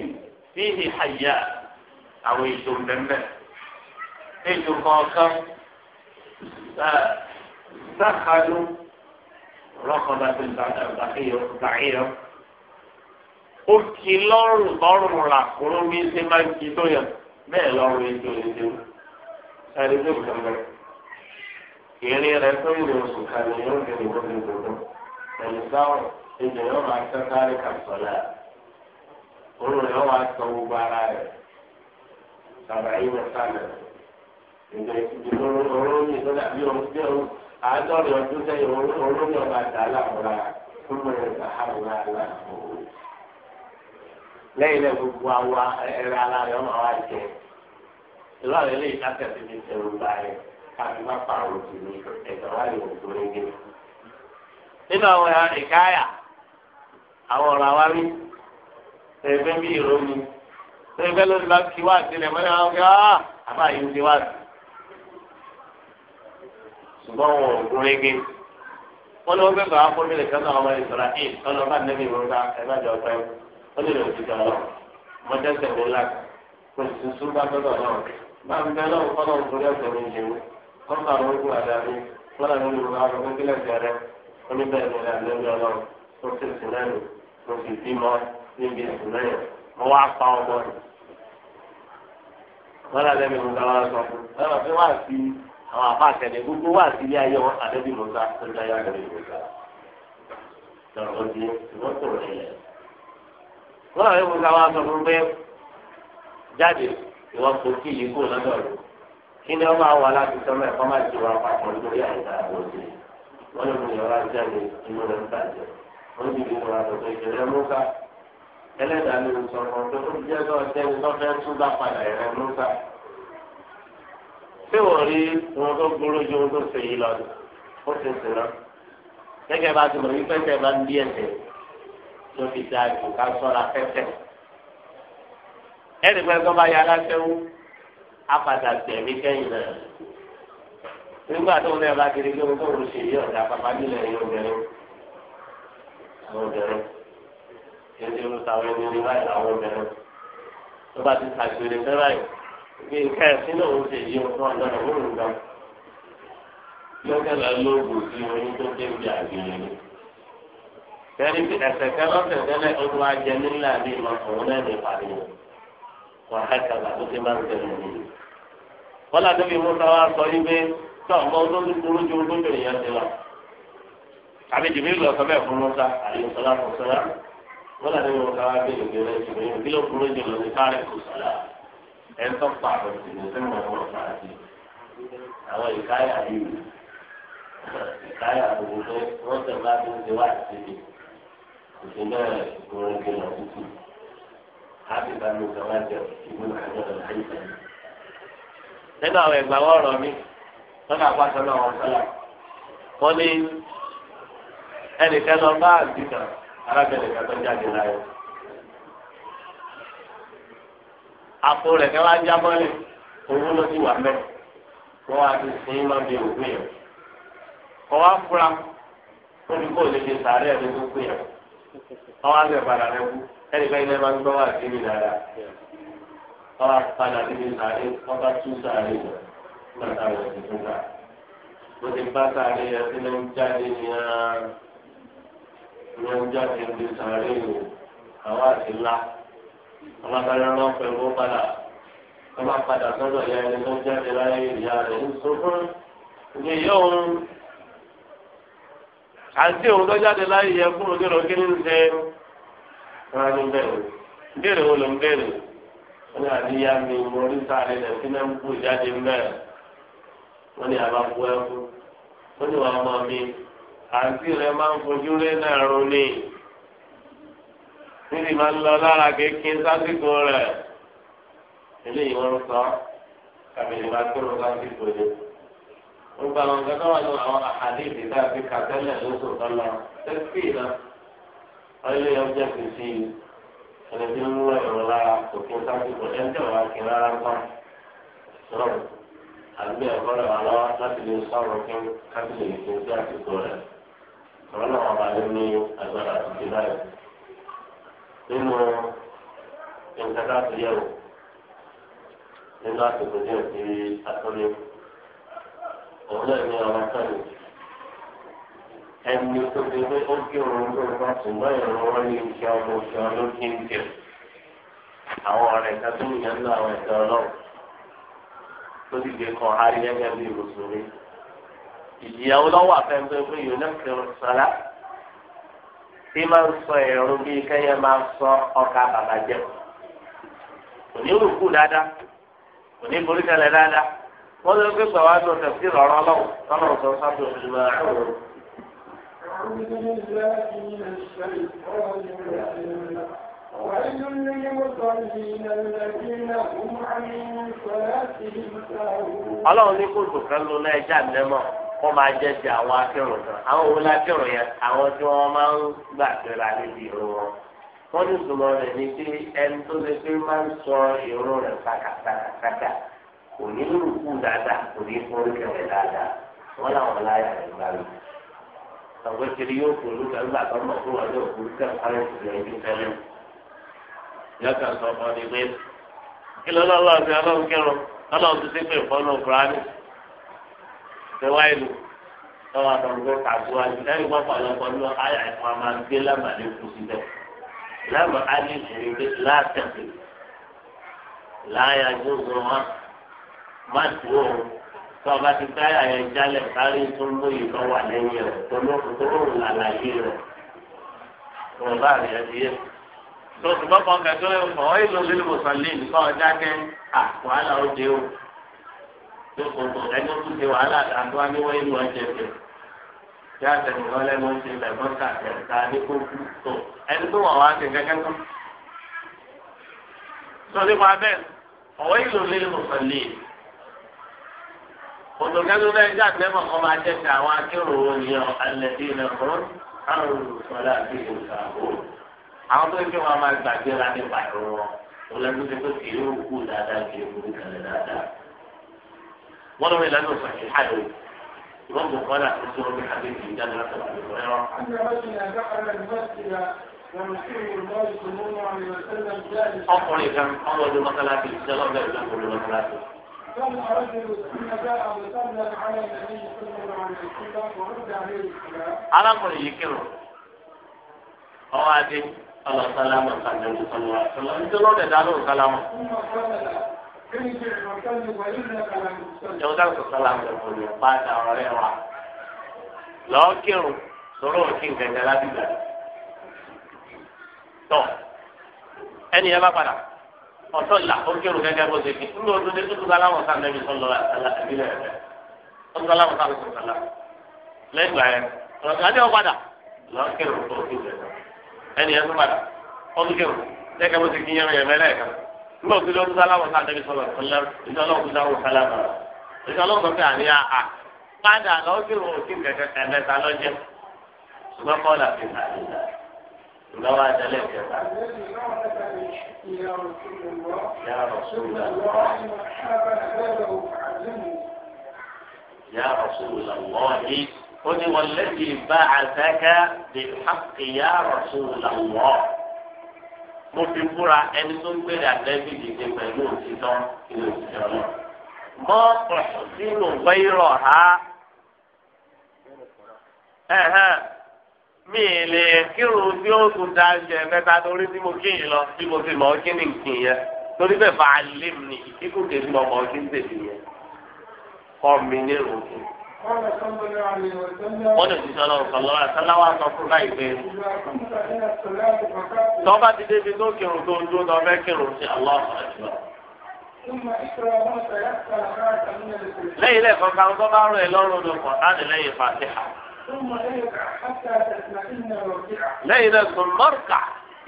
Speaker 1: fíhì àyà àwọn èso bẹ́ẹ̀ èso kọ̀ọ̀kan sàkàlù rọ́kọ̀dà tó gbàgbéyọ̀ ó kì í lọ́rùn lọ́rùn rà kúrú bí ṣe máa ń kí tó yẹ bẹ́ẹ̀ lọ́rùn ètò ètò tó kàn èrè rẹ tó ìrè oṣù kan ní ya fi ìwé ní gbogbo pẹ̀lú sáwọn ìjọ yóò máa tẹ sáré kàṣọlá orò yóò máa tọ gbogbo ara rẹ sàbà ìwé sálẹ ìjọ ìdìbò olóyè tó dàbí ohun tí ó àádọ́rin ọdún sẹ́yìn ọba rẹ lẹ́yìn gbogbo ara ọmọ káàdì má pààrọ̀ sí mi ẹ̀sán wá lè wòtò régé. nínú àwọn ẹ̀rọ ìkáyà àwọn ọ̀rọ̀ àwa rí ẹgbẹ́ bí ìrònú ẹgbẹ́ ló ti bá kí wá sílẹ̀ mọ́lẹ́ wọn kí á ah, àbá yìí ti wá sí. ṣùgbọ́n wọn ò gún régé. wọ́n ní wọ́n gbé bàbá fún mi lè kẹ́kọ̀ọ́ ọmọ ìsọ̀rọ̀ ẹ̀ ọlọ́ba nẹ́bí ìrora ẹgbẹ́jọ ọ̀pẹ́ ó lè lọ sí ìjọba mọ́tẹ́sẹ̀ mi lá kò sì sún bá bá ń wọ́n fà wọ́n kú àdàbí wọ́n làwọn olùkọ́ àwọn ọmọ ìbílẹ̀ jẹrẹ oníbẹ̀rẹ̀ ní àlejò ọlọ́run tó ti sùn náà nù mo sì bímọ níbi ìsùn náà yẹn mo wá pa ọmọ rẹ̀ wọ́n làlẹ́ mi musa wá sọ fún un lọ́wọ́ fi wá sí àwọn àbá àtẹ̀lé gbogbo wá sí ilé ayé wọn àdébí musa tó dá yàrá rẹ̀ musa lọ́wọ́ di wọ́n tó rẹ̀ yẹn wọ́n làlẹ́ musa wá sọ fún un pé jáde ìwọ́n kò kí yìí kó lọ́dọ̀ rẹ̀ kíni ọba àwọn aláàbísọ náà kọ́ máa ti wà papọ̀ lórí àyíká àwọn òbí wọn lè mú ìyọ̀rá jáde inú rẹ̀ ń bàjẹ́ wọn ti di ìwà tuntun ìṣẹ̀lẹ̀ mọ́ká ẹlẹ́dàá ló ń sọ fún pé ó jẹ́ sọ sẹ́ni tó fẹ́ tún bá padà ẹ̀rẹ́ mọ́ká. ṣé wọ́n rí ohun tó gbóró ju ohun tó ṣe yìí lọ ó ti sìn náà gẹ́gẹ́ bá ti mọ̀ wípé tẹ̀ bá ń bí ẹ̀sẹ̀ ló fi dáa jù ká sọ́ra fẹ́fẹ́ ẹ̀ẹ́dẹ̀gbẹ́ tó bá yára fẹ́ apàtà tẹ̀mí kẹ́yìn náà nígbà tó ń lé ọba kiri kí wọn kóòrò ṣe yí ọ̀dà pàpà nílẹ̀ yìí obìnrin obìnrin kéde ń ta ọmọ ẹni báyìí làwọn obìnrin tó bá ti ṣàgbére fẹ́ báyìí bí nǹkan ẹ̀sìn náà ń ṣe yí ọ̀dà ọ̀dà òórùn gan lọ́kẹ́lá lóògùn sí oyún tó dé ibi àgbèrè ni kẹ́rin ẹsẹ̀ kẹ́lọ́sẹ̀ tẹ́lẹ̀ ó tún nílẹ̀ àbí ìmọ̀ ọ̀hún lẹ́nu ìpàdé wà á kàlà tó ti máa ń tẹ̀lé mi. wọ́n làdé bí musa wa sọ yí pé tó ọmọ olórí burú ju olójú èèyàn ti lọ. àbí jìbìrì lọ sọ bẹ́ẹ̀ fún musa àyè sọlá fún sọlá. wọ́n làdé bí musa wa gbé ìgbéró jìbìrì kí ló burú jù lọ sí káàrí kò sọlá. ẹ ń tọ́ pa àbọ̀ sí ìgbésẹ̀ mọ̀ ọ́ fàájì. àwọn ìkáyà yìí ìkáyà gbogbo wọ́n tẹ̀ bá tó ti wá حبيب المتوجه يقول حجر الحيثمي nínú àwọn ẹgbà ọ̀rọ̀ mi lọ́nà àpáṣọ náà wọ́n sọ́la wọ́n ní ẹnìkan lọ bá àgbìkan arábìnrin jáde láyé àpò rẹ̀ kí wọ́n á owó ló ti wà mẹ́ wọ́n á ti sin lọ́bi òkú yẹn kọ́ wá fura ó ní kó lè fi sàárẹ̀ yẹn wọ́n á bẹ̀ padà rẹ̀ kú. ẹnì kan ilé máa ń gbọ́ wà sí mi dára wọ́n á padà sí mi sáré wọ́n bá tún sáré lọ nígbà táwọn ọ̀sẹ̀ tó gbà bó ti bá sáré yẹn tí ló ń jáde ní ló ń jáde ní sáré o àwọn àti ńlá wọ́n bá sáré lọ́wọ́ pẹ̀lú ó padà wọ́n bá padà sọ́dọ̀ ìyá ẹni ń jáde láyé ìyá rẹ̀ ń sọ fún ìgbé yóò ń àti òun tó jáde láyé yẹ fún òdòdó kí ni ń ṣe wọn á ní bẹ́ẹ̀ o béèrè wo ló ń béèrè wọn ní àdíyá mi mo rí sáré rẹ kí náà ń kú ìjáde ń bẹ̀rẹ̀ wọn ní àbá bu ẹkú wọn ní wàá mọ mi àǹtí rẹ máa ń fojú rẹ náà rún ni níbi máa ń lọ lára kékin sásìkò rẹ eléyìí wọn sọ kàbìlì máa kúrò sásìkò ni wọn gba àwọn kankan wà ní àwọn àhàdí ìdílé àti kàtẹ́lẹ̀ lóṣù tó lọ tẹ́sí náà ọlẹ́ ọjọ́ kìsì ẹni tí ń mú ẹ̀rọ lára òkè sáàkì kò ẹni tí ọ̀rọ̀ akẹ́ rárá ń tán sọ̀rọ̀ àbí ẹ̀kọ́ rẹ̀ wà lọ́wọ́ láti lè sọ̀rọ̀ kí káfí lè fi sí àsìkò rẹ̀ ọ̀rọ̀ náà wà wálé ní agbára àtìkè báyìí nínú nǹkan láti nínú àsìkò díẹ̀ sí atọ́lé òun náà ní ọmọ sọ́yìn ẹni tó ti pé ó kí òun tó bá ṣùgbọ́n ìrànwọ́ ní iṣẹ́ ọmọ oṣù ọlọ́kí ń tẹ̀. àwọn ọ̀rẹ́ ká tó yẹn ń lọ àwọn ẹ̀sẹ̀ ọlọ́run tó ti gbé kan árí gẹ́gẹ́ bí mùsùlùmí. ìjìyàwó lọ́wọ́ àfẹ́ńtẹ́ pé yóná fi sọ́lá tí máa ń sọ ẹ̀rọ bí kẹ́yẹ máa sọ ọkà bàbá jẹ́ kò ní rúkú dáadáa kò borí tẹ́lẹ̀ dáadáa wọ́n lọ أعوذ بالله من الشيطان الرجيم ويل للمصلين الذين هم عن صلاتهم ساهون ọlọ́run ní kóòtù kan ló náà ẹja nẹ́mọ̀ kó máa jẹ́ ti àwọn akẹ́rùn kan àwọn òun akẹ́rùn yẹn àwọn tí wọ́n máa ń gbà síra níbi ìró wọn wọ́n ní ìtumọ̀ rẹ̀ ní pé ẹni tó lè pé máa ń sọ ìró rẹ̀ pàkàtàkàtà kò ní rúkú dáadáa kò ní fún ìkẹrẹ dáadáa wọ́n làwọn láyà rẹ̀ àwọn kiri yóò kó olùkọ́ nígbà tó mọ̀ fún wọn yóò kó olùkọ́ àrùn ìṣẹ̀lẹ̀ ìlú tẹ́lẹ̀ yọ̀ọ̀kan sọ fún mi pé kí ló lọ́ọ́ lọ́ọ́ sí ọlọ́run kẹrùn ọlọ́run ti sépè fọ́nù kúránì ṣe wáyé lu lọ́wọ́ àtọ̀gbẹ́ kàṣíwájú lẹ́yìn wọ́n pàlọ́pọ̀ ní ayà ẹ̀fọn máa ń gbé lámàlẹ́ kù síbẹ̀ lámà á ní ìṣòro pé láàtẹ̀sí láàyà yóò wọ́n má dúró tó ọba ti gbá àyàn jálẹ̀ kárí tó ń mú ìtọ́ wà lẹ́yìn rẹ̀ tó ló kó tó ń làlàyé rẹ̀ wọn bá rẹ̀ ti yé. tó ṣùgbọ́n kan kẹ́kẹ́ ọ̀ ẹ́ lọ sílùú mùsùlùmí nǹkan ọjà kẹ́ à wàhálà ó dé o. tó kòkò ẹni tó ṣe wàhálà àtúwá ní wọ́n ìlú ọjà ẹ̀fẹ̀. tí a tẹ̀lé wọn lẹ́nu ṣe lẹ́gbọ́n kàkẹ́ta ní kókú tó ẹni tó wà wá kẹ́kẹ́ kẹ́kọ́. tó nípa bẹ́ẹ̀ ọ̀ olùkẹ́lu náà ìjà tẹ́mọ̀ kọ́ máa jẹ́ ti àwọn akéròwò yẹn alẹ́dí náà fún àwọn olùsọ̀lá àti olùsàbò. àwọn tó ń fi wọn máa gbàgbé ra nípa ìrún wọn olùkẹ́lu ti pé kì í ó kú dáadáa kì í kú kalẹ̀ dáadáa. wọ́n lọ́wọ́ ìlànà òsàn kì í hà lóyún. ìwọ́n kò kọ́ dà tó sọ̀rọ̀ bí àbẹ̀kì ìjà náà tó wà lóyún rẹ̀ wọ́n. ọkùnrin kan ọmọ ọdún mọ́kànlá kì í sẹ́lọ̀ bẹ́ẹ̀ سلم رجل جاء وسلم على النبي صلى الله عليه وسلم ورد عليه السلام. arákùnrin yìí kírun ọwọ́ adé ọlọ sálámù sàdéhùn sọlọ àtọlọ nítorí wa lọ́ọ́ ọ̀tọ̀ ìlà ó kérò gẹ́gẹ́ bó ṣe fi ń lò ó dúdú dúdú aláwọ̀ sáà nẹ́bí sọ́lọ́ àtàlẹ́ ọ̀tọ̀ aláwọ̀ sáà sọ̀rọ̀ sọ̀lá lẹ́gbàá yẹn ọ̀tọ̀ ọ̀padà lọ́ọ́ kérò tó o ti rẹ̀ ẹni ẹ̀ tó padà ọ̀tọ̀ kérò gẹ́gẹ́ bó ṣe fi yẹn yẹn mẹ́lẹ́ kan ń lò ó dúdú aláwọ̀ sáà nẹ́bí sọ́lọ́ àtàlẹ́ ìjọ́lọ́ padà lọ́ọ́ kérò lọ́wọ́ àdálẹ̀ يا رسول الله
Speaker 2: يا رسول الله ní wọ́n lẹ́bi
Speaker 1: bá àtẹ́kẹ́ bí hàkì ya Rasulullah. Mo fi fúra ẹni tó ń gbèrè àtẹ́bí dìde pẹ̀lú òtítọ́ ìlú òtítọ́ náà. Mọ́ ọ̀sìn ló ń ha mi ì lè kírun tí ó tún da jẹ mẹ́ta torí tí mo kí yìí lọ tí mo fi mọ̀ ọ́ kí ni nkì yẹn torí bẹ́ẹ̀ bá a lé mi ní kíkú kì í fi mọ̀ ọ́ kí n tètè yẹn kọ́ mi ní ìròkè. wọ́n lè ti sọ́nà ọ̀sánlọ́wọ́ àtàláwà sọ fún báyìí tọ́ba ti débi tó kírun tó ń dúró náà fẹ́ kírun sí aláwọ̀ àjọ. lẹ́yìn lẹ́ẹ̀kan kan tó bá rọ̀ ẹ́ lọ́rùn ló pọ̀ láti lẹ́yìn fàtíhà lẹ́yìn náà sọ mọ́rùkà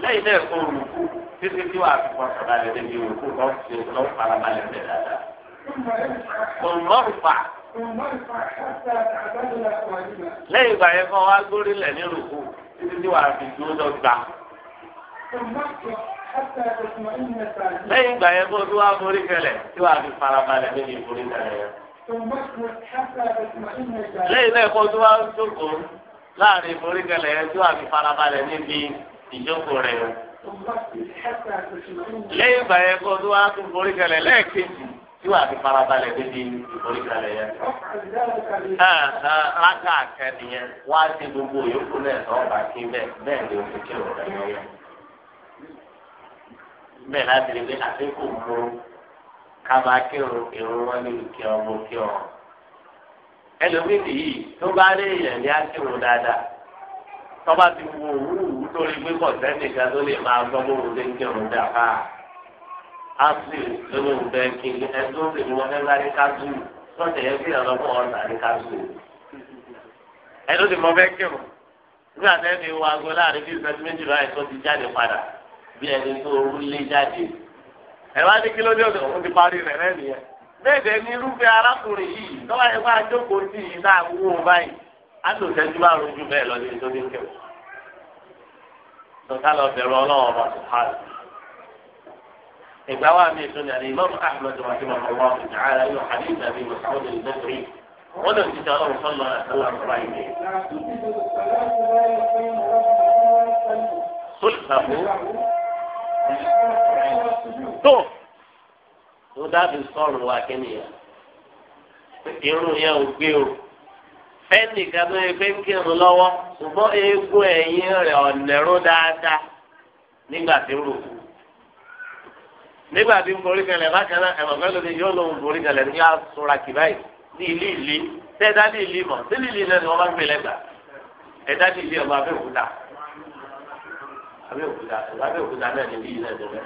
Speaker 1: lẹ́yìn náà sọ òrùkú títí tí wàá fi pọ̀sọ̀ balẹ̀ débi òrùkú tó ń fi tó ń fara balẹ̀ bẹ̀ dáadáa.
Speaker 2: sọ mọ́rùkà
Speaker 1: lẹ́yìn ìgbà yẹn kan wá lórí lẹ̀ ní òrùkú títí tí wàá fi dúró lọ gbà. lẹ́yìn ìgbà yẹn kan tó wá forí kẹlẹ̀ tí wàá fi fara balẹ̀ débi òrùkú tẹ̀lé yẹn lẹ́yìn náà kó tó wá ń jókòó láàrin ìforíkẹlẹ̀ ẹjọ́ àti farabalẹ̀ níbi ìjókòó rẹ̀ o. lẹ́yìn ìgbà yẹn kó tó wá ń foríkẹlẹ̀ lẹ́ẹ̀kejì tí wàá fi farabalẹ̀ níbi ìforíkẹlẹ̀ yẹn. rákà kẹ́niyẹn wá sí gbogbo yòókù náà lọ́wọ́ bá kí bẹ́ẹ̀ bẹ́ẹ̀ ni o fi kí òun rẹ̀ yẹn. bẹ́ẹ̀ láti rí pé àdínkù mú kaba kírun irun wọn ní kí ọ mo kí ọ ẹlòmíì nìyí tó bá rí èèyàn ní akírun dáadáa tọ́ba ti wo òwúrú torí pé kọ̀tẹ́ nìkan tó lè máa gbọ́ bó wọlé kírun dàbà á sì lóun bẹ kí ẹjọ́ sì ni wọ́n fẹ́ bá ní kájú lọ́sẹ̀ yẹn sì lọ́kọ̀ ọ̀sà ní kájú ẹjọ́ sì mọ fẹ́ kírun nígbà tẹ́ ni wo aago láàrin bíi ìfẹ́ méjìlá ẹ̀ tó ti jáde padà bí ẹni tó rú jáde. ẹ ya ní kí ló dé òde òun ti parí rẹ̀ rẹ́ nìyẹn bẹ́ẹ̀ dẹ̀ ni irúfẹ́ arákùnrin yìí lọ́wọ́ ẹ bá jókòó sí i náà wúwo báyìí á lò sẹ́jú bá rojú bẹ́ẹ̀ lọ sí ìtòdì kẹwò tọ́ta lọ bẹ̀rù ọlọ́run ọba sùhàlù ìgbà wa mi ìtúnyà ni imam ahmed rahim allah ta'ala yóò hadith nabi muhammad al-bakri wọn lè tó tó dábì sọ̀rọ̀ wa kẹ́nìyàn irun yẹn ò gbé o fẹ́ẹ̀nì kan tó yẹ pé ń kírun lọ́wọ́ ṣùgbọ́n eegun ẹ̀yìn rẹ̀ ọ̀nẹ̀rún dáadáa nígbà tí ń rògbò nígbà tí ń borí kalẹ̀ bákan náà ẹ̀mọ̀ pẹ́lú ni yóò lòun borí kalẹ̀ ní asúra kìbáyì ní ilé ìlé tẹ́ẹ̀dá ní ìlé mọ̀ sí ìlé náà ni wọ́n bá ń gbé lẹ́gbàá ẹ̀dá ní ìlé ọba abẹ́òkúta
Speaker 2: abẹ́òkúta abẹ́òkúta náà
Speaker 1: ni bí ilẹ̀ tẹ̀lé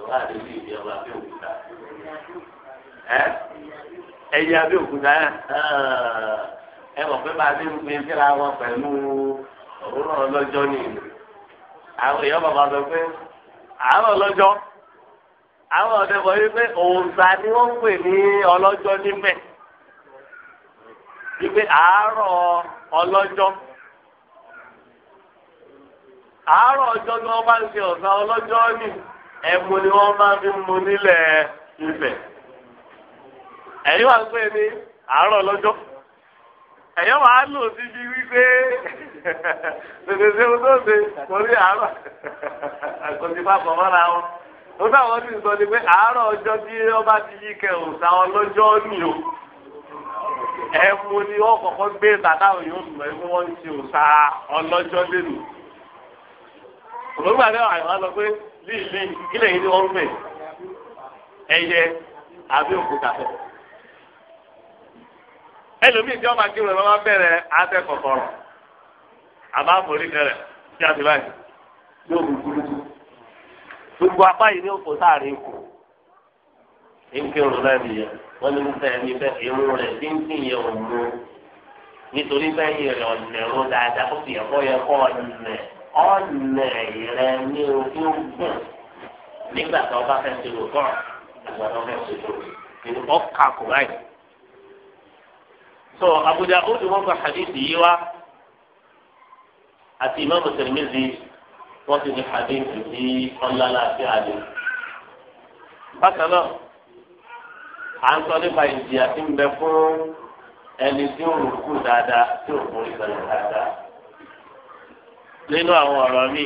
Speaker 1: ìwà àti ìdí ọba abẹ́òkúta ẹyẹ abẹ́òkúta ẹ mọ̀ pé bàbá ń gbé síra wọn pẹ̀lú òwúrọ̀ ọlọ́jọ́ ni àwọn èèyàn bàbá sọ pé àárọ̀ ọlọ́jọ́ àwọn ọ̀dẹ́ bọ̀ yìí òǹtà ni wọ́n ń pè ní ọlọ́jọ́ níbẹ̀ yìí àárọ̀ ọlọ́jọ́. àárọ̀ ọjọ́ ni wọ́n bá ń ṣe ọ̀sán ọlọ́jọ́ ni ẹ̀mú ni wọ́n máa fi mú nílẹ̀ ibẹ̀. ẹ̀yin wà pè ní àárọ̀ ọlọ́jọ́ ẹ̀yọ́ wàá lò wípé ṣe tó ṣe torí àárọ̀ mọ́ra wọn. sọ ni pé àárọ̀ ọjọ́ tí wọ́n bá ti yí kẹ ọlọ́jọ́ ni o ẹ̀mú ni wọ́n kọ̀ọ̀kan gbé tàtàwọn yóò mọ̀ wọ́n òmùgbà ní àyàn á lọ pé líìlì kílẹ̀ yìí ni wọ́n ń pè ẹyẹ àbí òkúta fẹ́. ẹlòmíì tí wọ́n máa kí wọn máa bẹ̀rẹ̀ atẹ́ kọ̀kọ̀rọ̀ àbá tí a ti báyìí gbogbo apá yìí ni kù. náà nìyẹn wọ́n ní nípa ẹni rẹ̀ mú nítorí bẹ́ẹ̀ dáadáa kọ́ ọ̀nà rẹ ní ojú gùn nígbà tó bá fẹ́ ṣe lòótọ́ àgbà tó fẹ́ ṣe lòótọ́ ìlú ọkà kò báyìí. so Abu Dawud wọn gba hadithi yìí wá àti Imam Tirmidhi wọn ti ní hadithi ní ọlọ́lá àti àdé. bákan náà à ń sọ nípa ìjìyà tí ń bẹ fún ẹni tí ó rò kú dáadáa tí ò fún ìgbàlè dáadáa nínú àwọn ọ̀rọ̀ mi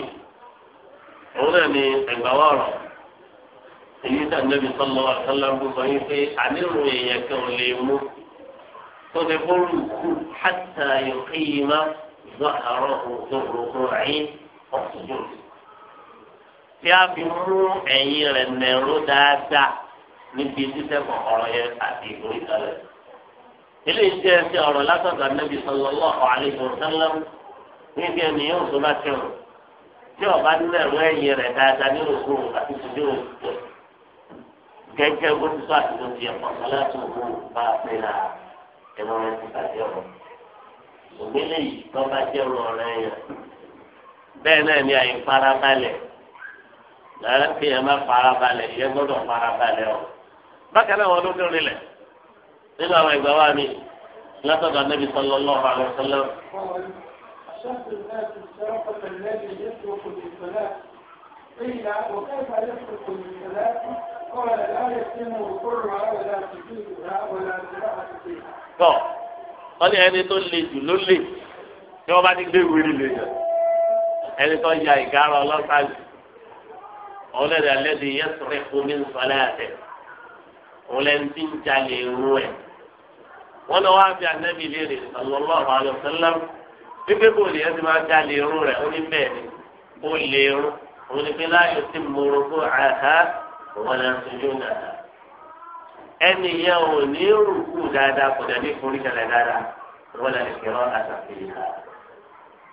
Speaker 1: òun náà ni ẹ̀gbáwá ọ̀rọ̀ èyí tá níbi sọ́lọ́ àtàlágbó sọ yín pé ànírò èèyàn kan ò lè mú tó ti bóru kú hàtà yòókì má zọ àárọ̀ òkòròkò ẹ̀yìn ọ̀sùnjò tí a fi mú ẹ̀yìn rẹ̀ nẹ̀rọ dáadáa níbi títẹ̀ kọ̀ọ̀rọ̀ yẹn àti ìgbòho ìtàlẹ̀. eléyìí jẹ́ ẹsẹ̀ ọ̀rọ̀ látọ̀dọ̀ níbi sọ́lọ́ lọ́ọ̀ ní ibi ẹni yóò tó bá tẹ̀ ọ́ tí ọba nínú ẹ̀rọ ẹ̀yìn rẹ̀ dáadáa ní òkú àti ìdílé òkú gẹ́gẹ́ bó ti sọ àti bó ti ẹ̀kọ́ sọ láti òkú bá a pè náà ẹ̀rọ rẹ̀ ti bàjẹ́ ọ̀rọ̀ òmìnira yìí tó bá jẹ́ ọ̀rọ̀ rẹ̀ yẹn bẹ́ẹ̀ náà ni àyè farabalẹ̀ lẹ́yìn kí ẹ má farabalẹ̀ ìyẹn gbọ́dọ̀ farabalẹ̀ ọ̀ bákan náà wọn ló dún nílẹ̀ nínú àwọn ìgbà wa mi látọ̀dọ̀ anábì sallallahu alaihi wasallam الشخص الآتي الشرف الذي يترك للصلاة قيل وكيف يترك للصلاة قال لا يتم ركوعها ولا سجودها ولا قراءة فيها. wọ́n ní ẹni tó le jù ló lè tí wọ́n bá ní gbé wíri lè yàn ẹni tó ya ìgárọ̀ ọlọ́sàlì ọlọ́dẹ alẹ́dẹ yẹ sọ̀rọ̀ ẹ̀kọ́ mi ń sọlẹ̀ àtẹ ọlẹ́ni tí ń jalè ń rú ẹ̀ wọ́n lọ wá bí anábì léèrè sallallahu alaihi wasallam pípé kò lè ẹni máa já lè rún rẹ̀ ó ní bẹ́ẹ̀ ni ó lè rún òun ni pé láàyò tí mo rún fún àhá wọn lè tún yóò dàda ẹni yẹn ò ní rúkú dáadáa kò dẹ̀ ní forí kalẹ̀ dáadáa wọn lè fi rán àtàkùn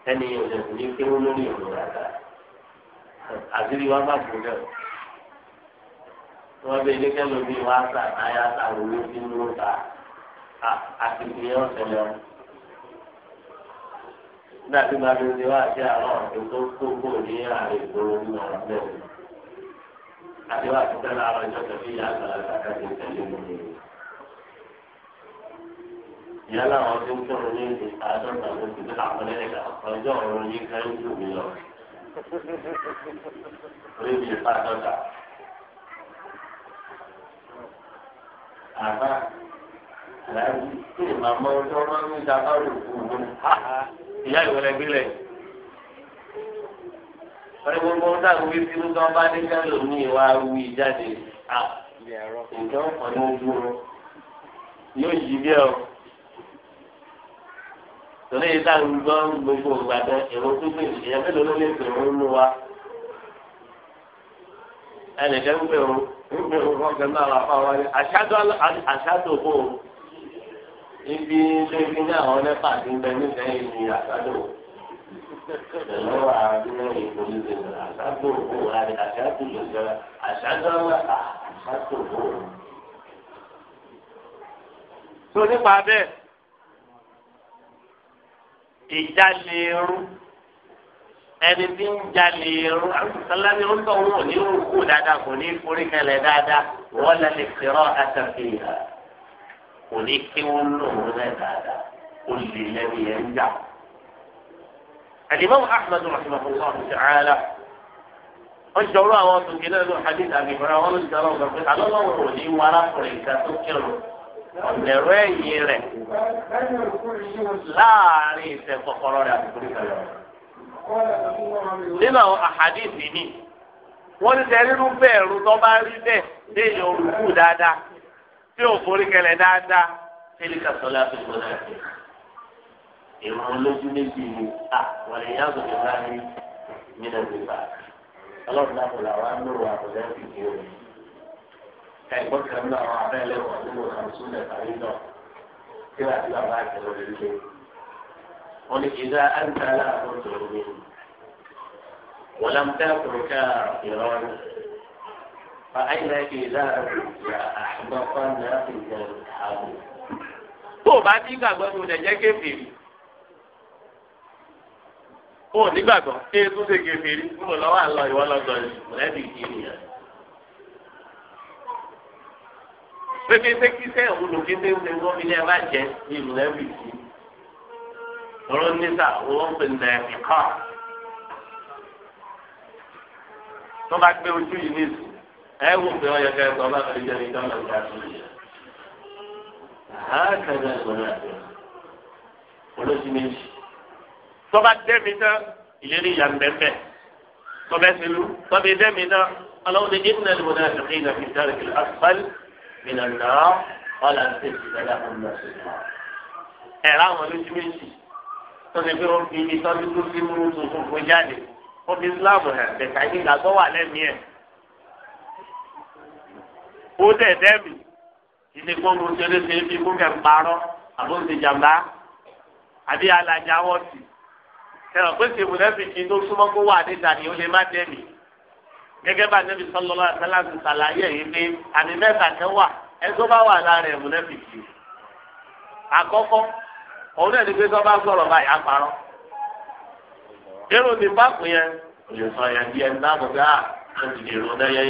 Speaker 1: ẹni yẹn ò lè ní kí wọn lórí ìlú dáadáa àbírí wa bá bù náà wọn bẹ ilé kẹlẹ omi wa sà náà yà sà lórí ìlú ta àtìkù yẹn ọ̀sẹ̀ lẹ́wọ̀n nígbà tí màá lóde wá sí àwọn ọ̀dọ́ tó ní ààrẹ ìgboro ní ọ̀rọ̀ bẹ́ẹ̀ àti wá sí sẹ́lá ìjọ tẹ̀lé ìyá àgbàlagbà káṣí tẹ̀lé mi ni. ìyá làwọn tó ń tọrọ ní èdè àádọ́ta ló ti dé àpẹẹrẹ ẹ̀ka ọjọ́ ọ̀run yìí kan ń jù mí lọ. orí mi ìfà àádọ́ta. àbá àlàyé tí ìmàmọ́ ọjọ́ máa ń gbé ìjàmbá rò fún ìyá ìwọlẹ̀ gbélé wọ́n ní gbogbo ń dàgbé wí sí nígbà wọn bá dé sẹ́lẹ̀ òní ìwà wí jáde à ǹjọ́ ọ̀pọ̀ ní ojú wọn yóò yí bí ọ torí ìta ń gbọ́ gbogbo ìgbàdàn èrò tó gbé ìyẹn mélòó ló lè pè ń lù wa ẹnìkan ń pè ń pè ń kọ́ kẹ́ ń bá aṣáájú àṣáájú òkú ibi lẹ́gbẹ́ ní àwọn nẹ́fà ti ń bẹ nísẹ́yìn ní àtàdó pẹ̀lú àdúrà ìpolówó àtàdó òwò àti àṣàtò lòjọra àṣàtò àṣàtò òwò. tó nípa bẹ́ẹ̀ ìjálè eru ẹni tí ń jalè eru àtúntàlá ni ó ń tọ̀ ní òkú dáadáa kò ní forí kẹlẹ̀ dáadáa wọ́n lẹ́nu ìfẹ́rọ̀ àtàkùn kò ní kí wọ́n lò wọ́n náà dáadáa ó lè lẹ́bi ẹ̀ ń jà. àdìmọ́ ahmed rahimahullah ta'ala wọ́n jọ̀rọ̀ àwọn tòkè náà ló hadith àbíkúrá wọn ló jọ̀rọ̀ gbà pé àlọ́ lọ́wọ́ ò ní wọ́n arákùnrin ìka tó kírun ọ̀nẹ̀rọ ẹ̀yìn rẹ̀ láàrin ìfẹ́ kọ́kọ́rọ́ rẹ̀ àbíkúrú kan lọ. nínú àwọn àhadith wọ́n ti tẹ́ rírú bẹ́ẹ̀ rú tó bá rí bẹ́ẹ̀ léèyàn olùkú dáadáa tí o forí kẹlẹ̀ dáadáa tẹ́lifà sọlá tó gbọ́dọ̀ àti ìrún olójú méjì ni à wọ́n lè yàgò tó bá ní nínú ìgbà ọlọ́run náà kò làwọn ń lòrò àbọ̀dá ti di omi ẹ̀gbọ́n kan náà àwọn abẹ́lẹ̀ wọn ní mo kàn sún lẹ̀ parí náà tí wàá ti bàbá àtẹ̀wọ̀ lè lé wọn ni ìdá àǹtà aláàbò tó ń wọn làǹtà kò ká ìrọ̀rùn. فأين إذا أحبطنا إذا أصحابه tó o bá ní gbàgbọ́ ní o lè jẹ́ kéfìrí o ní gbàgbọ́ ṣé tó ṣe kéfìrí kúrò lọ́wọ́ àlọ́ ìwọ lọ́sọ̀ lẹ́bi kiri yẹn. pépé pé kí sẹ́ òun lò kété ń tẹ́wọ́ mi ní ẹ bá jẹ́ ní ìlú lẹ́bi kiri. ọ̀rọ̀ níta òun ń pè ní ẹ̀fíkọ́. tó bá gbé ojú yìí ní ìsìn ẹ wò pé ọyọ kẹ ẹgbẹ ọba kẹjọ ní ká máa ń dàbí yẹ ha kẹjọ ìgbọnà àbẹ olóṣì méjì tọba dẹmi tán ìlérí ìyá mbẹmbẹ tọba ẹsẹlú tọba dẹmi tán ọlọ́wọ́n ní ìdílé ní ìgbọnà àbẹ kẹjọ fi dára kìlọ̀ asfali mìnà náà ọ̀là ń tẹ̀sí dáadáa fún mi ọ̀sẹ̀ náà ẹ̀rọ àwọn olóṣì méjì tọ́ni pé wọ́n fi ibi tó fi mú tuntun fún jáde wọ́n fi islam hàn bẹ̀ka ìgbà tó wà lẹ́mìí ẹ̀ ó dẹ̀ dẹ́mi ìdí kó mo ṣe léṣe bí kó kẹ́ ń parọ́ àbó ń ti jàmbá àbí alájà wọ́ọ̀tì kẹrọ pé ṣe mùnẹ́fìkì ló súnmọ́ kó wà níta ni ó lè má dẹ́mi gẹ́gẹ́ bá nẹ́bi sọlọ́lá sálásì sàlàyé yìí pé àmì mẹ́ta kan wà ẹgbẹ́ bá wà lára ẹ̀ mùnẹ́fìkì àkọ́kọ́ òun náà ní pé tó bá sọ̀rọ̀ báyìí á parọ́ èrò ní báàkù yẹn kò lè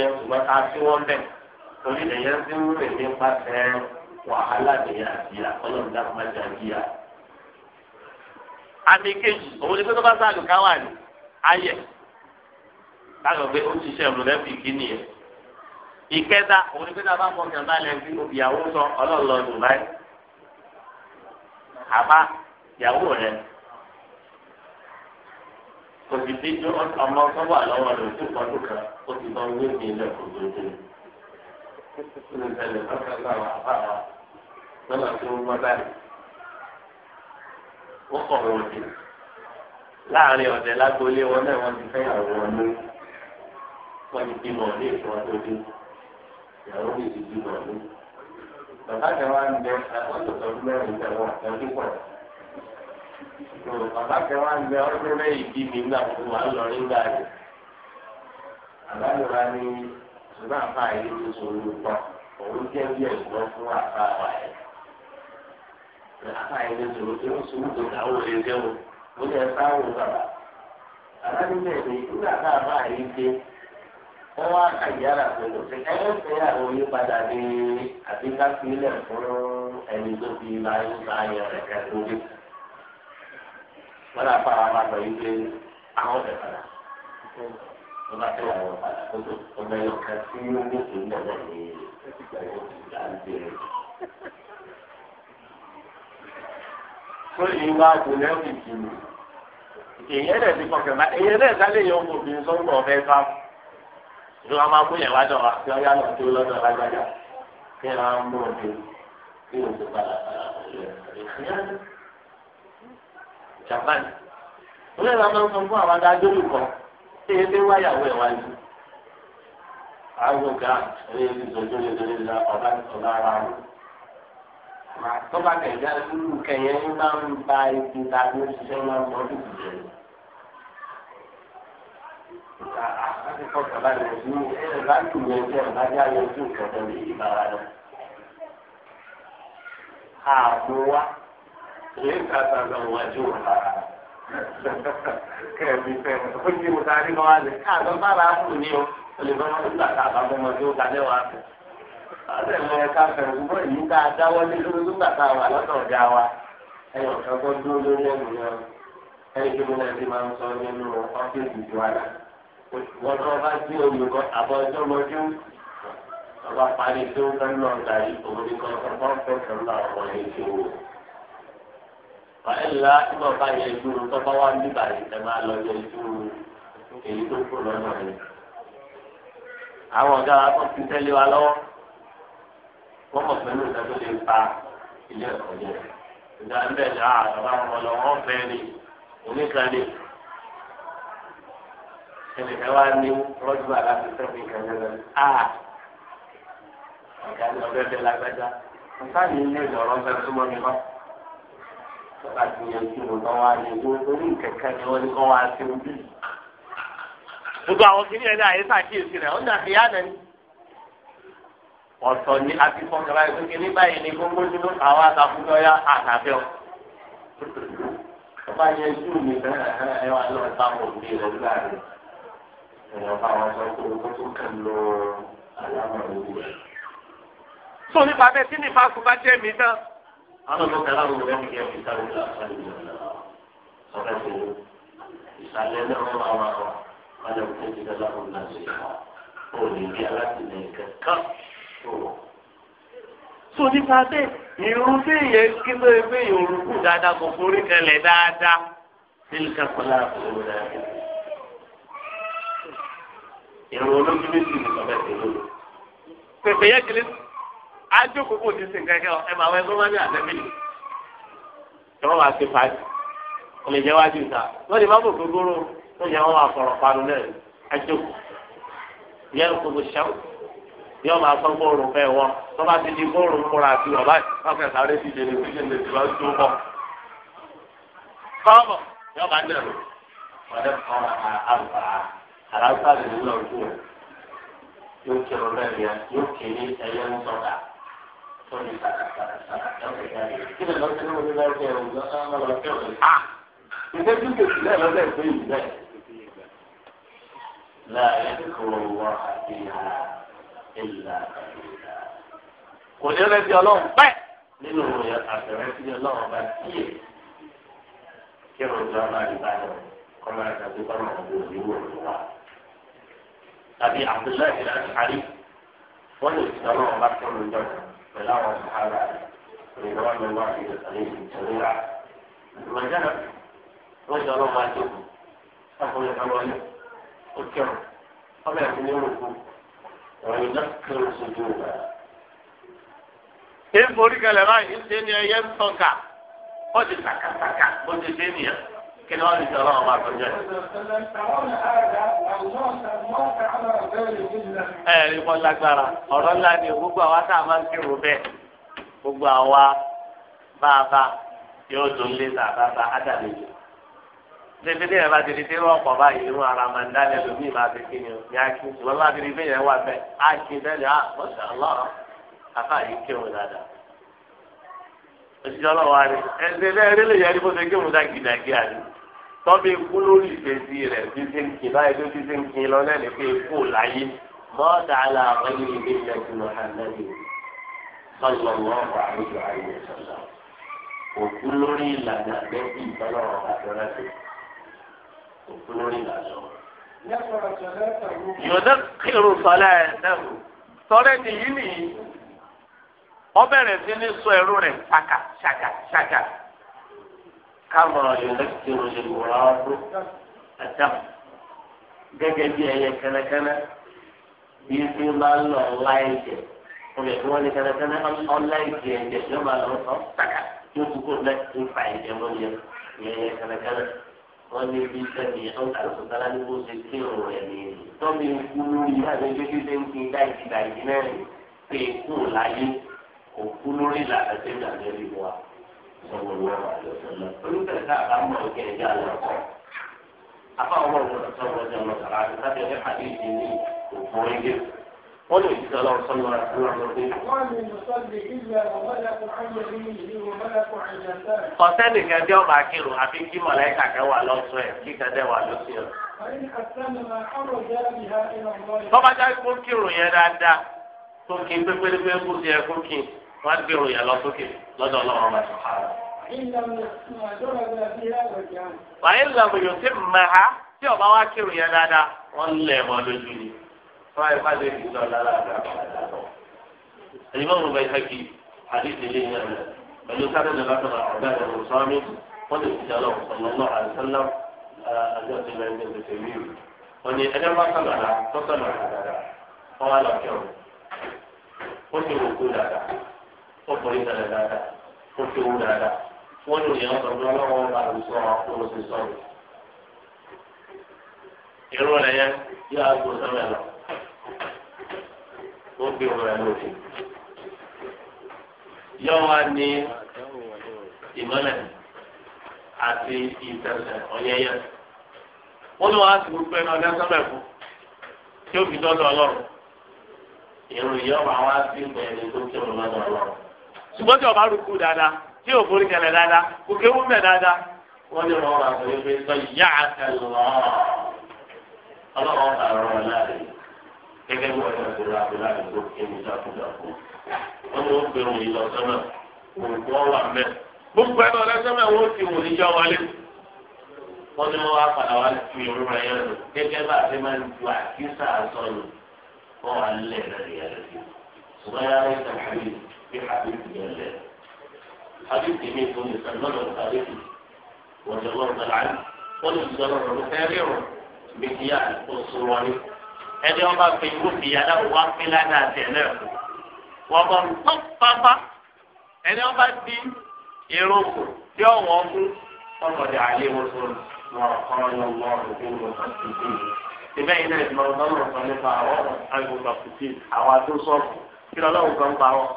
Speaker 1: sọ torí lèyàn ti ń rìn nípasẹ̀ wàhálà nìyà àbíyà ọlọ́run dákun má jẹ àbíyà. àmì kejì òun ni pé tó bá sáàlù káwà ní ayẹ káàkiri pé ó ti ṣe ẹ̀rù lẹ́bí kíní yẹn. ìkẹta òun ni pé tá a bá mọ kẹ̀mbá lẹ́bí ìyàwó sọ ọlọ́run Dubai. àbá ìyàwó rẹ̀ kò sì bí ọmọ sọ́wọ́ àlọ́wọ́ rẹ̀ tó kọ́ kan ó ti bá wíwí ilẹ̀ kò tó tó nínú ìtẹ̀lẹ̀ lọ́sẹ̀ tó àwọn àbára lọ́nà láàrin ọ̀dẹ̀ lágbolé wọn náà wọ́n ti fẹ́ àwọn wọn ní wọ́n ti bímọ ní ìfọ̀ tó dé ìyàwó mi ti bímọ ní. bàbá kan wá ń bẹ àkọ́tọ̀ tọdún mẹ́rin tẹ̀wọ́ àtẹ̀wọ́ pọ̀ bàbá kan wá ń bẹ ọdún mẹ́rin bí mi nígbà tó wà lọ nígbà rẹ̀. àbájọba ni ṣùgbọ́n àfa yìí ti sọ̀rọ̀ tán òun jẹ́ bí ẹ̀gbọ́n fún àfa wa ẹ̀. àfa yìí ti sọ̀rọ̀ tí ó sùn tó dáwọ́ lè jẹ́ o ó yẹ sáwọ́ bàbá. àbá níbẹ̀ ni nígbà tá a yìí dé wọ́n wá àyàrá pẹ̀lú pé ẹ̀yẹ́ fẹ́ àwọn onípadà ní àbíkápílẹ̀ fún ẹni tó fi máa ń bá ayọ̀ rẹ̀ kẹ́kọ̀ọ́ dé. wọ́n lọ fà wọn bá lọ yí pé àwọn ọ̀dẹ̀ tó bá tẹ̀ wọ́n padà tó tó ọmọ ẹ̀yọ kan tí ó ní ìlú náà ní ìgbàlódé rẹ̀. ó lè wá àgbòlẹ́ òkìkì mi èyẹ dẹ̀ ti kọ̀kẹ́ bá èyẹ dẹ̀ sálẹ̀ yọ ọmọ obìnrin sọ́kùn ọ̀fẹ́ sá ni wọ́n máa kó yẹn wá kí wọ́n yá lọ sí lọ́dọ̀ lágbájá kí wọ́n á mú un kí wọ́n ti padà padà pẹ̀lú ẹ̀ Japan. Olóòtú àwọn ọmọ fún àwọn adájọ́ olùkọ́ ṣé ilé wáyàwó ẹ̀ wáyé àwọn ọ̀gá ẹ̀yẹ ti dojú ní dojú ní ọ̀dà ìtọ́lá ara rẹ̀ tó bá kẹ̀yà lúlù kẹ̀yẹ ń bá ń ba ibi tàbí ṣiṣẹ́ máa ń bọ́ ní ìdílé rẹ̀. Àti kọ́kọ́ bá yẹ sí ẹ̀ bá tù yẹn jẹ́ ẹ̀ bá já yẹn lè yí bára lọ. Àbúwá, èyí ń kàtà lọ wájú ọ̀la rẹ̀. kẹ̀mí fẹ́ ó ní mo sáré kan wá lè o ó lè fọwọ́ nígbà tá a bá fọmọ tí ó fẹ́. ẹ̀ ká gbogbo a dáwọ́ lé tá a wà lọ́dọ̀ ọ̀gá wa ẹ̀yọ̀ kan kọ́ dúró lórí ẹ̀mí ẹ̀yìn máa ń sọ nínú ọ́fíìsì wọ́n ń yìí òun ni kọ́ ẹ̀la ìmọ̀ bá yẹ ìdúró tọ́ba wá níbà yìí ẹ máa lọ yẹ ìdúró èyí tó kù lọ́nà rẹ̀. àwọn ọ̀gá wa tó ti tẹ́lẹ̀ wa lọ́wọ́ wọ́n mọ̀ pẹ̀lú ìgbà tó lè pa ilé ẹ̀kọ́ yẹn. ìgbà ń bẹ̀ ní ah, àbá wọn lọ wọ́n fẹ́ ni oníkanni ẹnìkan wá ní rọ́jú àláfi sẹ́fì kẹ́kẹ́rẹ́ a ọ̀gá ni ọ̀gá ẹ̀dẹ́ tọ́ka ti yanjú mo tán wá yanjú orí kẹ̀kẹ́ ni wọ́n ní kọ́ wá sí ojú. gbogbo àwọn kìnìún ẹni àyè sàkíyèsí rẹ̀ ó dàbí yá nani. ọ̀sọ̀ ni a ti fọ́n kaba ní báyìí ni gbogbo ní àwọn àtàkùnjọ ya àtàfẹ́ ọ. tọ́ka yanjú mi ẹ wà lọ bá mọ̀ ní rẹ̀ nígbà rẹ̀. èèyàn bá wọn sọ pé owó tó kàn lọ aláwọ̀ òwú rẹ̀. sọ nípa bẹ́ẹ̀ tí nípa أنا مثلا من ذلك في كتاب الله صدقه يسأل لهم أمره أنا تجد لهم نصيحة قولي جعلت إليك كفر so nípa bẹ́ẹ̀ irun téèyàn kí ló ń gbé irun kù dáadáa kò forí kẹlẹ̀ dáadáa nílùú kọlá òun náà irun olójú méjì ní ọbẹ̀ tẹ̀lé pèpè yẹ kìlísì ajókòó kò ní sìn kẹkẹ ẹ máa wẹ gbọmọdé àtẹmílì tí wọn máa ṣe fàájì wọn lè jẹ wájú ìta wọn lè má bò gbogbooro wọn lè wọn máa fọ̀rọ̀ panu náà ajókòó yẹn kò bó ṣẹun yọ máa sọ bóòrù fẹ wọn tó bá ti di bóòrù múra àti ọba ọkẹ sáré ti dèrè sí ṣe lè ti wá tó bọ kọ́ọ̀bọ̀ yọ máa dẹ̀rù wọn lè àlàáfíà lè lọ kú yóò kéré mẹ́rin yóò kéré ẹyẹ ń sọ̀dà kílẹ̀ lọ́sẹ̀ ní onílẹ̀ ọ̀gá ẹ̀rọ ọ̀gá ọ̀gá ìgbẹ́ tí kò sílẹ̀ lọ́sẹ̀ pé ìgbẹ́. láàyè kúrò wá àdéhà ìlà àdéhà. kò ọlọ́run pẹ́
Speaker 2: nínú àtẹ̀rẹ́sí
Speaker 1: ọlọ́run bá tíye kí ẹ̀rọ ìjọba máa di báyọ̀ kọ́ máa dàbí bá máa wò ní wò ní wà. tàbí Abdullahi al-Ash'ari wọ́n lè sọ̀rọ̀ ọba tó ń jọ̀ọ́ pẹ̀lú àwọn sàhálà ìrìnàmọ́ mi wá sí ìtàlẹ́ ìtàlẹ́ra. Màjánà wọ́n ṣe ọlọ́mọ àjò ọkùnrin kan wọlé ó kẹrù ọbẹ̀ ẹ̀kú ní orúkú ọ̀rọ̀ ìdá kẹrù sojú rẹ̀. Ṣé forí kalẹ̀ báyìí ń kí ni wọ́n ti sọ̀rọ̀ ọmọ àtúnjẹ. ẹ ẹ rí wọn lágbára ọ̀rọ̀ ńlá ni gbogbo àwa tá a máa ń kírun bẹ́ẹ̀ gbogbo àwa bàbá yóò tó ń lé sàbàbà ádàlejò tẹ̀lé ní ẹ̀rọ àti ìdílé wọn pọ̀ báyìí irun ara máa ń dá lẹ́nu mí máa fi kíni ní akí ìwọ́n máa fi ìdílé yẹn wà bẹ́ẹ̀ akí bẹ́ẹ̀ ah mọ̀ṣá lọ́rọ̀ afa yìí kírun ni ẹ̀sìn ẹ̀rẹ́ lè yẹrí dá gidagí àná tọ́bí kú lórí ìfèsì rẹ̀ títí ń kí báyìí tó títí ń kí lọ lẹ́nu pé kú láyé mọ́tà àlà àbẹ́lẹ́ ìgbé ìjẹ́jú mọ́hàmẹ́lì sọ́yọ́ wọn wà lójú ayé sọ́sọ́ òkú lórí ìlànà lẹ́bí ìtọ́lọ́wọ́ àdúrà sí òkú lórí ìlànà. yọ̀dọ̀ kírun sọlá ẹ̀ náà sọlá ti nìyí ọ bẹ̀rẹ̀ sí ní sọ ẹrú rẹ̀ ṣàkà ṣàkà ṣàkà. كما يذكر للغراب الدم gẹ́gẹ́ bí ẹyẹ kẹnẹkẹnẹ bí tí ó bá lọ ọlá ẹ̀jẹ̀ ọmọ ẹgbẹ́ wọn ní kẹnẹkẹnẹ ọlá ẹ̀jẹ̀ ẹ̀jẹ̀ tí ó bá lọ sọ tàkà tí ó tún kó lẹ ń fa ẹ̀jẹ̀ wọn yẹ ẹyẹ kẹnẹkẹnẹ wọn ní bí sẹbi ọkà lọsọtara ní kó ṣe kí ọ̀rọ̀ ẹ ní tọ́bi ikú lórí láti ẹgbẹ́ tí ó ń fi dáìtì dáìtì náà pé kú láyé òkú lórí sọ̀rọ̀ lọ́wọ́ àlọ́sọ̀lá oníbẹ̀rẹ̀ tá a bá mọ̀ òkè ẹ̀jẹ̀ àlọ́kọ̀ afáwọn ọmọ òkè sọ̀rọ̀ ọjà lọ sàrà àti sábẹ̀ ẹ̀fẹ́ àti ìdí ní òkú ẹ̀jẹ̀ wọ́n lè jíjọ lọ sọ́nù àti kọ̀sẹ́nì kan tí ọba kírun àfi kí mọ̀lẹ́kà kan wà lọ́sọ̀ ẹ̀ kí kan wà lọ́sọ̀ ẹ̀. tọ́ba kó kírun yẹn dáadáa tó kí pépérépé kú sí kó kí wọ́n á gbèrò yẹn lọ sókè lọ́dọ̀ ọlọ́run ọba tó ká lọ. wàyí lọ́mù yóò ti mọ̀ ha tí ọba wa kírun yẹn dáadáa wọ́n lẹ̀ mọ́ lójú ni fún àyípadé ìdílọ́ lára àgbà padà lọ. èyí mọ̀ mọ̀ bẹ́ẹ̀ kí àdéhùn ilé yẹn lọ pẹ̀lú sáré lọ́dọ̀ ọ̀gá ìdàgbàsókè sọ́ọ́mì wọ́n lè fi jọlọ́ ọ̀sán lọ́wọ́ àjọ ti lọ ẹgbẹ́ tètè mí o wọ́n ní ẹjọ́ bá sọ̀rọ̀ àdá tó sọ̀rọ̀ àdá wọ́n wá lọ kí ọ̀rọ̀ ó ti wò kú dáadáa kọ́kọ́ yìí kalẹ̀ dáadáa kó tó wú dáadáa wọ́n lò yẹn sọ pé ọlọ́wọ́ bá lò sọ àkóró sí sọ́ọ̀lù. irú rẹ̀ yẹn yóò á gbó sọ́mẹ̀ lọ ó gbé wọn rẹ̀ lòdì. yóò wá ní ìmọ̀lẹ̀ àti ìtẹ̀sẹ̀ ọ̀yẹ́yẹ́. wọ́n lọ́wọ́ á ti gbogbo ẹnu ọ̀dẹ́ sọ́mẹ̀ fún tí ó fi dọ́dọ̀ ọlọ́run. irú yóò wá wá sí tó kí wọn lọ́dọ̀ ọlọ́run ṣùgbọ́n tí ọba rúkú dáadáa tí ò forí kẹlẹ̀ dáadáa kò kéwú mẹ́ dáadáa wọ́n ní wọn máa fẹ́ fẹ́ sọ ìyá àtẹlọ ọlọ́wọ́n bá rọ wọn láàrin gẹ́gẹ́ bí wọ́n ti rọ àbúrò àdúgbò kéwì dákúdákú wọ́n ní wọ́n gbé wọn lọ sọ́nà òkú ọ̀wà mẹ́ gbogbo ẹ̀rọ lẹ́sọ̀mẹ̀ wọ́n ti wù níjọ́ wọlé wọ́n ní wọ́n wá padà wá ju irú rẹ̀ yẹn lọ gẹ́gẹ́ bá a fi máa ń ju àkísà sọ́nù wọ́n wà lẹ́ẹ̀rẹ̀ yẹn lọ sí i. في حديث الله حديث من بن سلمان الخالدي رضي الله تعالى عنه وللضرر متابع مكيال الصواني ẹni ọba fi irú fìyàrá wá pín lánàá tẹ̀lé ẹ̀kọ́ wọ́n bọ̀ tó pápá ẹni ọba di irun kù tí ọ̀wọ́ mú ọmọdé àlẹ́ wọn tó wọn kọ́ ọ́ lọ́wọ́ ọ̀rọ̀ tó wọn kọ́ sí yìí náà ìmọ̀ ọ̀dọ́ ọ̀rọ̀ kan nípa àwọn ọ̀rọ̀ àgùntàn kùtì àwọn àtúnṣọ́ọ̀kù kí lọ́lọ́run kan pa wọn.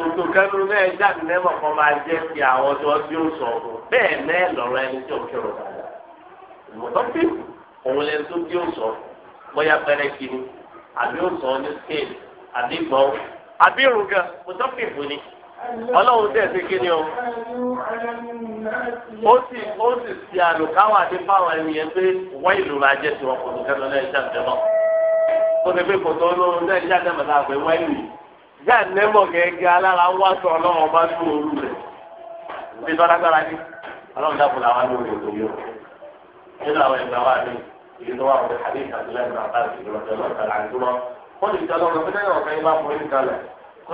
Speaker 1: Òtò kẹ́nu náà jáde lẹ́mọ̀ kan máa jẹ́ ti àwọn tó ọdún yóò sọ bẹ́ẹ̀ náà lọ́rọ̀ ẹni tó kẹrọ. Ìmọ̀tọ́pì òun lẹni tó bí yóò sọ bóyá pẹ́rẹ́ kiri àbí yóò sọ ní scale àbí gbọ́n àbí ìrùngà ìmọ̀tọ́pì fún ni. Ọlọ́run tẹ̀ sí kí ni o. Ó sì ó sì ṣe àlùkáwà ní báwọn ẹni yẹn pé wọ́n ìlú máa jẹ́ tiwọn kò ó ti fi kòtò náà wẹ́ẹ̀lì nẹ́mọ̀ gẹ́gẹ́ alára wá sọ ọlọ́run bá tún olú rẹ̀ bí ní ọlọ́run dàpọ̀ làwọn nínú àwọn ìgbà wa ní èyí tó àdéhùn àti lẹ́nu àbáṣe ìrọ̀lẹ́ wọ́n fún ẹ̀yọ̀ bá kalẹ̀ kó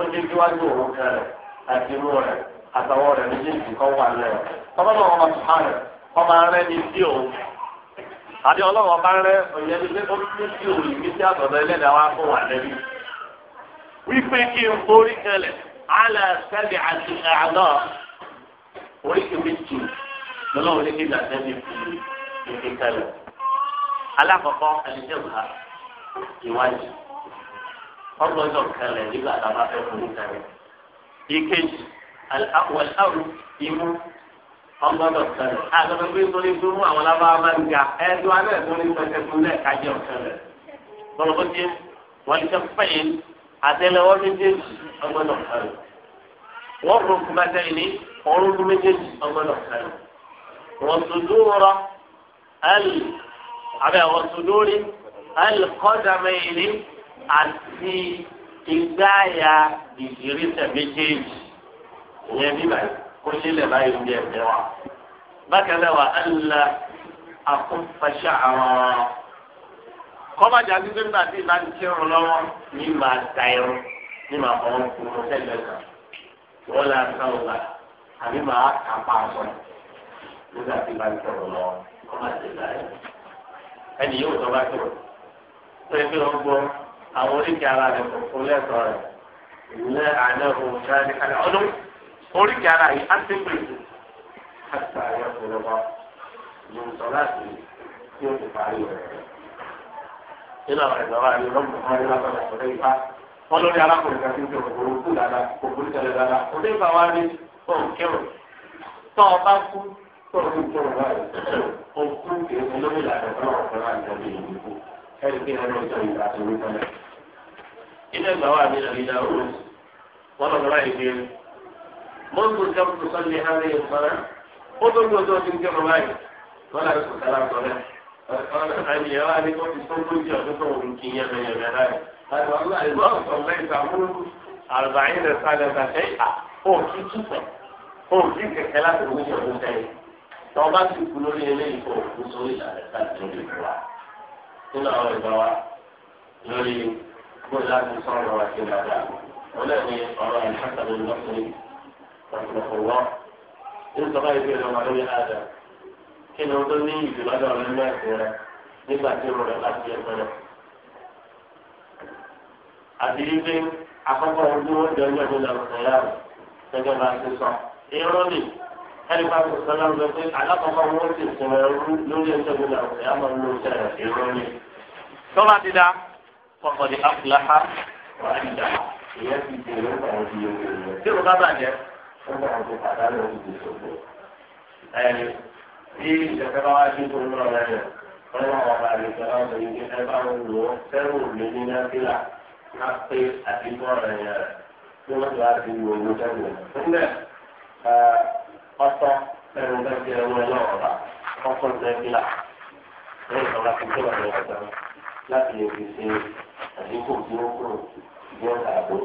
Speaker 1: òun kalẹ̀ àti inú rẹ̀ àtàwọn rẹ̀ méjèèjì wà àbí ọlọ́run ọba rẹ ọ̀yẹ́ni pé ó ti ti òòlù mi sí àtọ̀dọ̀ ẹlẹ́dàá wa fún wa lẹ́nu. wípé kí n borí kẹlẹ̀ àlà sẹ́bi àti àná oríkì mi tù lọ́lọ́run ní kíjà sẹ́bi fi ìfi kẹlẹ̀. alákọ̀ọ́kọ́ ẹni jẹ́ bùhá ìwájú ọgbọ́dọ̀ kẹlẹ̀ nígbà tá a bá fẹ́ borí kẹlẹ̀. ìkejì àwọn ẹ̀rù ìmú ọgbọdọ sẹlẹ àgbẹ̀dọ̀ pé torí pé mú àwọn alábàá máa ń ga ẹ̀ẹ́dù alẹ́ torí pẹ̀tẹ́ fún lẹ́ẹ̀ kájẹ ọ̀sẹ̀lẹ̀ lọ́lọ́kọ́ tí wọ́n ti fẹ́ yín àtẹlẹwọ́ méjèèjì ọgbọdọ sẹlẹ̀ wọ́n rún kú bá tẹ́lẹ̀ ní ọrún méjèèjì ọgbọdọ sẹlẹ̀ wọ́n tòdú rọ ẹ̀lì àbẹ̀ wọ́n tòdú rí ẹ̀lì kọ́dàmẹ́yìnì àti ìgbáyà ìgbérísẹ̀ méjèèjì ìyẹn bíbáyìí kó lílẹ̀ báyìí ń bí ẹ̀jẹ̀ wa. bákan náà wà á la àkófàṣà àwọn kọ́bàjà títí nígbà tí ìbá ti kírun lọ́wọ́ ní màá da irun ní màá kọ́ ọ́n tẹ́lẹ̀ kan wọ́n lè sá ọ̀la àbí màá kà pa àṣọ nígbà tí ìbá ti kírun lọ́wọ́ kọ́bàjà ìlà yẹn. ẹnì yóò tọ́ bá kírun tó yẹ kí wọ́n àwọn oríkèé ara rẹ̀ kò fún lẹ́sọ̀ọ́ rẹ̀ ìlú àná òun ṣáà ọdún oríkì ara yìí á ti pè é àtà ayọ̀pọ̀lọpọ̀ ìlú sọlá sí tí ó ti parí rẹ̀. nínú àwọn ìgbà wa ni ọlọ́mọ kan ní lọ́sọ̀rọ̀ ìfọ̀dé ipá wọn lórí arákùnrin kan tí ń fi òkòrò kú dáadáa òkòrò tẹ̀lé dáadáa òde ìgbà wa ni tó ń kírun tó o bá kú tó o ń kírun báyìí o kú èèyàn lórí ìlànà ọlọ́run kan láti tẹ̀lé ìlú kú ẹni pé ẹni ọjọ́ ìgbà tó ń tẹ̀lé. inú ìgbà wa ni ìlànà ìlànà òun wọn lọ منذ كم تصلي هذه الصلاة قلت له زوج كم معي ولا يسكت كلام صلاة أن يراني قد صلوا يغفروا من كي يمن يمن هذا والله ما صليت عمره أربعين سنة شيئا هو كي كيف هو كي كخلاف الوجه المتعين tọ́ba ti kú lórí eléyìí kò kú sórí ìlànà láti lórí ìwà nínú àwọn ìgbà wa lórí bóyá ti sọ̀rọ̀ àti ìlànà wọn lẹ́nu رحمه الله إن تقال في الأمر هذا كنا نظني في الأمر لما كنا نبقى تيرو للأسجل منا àtìlígbé akọ́kọ́ ojú wọn jẹ ọjọ́ ìjọba ìṣẹ̀lá rẹ̀ gẹ́gẹ́ bá a ti sọ. irọ́ ni ẹni bá tó sọ lọ́wọ́ pé alákọ̀ọ́kọ́ wọn ti sọ̀rọ̀ ẹrú lórí ẹjọ́ ìjọba ìṣẹ̀lá máa ń lo iṣẹ́ rẹ̀ irọ́ ni. tọ́lá ti da kọ̀kọ̀ di afúláhá wà á dìda ìyẹn ti dèrò ọ̀rọ̀ ìyẹn. tí o fún àwọn ti tàdá lórí ìdìbò. ẹni tí ìjọba bá wá sí fún náà lẹ́yìn wọ́n wà láàrin ìjọba ọ̀sẹ̀ yìí kí ẹ bá ń lò ó ní nàbílà má pé àdìgbò ọ̀rẹ́ yẹn rẹ̀ tí wọ́n ti wá sí ìwé owó sẹ́rù rẹ̀. nílẹ̀ ọ̀tọ̀ ẹ̀rù gẹ́gẹ́ ẹ̀rù ọlọ́ọ̀ba ọkọ̀ nàbílà lẹ́yìn tó tó wà lọ́wọ́ sẹ́rù láti lè fi ṣe àdínkù tí ó kúrò yóò dàbò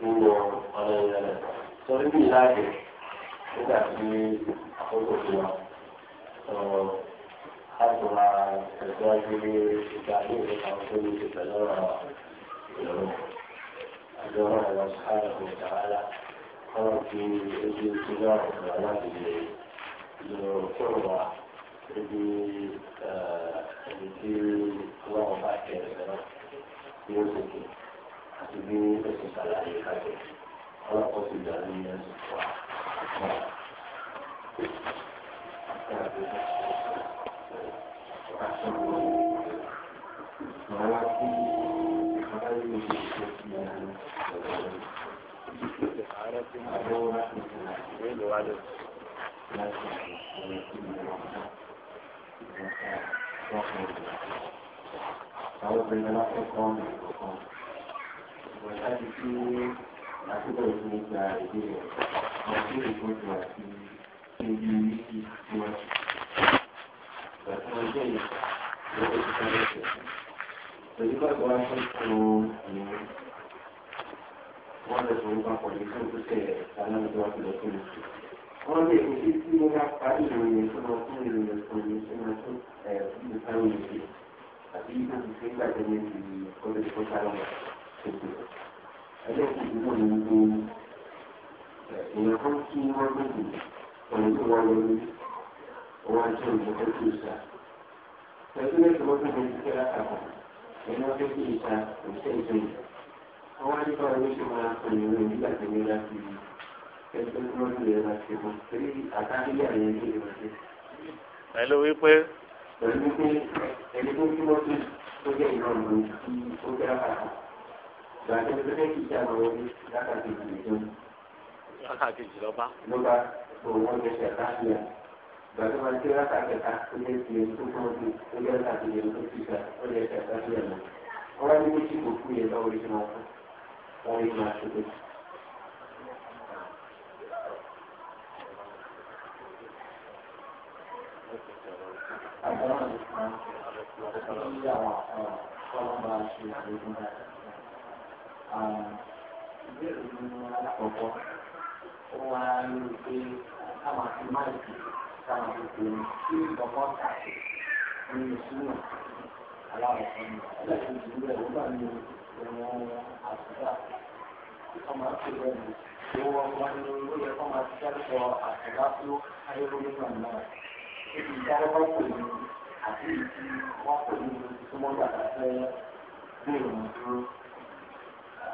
Speaker 1: nínú ọ̀rẹ́ yẹn rẹ̀ torí bí láàyè nígbà tí àkókò ti wà láti máa tẹ̀síwájú ní ìgbà ní ìlú kan tó ní ti pẹ̀lú ọ̀rọ̀ àjọ ọ̀rọ̀ lọ sáré kò sàrà ọ̀rọ̀ tí ojú ti náà ìgbà láti lè lo fóònù wa níbi ẹni tí ọlọ́run bá tẹ̀lé ní oṣù kì àti bí oṣù sàlàyé kájọ ọlọ́pàá ti dà ní ẹsẹ̀ wa. Màá kí aráyé ṣe ṣe ti ẹnu àbọ̀wọ́ láti ṣe ìlú wa lọ. Láti ṣe ìṣẹ̀lẹ̀ sí ìlú wa náà. Àwọn obìnrin alákọ̀ọ́kọ́ ń bọ̀ kan. Ìwọ̀n láti fi àkókò ìfún nípa èdè rẹ̀ àti ìkọ́jọ àti ibi wíkì tí wọ́n ti. Bàtà ọjọ́ yìí ló ti sáré ṣe. Pẹ̀lú bàbá wa fẹ́ tó ìlú. Wọ́n lọ sọ nípa pọ̀lú tó ń tẹ̀ aláǹdọ́ àpilẹ̀ tó ń sùn. Wọ́n lè ní kí tí mo bá parí ìròyìn tó lọ fún ìròyìn tó lè ṣe máa tó ẹ̀ fún ìtàwọn ìṣe àti ìgbà tó ṣe ń gbàgbé ní ti ọdún tó sáré wọn ẹlẹ́kìtì náà Pẹ̀lú wípé. Pẹ̀lú wípé ẹni tó kí wọ́n tó jẹ́ ìrọ̀lù tí ó jẹ́ àkàtà gbàdé tó lé kí ìjà lọ́wọ́ bí lákàtí ìdìbò. lákàtí ìjìlọ bá. ló bá òun wọn lè ṣe àkáṣí ẹ gbàdé wọn ti lákàtí ẹ̀ka tó lé ti ẹni tó kọ́ ju tó lé láti ẹni tó ti gbà ó lè ṣe àkáṣí ẹ lọ. wọ́n wá ní méjì kò kú yẹn lọ́wọ́ orí wọn fún wọn lè máa ṣe pé. Àwọn ọmọ ìgbà tí wọ́n bá ṣe àlékún dáadáa ìbéèrè mi alákọ̀ọ́kọ́ ó wá lórí pé káwọn àti máìkì káwọn àti tòun kí ìkọ̀kọ́ tàṣe nínú súnmọ̀ aláwọ̀kọ́ ni ẹlẹ́sìn ìdílé rẹ̀ wọ́n ní ìwọ̀n àtúgbà ọmọ àti bẹ́ẹ̀ ni tó wọ́n wá ní ó yẹ kọ́ máa ti dárúkọ àtúgbà tó ayélujára náà náà ó ti dárúkọ pè ní àti ìdí wọ́n pè ní súnmọ́ gbàgbà fẹ́ gbé ìrìn dúró.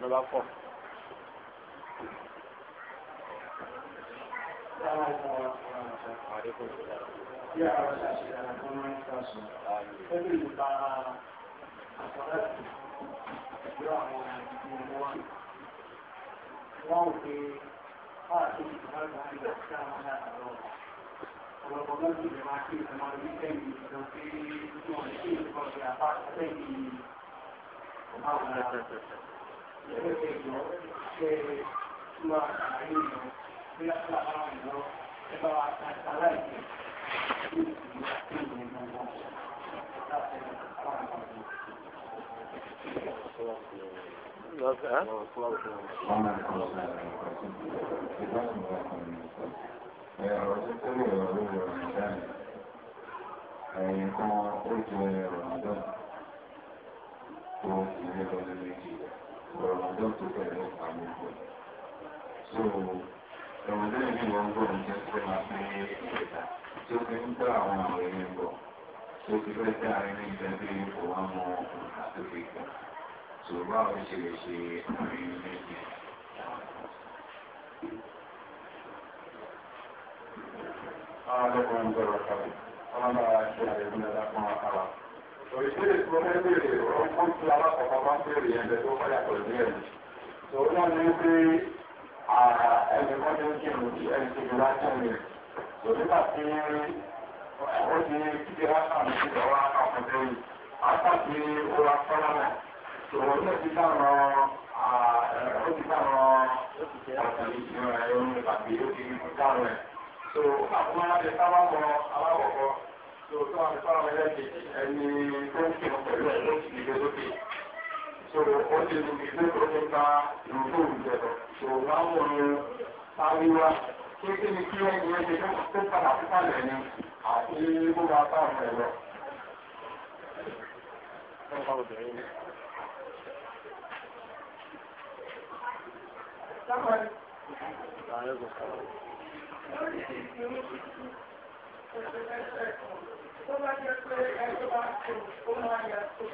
Speaker 1: ló bá pọ̀.
Speaker 2: Wọ́n ò
Speaker 1: Ẹ̀yìn kan rọ̀mọdé tó bẹ̀rẹ̀ ló pa ní ìgbẹ́ta tí ó fi àwọn àwọn ẹ̀yẹ ṣe lè ṣe àwọn Àwọn akẹ́kọ̀ọ́ ń òṣèlè tó fẹ́ bèrè ọ̀rọ̀ fún ti alákọ̀ọ́kọ́ bá bèrè ẹ̀bẹ̀ tó fẹ́ yàtọ̀ ní ẹ̀mí. Sọ̀rọ̀ náà ní pé ẹni kan tó ń kírun kí ẹni tó fi láti rìn. Sọ̀rọ̀ nígbà tí ó ti kíkẹ́ rákà ní ìgbà wa kàkùn lẹ́yìn. Àtàkì ọ̀rọ̀ afọ́lá náà. Sọ̀rọ̀ náà ti dáná ó ti dáná ọ̀sẹ̀ ìrìn àìrìn ìgbàgbé ó àwọn ẹ̀ká tó tó àwọn ìfọ́nà ẹlẹ́gbẹ̀ẹ́ ẹni tó ń kí wọn ló ti gbé lókè so ó ti lu ìgbé tó ní bá ìlú ìjẹ so wọn mú un sáré wá kí kí kí
Speaker 2: Thank you tó bá jẹ́ pé ẹjọ́ bá tó ó máa yà tó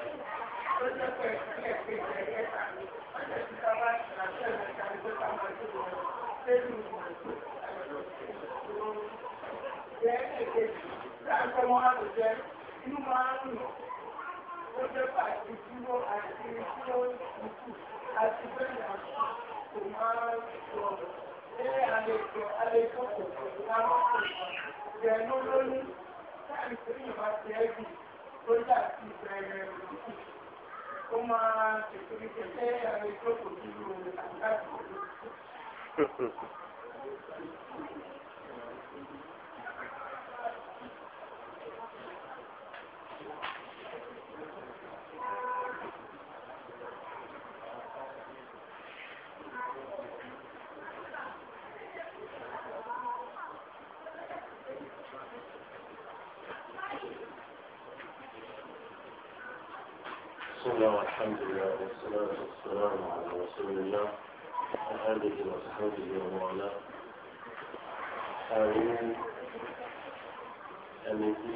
Speaker 2: tó jẹ́ pé ẹ̀kẹ́ ẹ̀kẹ́ ẹ̀kẹ́ta ọjọ́ ìta bá ṣàṣẹ ẹ̀ka ẹgbẹ́ ká máa tó lọ lẹ́nu jẹ́ èkejì láàpọ̀ wọn á lò jẹ́ inú máa ń
Speaker 1: lò ó jẹ́ pé àti dúró àti dúró ìkù àti bẹ́ẹ̀ àti kò máa ń sọ̀rọ̀ ṣé àlejò àlejò kò tó
Speaker 2: láwọn kò tó jẹ ló lóní láàrin sẹ́yìn bá ti ẹ́ bì tó dà sí ìfẹ́ ó máa tètè ní kẹ̀kẹ́ àwọn ìjókòó nínú àgbàdo.
Speaker 1: àtúndì ọmọ ọlá ẹrú ẹni tí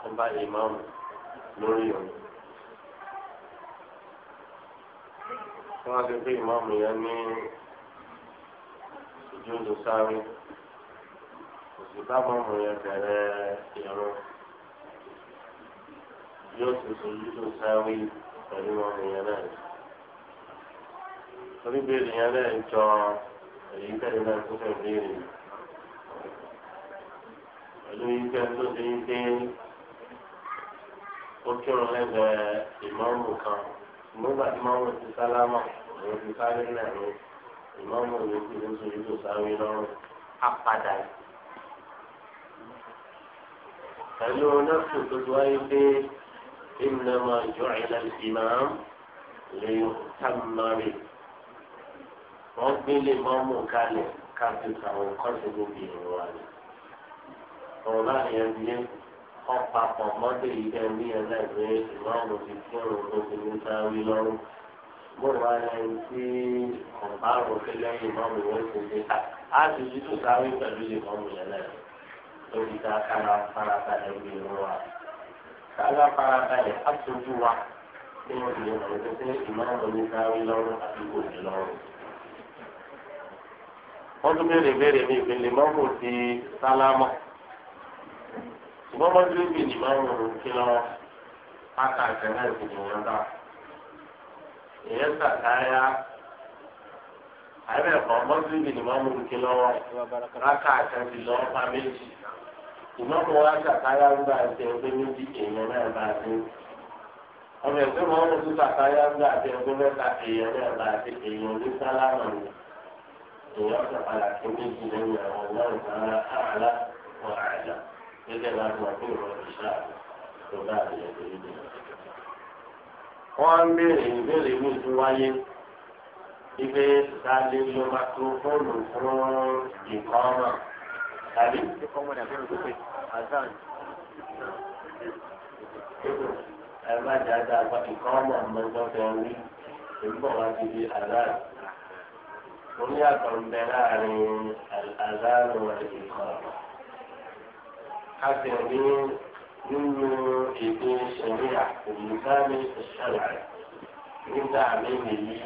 Speaker 1: wọn bá ìmáàmù lórí ọ̀hún. wọ́n á ti pé ìmáàmù yẹn ní ìjóòdù sáré òsì bá yẹn bẹ̀rẹ̀ ìrún yóò sì sọ ìjóòdù sáré pẹ̀lú mọ́mù yẹn náà. torí béèrè yẹn náà ń jọ èyí tẹ́lẹ̀ náà tó fẹ́ béèrè pẹ̀lú iṣẹ́ tó ṣe ń dé ó kírun lẹ́gbẹ̀ẹ́ ìmọ̀ọ́mù kan nígbà tí mọ́mù ti sálámà òun ti sáré náà ló ìmọ̀ọ́mù òun ti ń sojú tó sáré lọ́rùn á padà yìí. pẹ̀lú nọ́ọ̀sì tó ti wáyé pé ìnáwó ìjọ ìlànà ìmáàmù lè tàmí wọ́n gbélé mọ́mú kalẹ̀ káfíńtà àwọn kọ́sì gbòógì ìrìn wa ni. ọ̀rọ̀ náà yẹn bí yẹn kọ́ papọ̀ mọ́tò yìí kẹ́ ní ẹ̀ náà pé ìmọ̀ọ́mù ti kí ọ̀rọ̀ tó ti ní sáré lọ́rùn. mo wà lẹ́yìn tí ọ̀bá rò pé lẹ́yìn ìmọ̀ọ́mù yẹn ti dé ká á ti rí tó sáré pẹ̀lú ìmọ̀ọ́mù yẹn náà lórí ká kára farabalẹ̀ bí ìrìn wa. kára farabalẹ̀ á tójú wa nínú ìrìn àwọn ìgbésẹ̀ ìmọ̀ọ́mù ní sáré lọ́rùn àdúgbò ní lọ́rùn wọ́n tún béèrè béèrè mi ìpele mọ́mù ti sálámọ̀ ṣùgbọ́n mọ́tò ìbí ni mọ́mù kí lọ́wọ́ pátá ìṣẹ̀lẹ̀ ìṣẹ̀lẹ̀ ìṣẹ̀lẹ̀ ìyẹn ta káyà àbẹ̀ kọ́ mọ́tò ìbí ni mọ́mù kí lọ́wọ́ rákà àtẹ̀sí lọ́wọ́ pa méjì ìmọ̀mù wa ta káyà ń gbà ṣe pé méjì èèyàn náà bá dé ọmọ ẹgbẹ́ mọ́mù tó ta káyà gbà ṣe pé mẹ́ta èèyàn náà bá dé يوافق على كمية من والله تعالى إذا ما تقول الإشاعة تبادل يديه wọ́n béèrè ìbéèrè mi tún wáyé ibi tàbí lo makrófóònù fún ìkọ́ ọmọ tàbí. ẹ má dáadáa ìkọ́ ọmọ ọmọ ẹgbẹ́ rí èmi bọ̀ wá síbi àdáàlì. سمعتم بلاء من الأذان والإقامة حتى من من إذن الشريعة بلسان الشرع من تعليم لي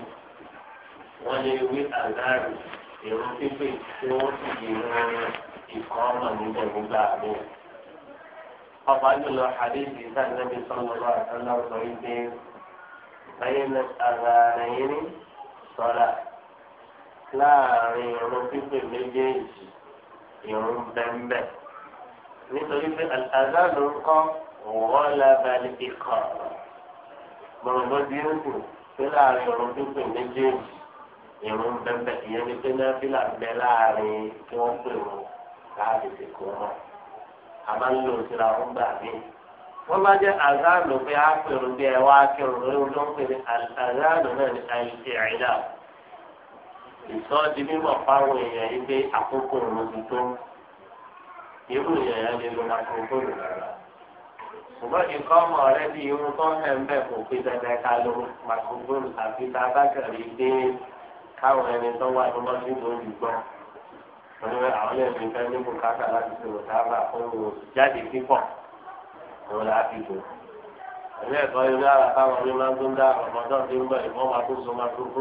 Speaker 1: ولوي أذان يرتفع صوت إيمان إقامة من تعليم فضل الحديث عن النبي صلى الله عليه وسلم بين الأذانين صلاه láàrin irun pípé méjèèjì irun bẹ́ńbẹ́ nítorí pé àdánù ń kọ́ wọ́n lábàlì ikọ̀ gbọ̀ngbọ̀n bí ó kù pé láàrin irun pípé méjèèjì irun bẹ́ńbẹ́ ìyẹn ni pé náà fi là ń bẹ láàrin kí wọ́n pè wọ́n láàrin ìsìnkú wọn a máa ń lò síra fún gbàgbé wọ́n bá jẹ́ àdánù pé á pèrò bí ẹ wá kírun lórí ló ń pè ní àdánù náà ní àìsí àìdáàbò ìsọ mímọ̀ fáwọn èèyàn yìí pé àkókò òun ti tó irú èèyàn lè lo àkókò òun rárá ṣùgbọ́n ikọ́ ọmọ rẹ bí irun tó ń hẹ̀ ń bẹ̀ kò pé dandan ká lo àkókò àfi tá bá kẹ̀rí dé káwọn ẹni tó wà ní wọ́n ti lò ó gbọ́ pẹ̀lú àwọn ilé ìwé fẹ́ ní bùkátà láti ṣe òtáàbà fún òun jáde pípọ̀ òun là fi lò ó ẹ̀kọ́ ilé ara táwọn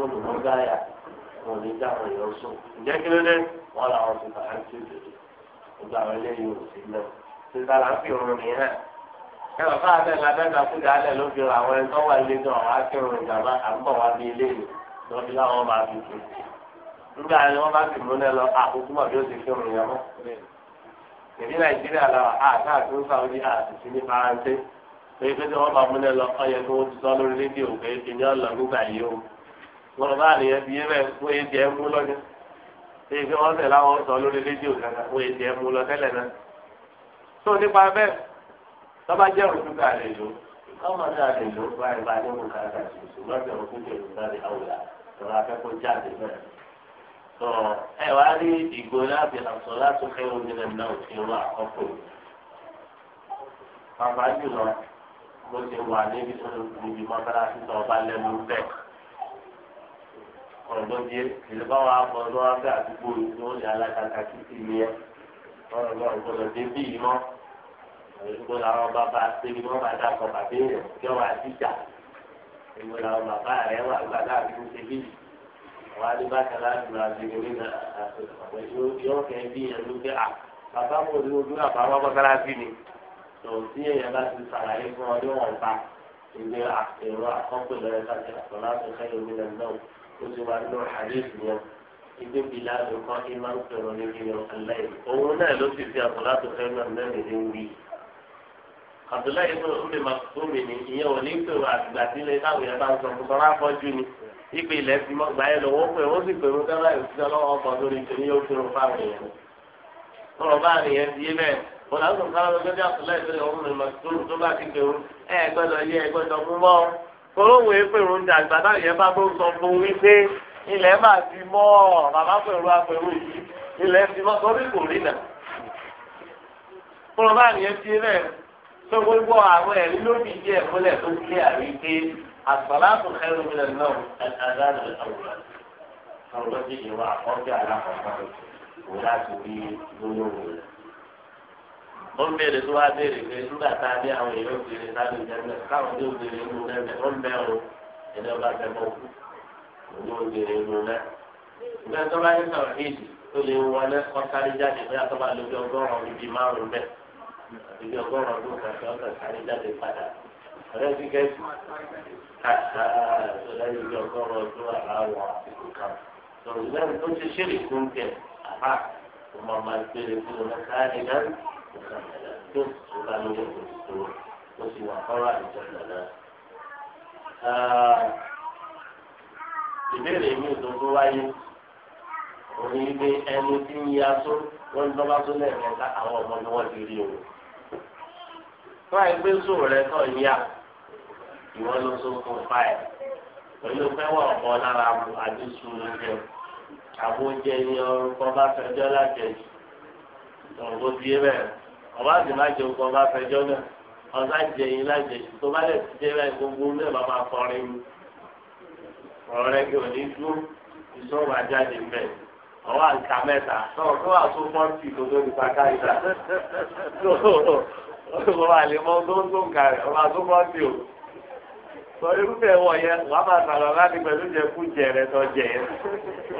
Speaker 1: ọmọ wọn ní dáhùn èèyàn sùn ǹjẹ́ kí ló dé wọn làwọn ti fà á sí ìdòdò àwọn eléyìí ò sí náà títa là ń fi òun ní hàn ẹ bàbá abẹ làbẹ́ta fúdà alẹ ló fi ra àwọn ẹni tó wà lé náà wàá kí òun ìjàmbá à wá bí eléyìí lọ fi láwọn máa fi kú nígbà ni wọn bá sì mú náà lọ àkókò mọ bí ó ti fi òun yẹn mọ èmi nàìjíríà làwà àti àti ń sàwọn àti sí ní faransé pé pé tí wọn bá mú náà lọ ọyẹ kí wọn ti lórí rédíò pé èmi lọ nígbà yìí o wọn bá lè ẹbí yẹn bẹ wọ́n yé jẹ́ mú lọ́jọ́ ṣé ibi wọn tẹ̀lé àwọn sọ lórí rédíò kẹta wọ́n yé jẹ́ mú lọ tẹ́lẹ̀ náà. tó nípa bẹ́ẹ̀ tọ́ba jẹ́ òtún ká lè lò ọmọ náà lè lò báyìí bá ní òun kàkà ṣùṣù lọ́jọ́ òkú jẹ́ òun náà lè àwòrán tọ́ba akẹ́kọ̀ọ́ jáde bẹ́ẹ̀. tó ẹ wá rí ìgò láti àṣọ láti fẹ́ omi náà òfin wà ọkọ̀ pàpà jùlọ bó ṣe wà níbi mọ́tàlá ọ̀rọ̀gbọ́dé ìlúbáwá bọ̀dọ̀ abẹ́ àdúgbò ìlú ní alákatá títí ni ẹ ọ̀rọ̀gbọ́ ọ̀gbọ́dọ̀ dé yìí mọ́ ìlúgbó làwọn bàbá débi wọn bá dà bàbá yẹn kí wọn àdìjà ìlúgbó làwọn bàbá rẹ wà gbàdá àdúgbò débi wọn adébákan láti lọ àdúgbò nígbà yóò kẹ́ bí yẹn ló gbé à bàbá wo ni ojú àbá wọn bọ́ sára sí ni tó tí èèyàn bá ti sàlàyé fún ọdún wọn pa ìgbé àtẹ̀rọ àkọ́pẹ̀lẹ́rẹ́ káàkiri àtọ̀ láti kẹ́yìn omi lẹ́nu náà ó ti wà nínú hadith yẹn ibi bìlá ló kọ́ ìmá ń sọ̀rọ̀ níbi yẹn aláì òun náà ló sì fi àbúrò àtúnfẹ́ náà mẹ́rin ní wí. Abdullahi ibn Ummi Maktum ni ìyẹn ò ní pèrò àgbà sílẹ̀ táwọn yẹn bá ń sọ fún sọ́ra fọ́jú ni ipe ilẹ̀ ti mọ́ gbà yẹn lọ wọ́n pè wọ́n sì pèrò dáná ìfúnṣẹ́ lọ́wọ́ ọkọ̀ lórí ìtòní yóò pèrò fáwọn yẹn. Tọ́lọ̀ bá àrùn yẹn ti yé bẹ́ẹ̀ wọ́n làwọn sọ̀rọ̀ sọ́ra lọ́jọ́ bí Abdullahi ibn Ummi Maktum tó bá ti pèrò ẹ̀ gbọ́dọ̀ yé ẹ̀ gbọ́dọ̀ mú mọ́ tolóhùn èèpèrò ń dà gbàdá yẹn bá tó sọ fún wípé ilẹ̀ máa ti mọ́ bàbá pẹ̀lú apẹ̀lú yìí ilẹ̀ ti mọ́ sọ kò rí nà. Fúnra báyìí yẹn ti rẹ̀ tó gbogbo àwọn ẹ̀rí lóbi díẹ̀ múlẹ̀ tó kílẹ̀ àríké àgbàlátò ẹrù mi lẹ̀ náà àdáni àwòrán. Àwọn ọlọ́dún yìí ọ̀gbẹ́ alákọ̀ọ́kọ́ òun láti rí lólórí rẹ̀ ó ń béèrè tó wá béèrè pé nígbà tá a dé àwọn èèyàn òbèrè sábẹ́ ìjẹ́mẹ́ káwọn tó béèrè inú lẹ́mẹ́ ó ń bẹ̀rù ẹ̀dẹ́ ọba tẹ́mọ̀ òkú òní ó béèrè inú lẹ́. ìgbà tó bá yẹn sọ̀rọ̀ yìí tó lè wọlé ọ̀sárí jáde bóyá tó bá lójú ọgọ́rùn-ún ibi márùn-ún bẹ́ẹ̀ ibi ọgọ́rùn-ún ọdún kan tó ọ̀sárí jáde padà ọ̀rẹ́ ti kẹ́sì kàṣà lẹ́yìn ibi ọgọ́rùn-ún ọdún àláwọ̀ kò sàn tó tó bá lówó tó tó tó sì wà kọ́rọ́ àìjọ nàná. ìbéèrè mi tó tó wáyé òní pé ẹni tí ń ya só wọ́n ń dọ́gba tó lẹ́ẹ̀mẹ́ta àwọn ọmọ ni wọ́n ti rí o. fún àìpé sóò rẹ tó ń yá ìwọ ló tó fún fáìlì pẹ̀lú fẹ́wọ̀ ọ̀pọ̀ lára àdúsù jẹ àbójẹ ni ọrùn kọ́ bá fẹjọ́ láti ẹ̀jẹ̀ ọ̀gbọ́n bíi bẹ́ẹ̀ ọba àti májẹ ogun ọba fẹjọ náà ọba jẹ yín lájẹ tó bá lè jẹ báyìí gbogbo náà bá máa kọrin mu ọ̀rọ̀ rẹ kí òní dúró ìṣọ́ wà jáde mbẹ́ ọwọ́ àǹkà mẹ́ta náà tó wà tó mọ́ tì tó tó nípa káyìíta tó tó wà lè mọ́ tó tó ń kàrẹ̀ ọba tó mọ́ tì o sọ irúfẹ́ wọ̀ yẹ wàá máa sàlọ̀ láti pẹ̀lú jẹ kú jẹ rẹ tọ́ jẹ yẹ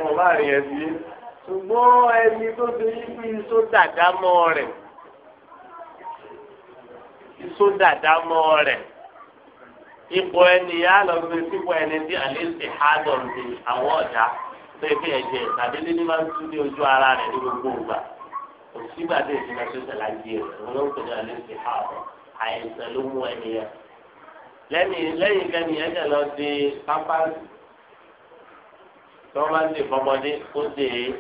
Speaker 1: wọn bá sí ṣùgbọ́n ẹni tó ti yí pé iṣó dàgbà rẹ̀ ìsódàdámọ́ rẹ̀ ipò ẹni yá lọ sí sípò ẹni tí di hádùn ti àwọn ọ̀dà tó fi ẹ̀jẹ̀ tàbí níní máa ń tú di ojú ara rẹ̀ ní gbogbo ìgbà kò sígbà tó ìdílé tó tẹ̀lá jí rẹ̀ wọn ló ń pè ní àlèsè hádùn àìsàn ló mú ẹni yẹn lẹ́yìn lẹ́yìn kẹ́ni yẹn lọ sí pápánsì tí wọ́n bá ń dè e.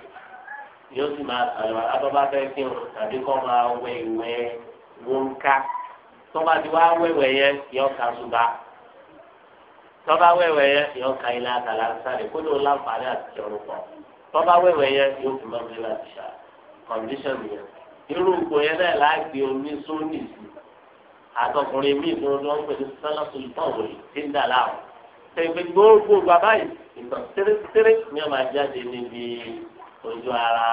Speaker 1: yóò sì máa sàlọ́ abọ́bá fẹ́ kírun tàbí kọ́ máa wẹ ìwẹ́ wọ́n ká tọ́ba ti wá wẹ̀wẹ̀ yẹn yọ ká ṣùgbà tọ́ba wẹ̀wẹ̀ yẹn yọ ká ilé àtàlà sáré kó ló láǹfààní àti ọ̀rùn pọ̀ tọ́ba wẹ̀wẹ̀ yẹn yóò fi máa gbé láti ṣá kọ̀ǹdíṣọ̀n yẹn irú ipò yẹn náà láàgbé omi sóní sí àtọkùnrin míì tó ń lọ ń pè ní sálọ́sù ìtọ́wò tí ń dà láàrú tẹ̀gbẹ́ gbogbo bàbá yìí ìtàn tẹ́rẹ́tẹ́rẹ́ ni wọ́n máa jáde níbi ojú ara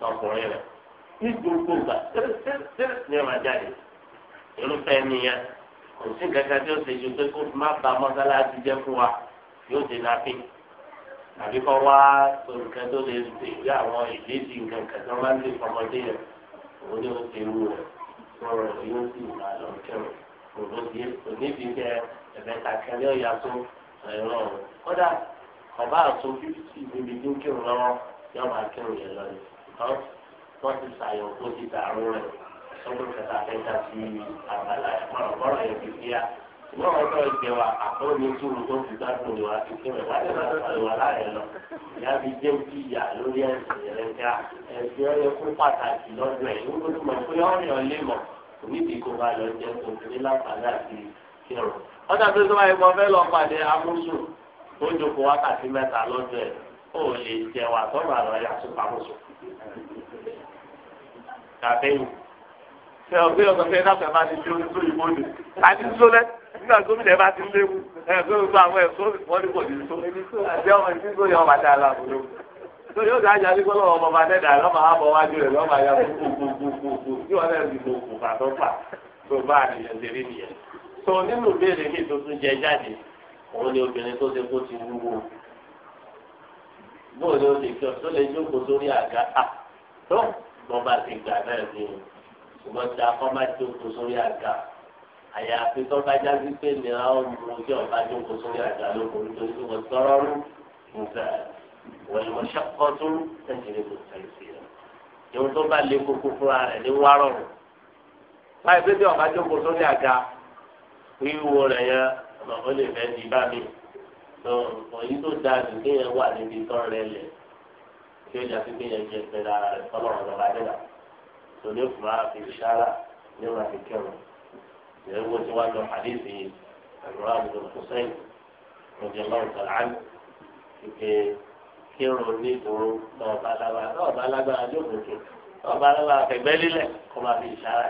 Speaker 1: tọkùnrin rẹ̀ ní gbogbo gbà tẹ́rẹ́tẹ́rẹ́ ni wọ́n máa jáde irúfẹ́ nìyẹn kò sí kankan tí ó ṣe ju pé kó má ba mọ́sálásí jẹ́ fún wa yóò ṣe nàfi àbí kọ́ wá nǹkan tó lè ṣe ìgbé àwọn ìdíjì nǹkan kan tó máa ń lè fọmọdé yẹn òun ni ó ti wú rẹ̀ sọ̀rọ̀ yóò sì má lọ kẹrù òun ló ti oníbi kẹ ẹ̀fẹ́ kàkẹ́rẹ́ ọ̀yà tó ẹ̀rọ kódà ọba àtò fífi níbi tí ń kírun lọ́wọ́ yóò máa kírun yẹn lọ ni wọ́n ti ṣàyẹ̀wò sọ́kò kẹta kẹta sí àgbàlá ìmọ̀ràn bọ́ọ̀rọ̀ yẹn fi fíà ìmọ̀ ọ̀dọ́ ìgbẹ́ wa àkọ́wé ní túrú tó fi gbádùn ìwà ìkẹrẹ wà lẹ́nu àtàlùwà láàrẹ̀ lọ ìyá mi jẹ́ kí ìyá lórí ẹ̀sìn rẹ̀ ká ẹ̀sìn ọ̀yẹ́ kó pàtàkì lọ́dọ̀ ẹ̀ ń gbọ́dọ̀ mọ̀ pé ọ̀rẹ́ ọ̀ lé mọ̀ oníbi kó bá lọ jẹ́ kó ní láǹfààní àti kírun. ọ̀dà tó tó báyìí wọ́n fẹ́ lọ pàdé amúsù tó jókòó wákàtí mẹ́ta lọ́dọ̀ ẹ̀ ó lè jẹ wà tọ́gbà lọ yà tó pamọ́sù ẹ ọgbẹ ọgbẹ fẹẹ náà bá ti jó tó ìbò ni àti tó lẹ nígbà gómìnà bá ti léwu ẹ gbé gbogbo àwọn ẹ̀kọ́ wọn ní kò ní tó àti ọmọ ìdí tó yẹ ọmọ àti aláàbò tó yóò dájú àdìgbò lọ́wọ́ ọmọ bá dẹdà lọmọ àbọ wájú rẹ lọmọ àyà gbogbogbò ṣùgbọ́n tí a kọ́ máa jókòó sórí àga àyàfi tó bá já sí pé mìíràn ó mú ojú ọ̀bá jókòó sórí àga lókun nítorí pé wọ́n tọrọ rú nǹkan wọ́n lè wọ́n ṣàkọ́ tó tẹ̀sílẹ̀ kò tẹ̀sí rẹ̀ ìwọ tó bá lé kókó fúnra rẹ̀ ní wá rọrùn báyìí pé tí ọ̀bá jókòó sórí àga wíwo rẹ̀ yẹn ọ̀nà ó lè fẹ́ di bá mi òyìn tó dáa jù wà níbi tọ́ rẹ̀ lẹ̀ tí ó tòlé fún wa fi sára ní wọn fi kẹrù ìyẹn wo ti wá lọ àdéhùn yìí àlùrà àdùn kùsẹ́yìn lọ́jọ́ lọ́wọ́ tẹ̀lé àná ìpè kírun ní ìdúró náà bá lágbára náà bá lágbára jókòó náà bá lágbára fẹ̀gbẹ́ lílẹ̀ kó máa fi sára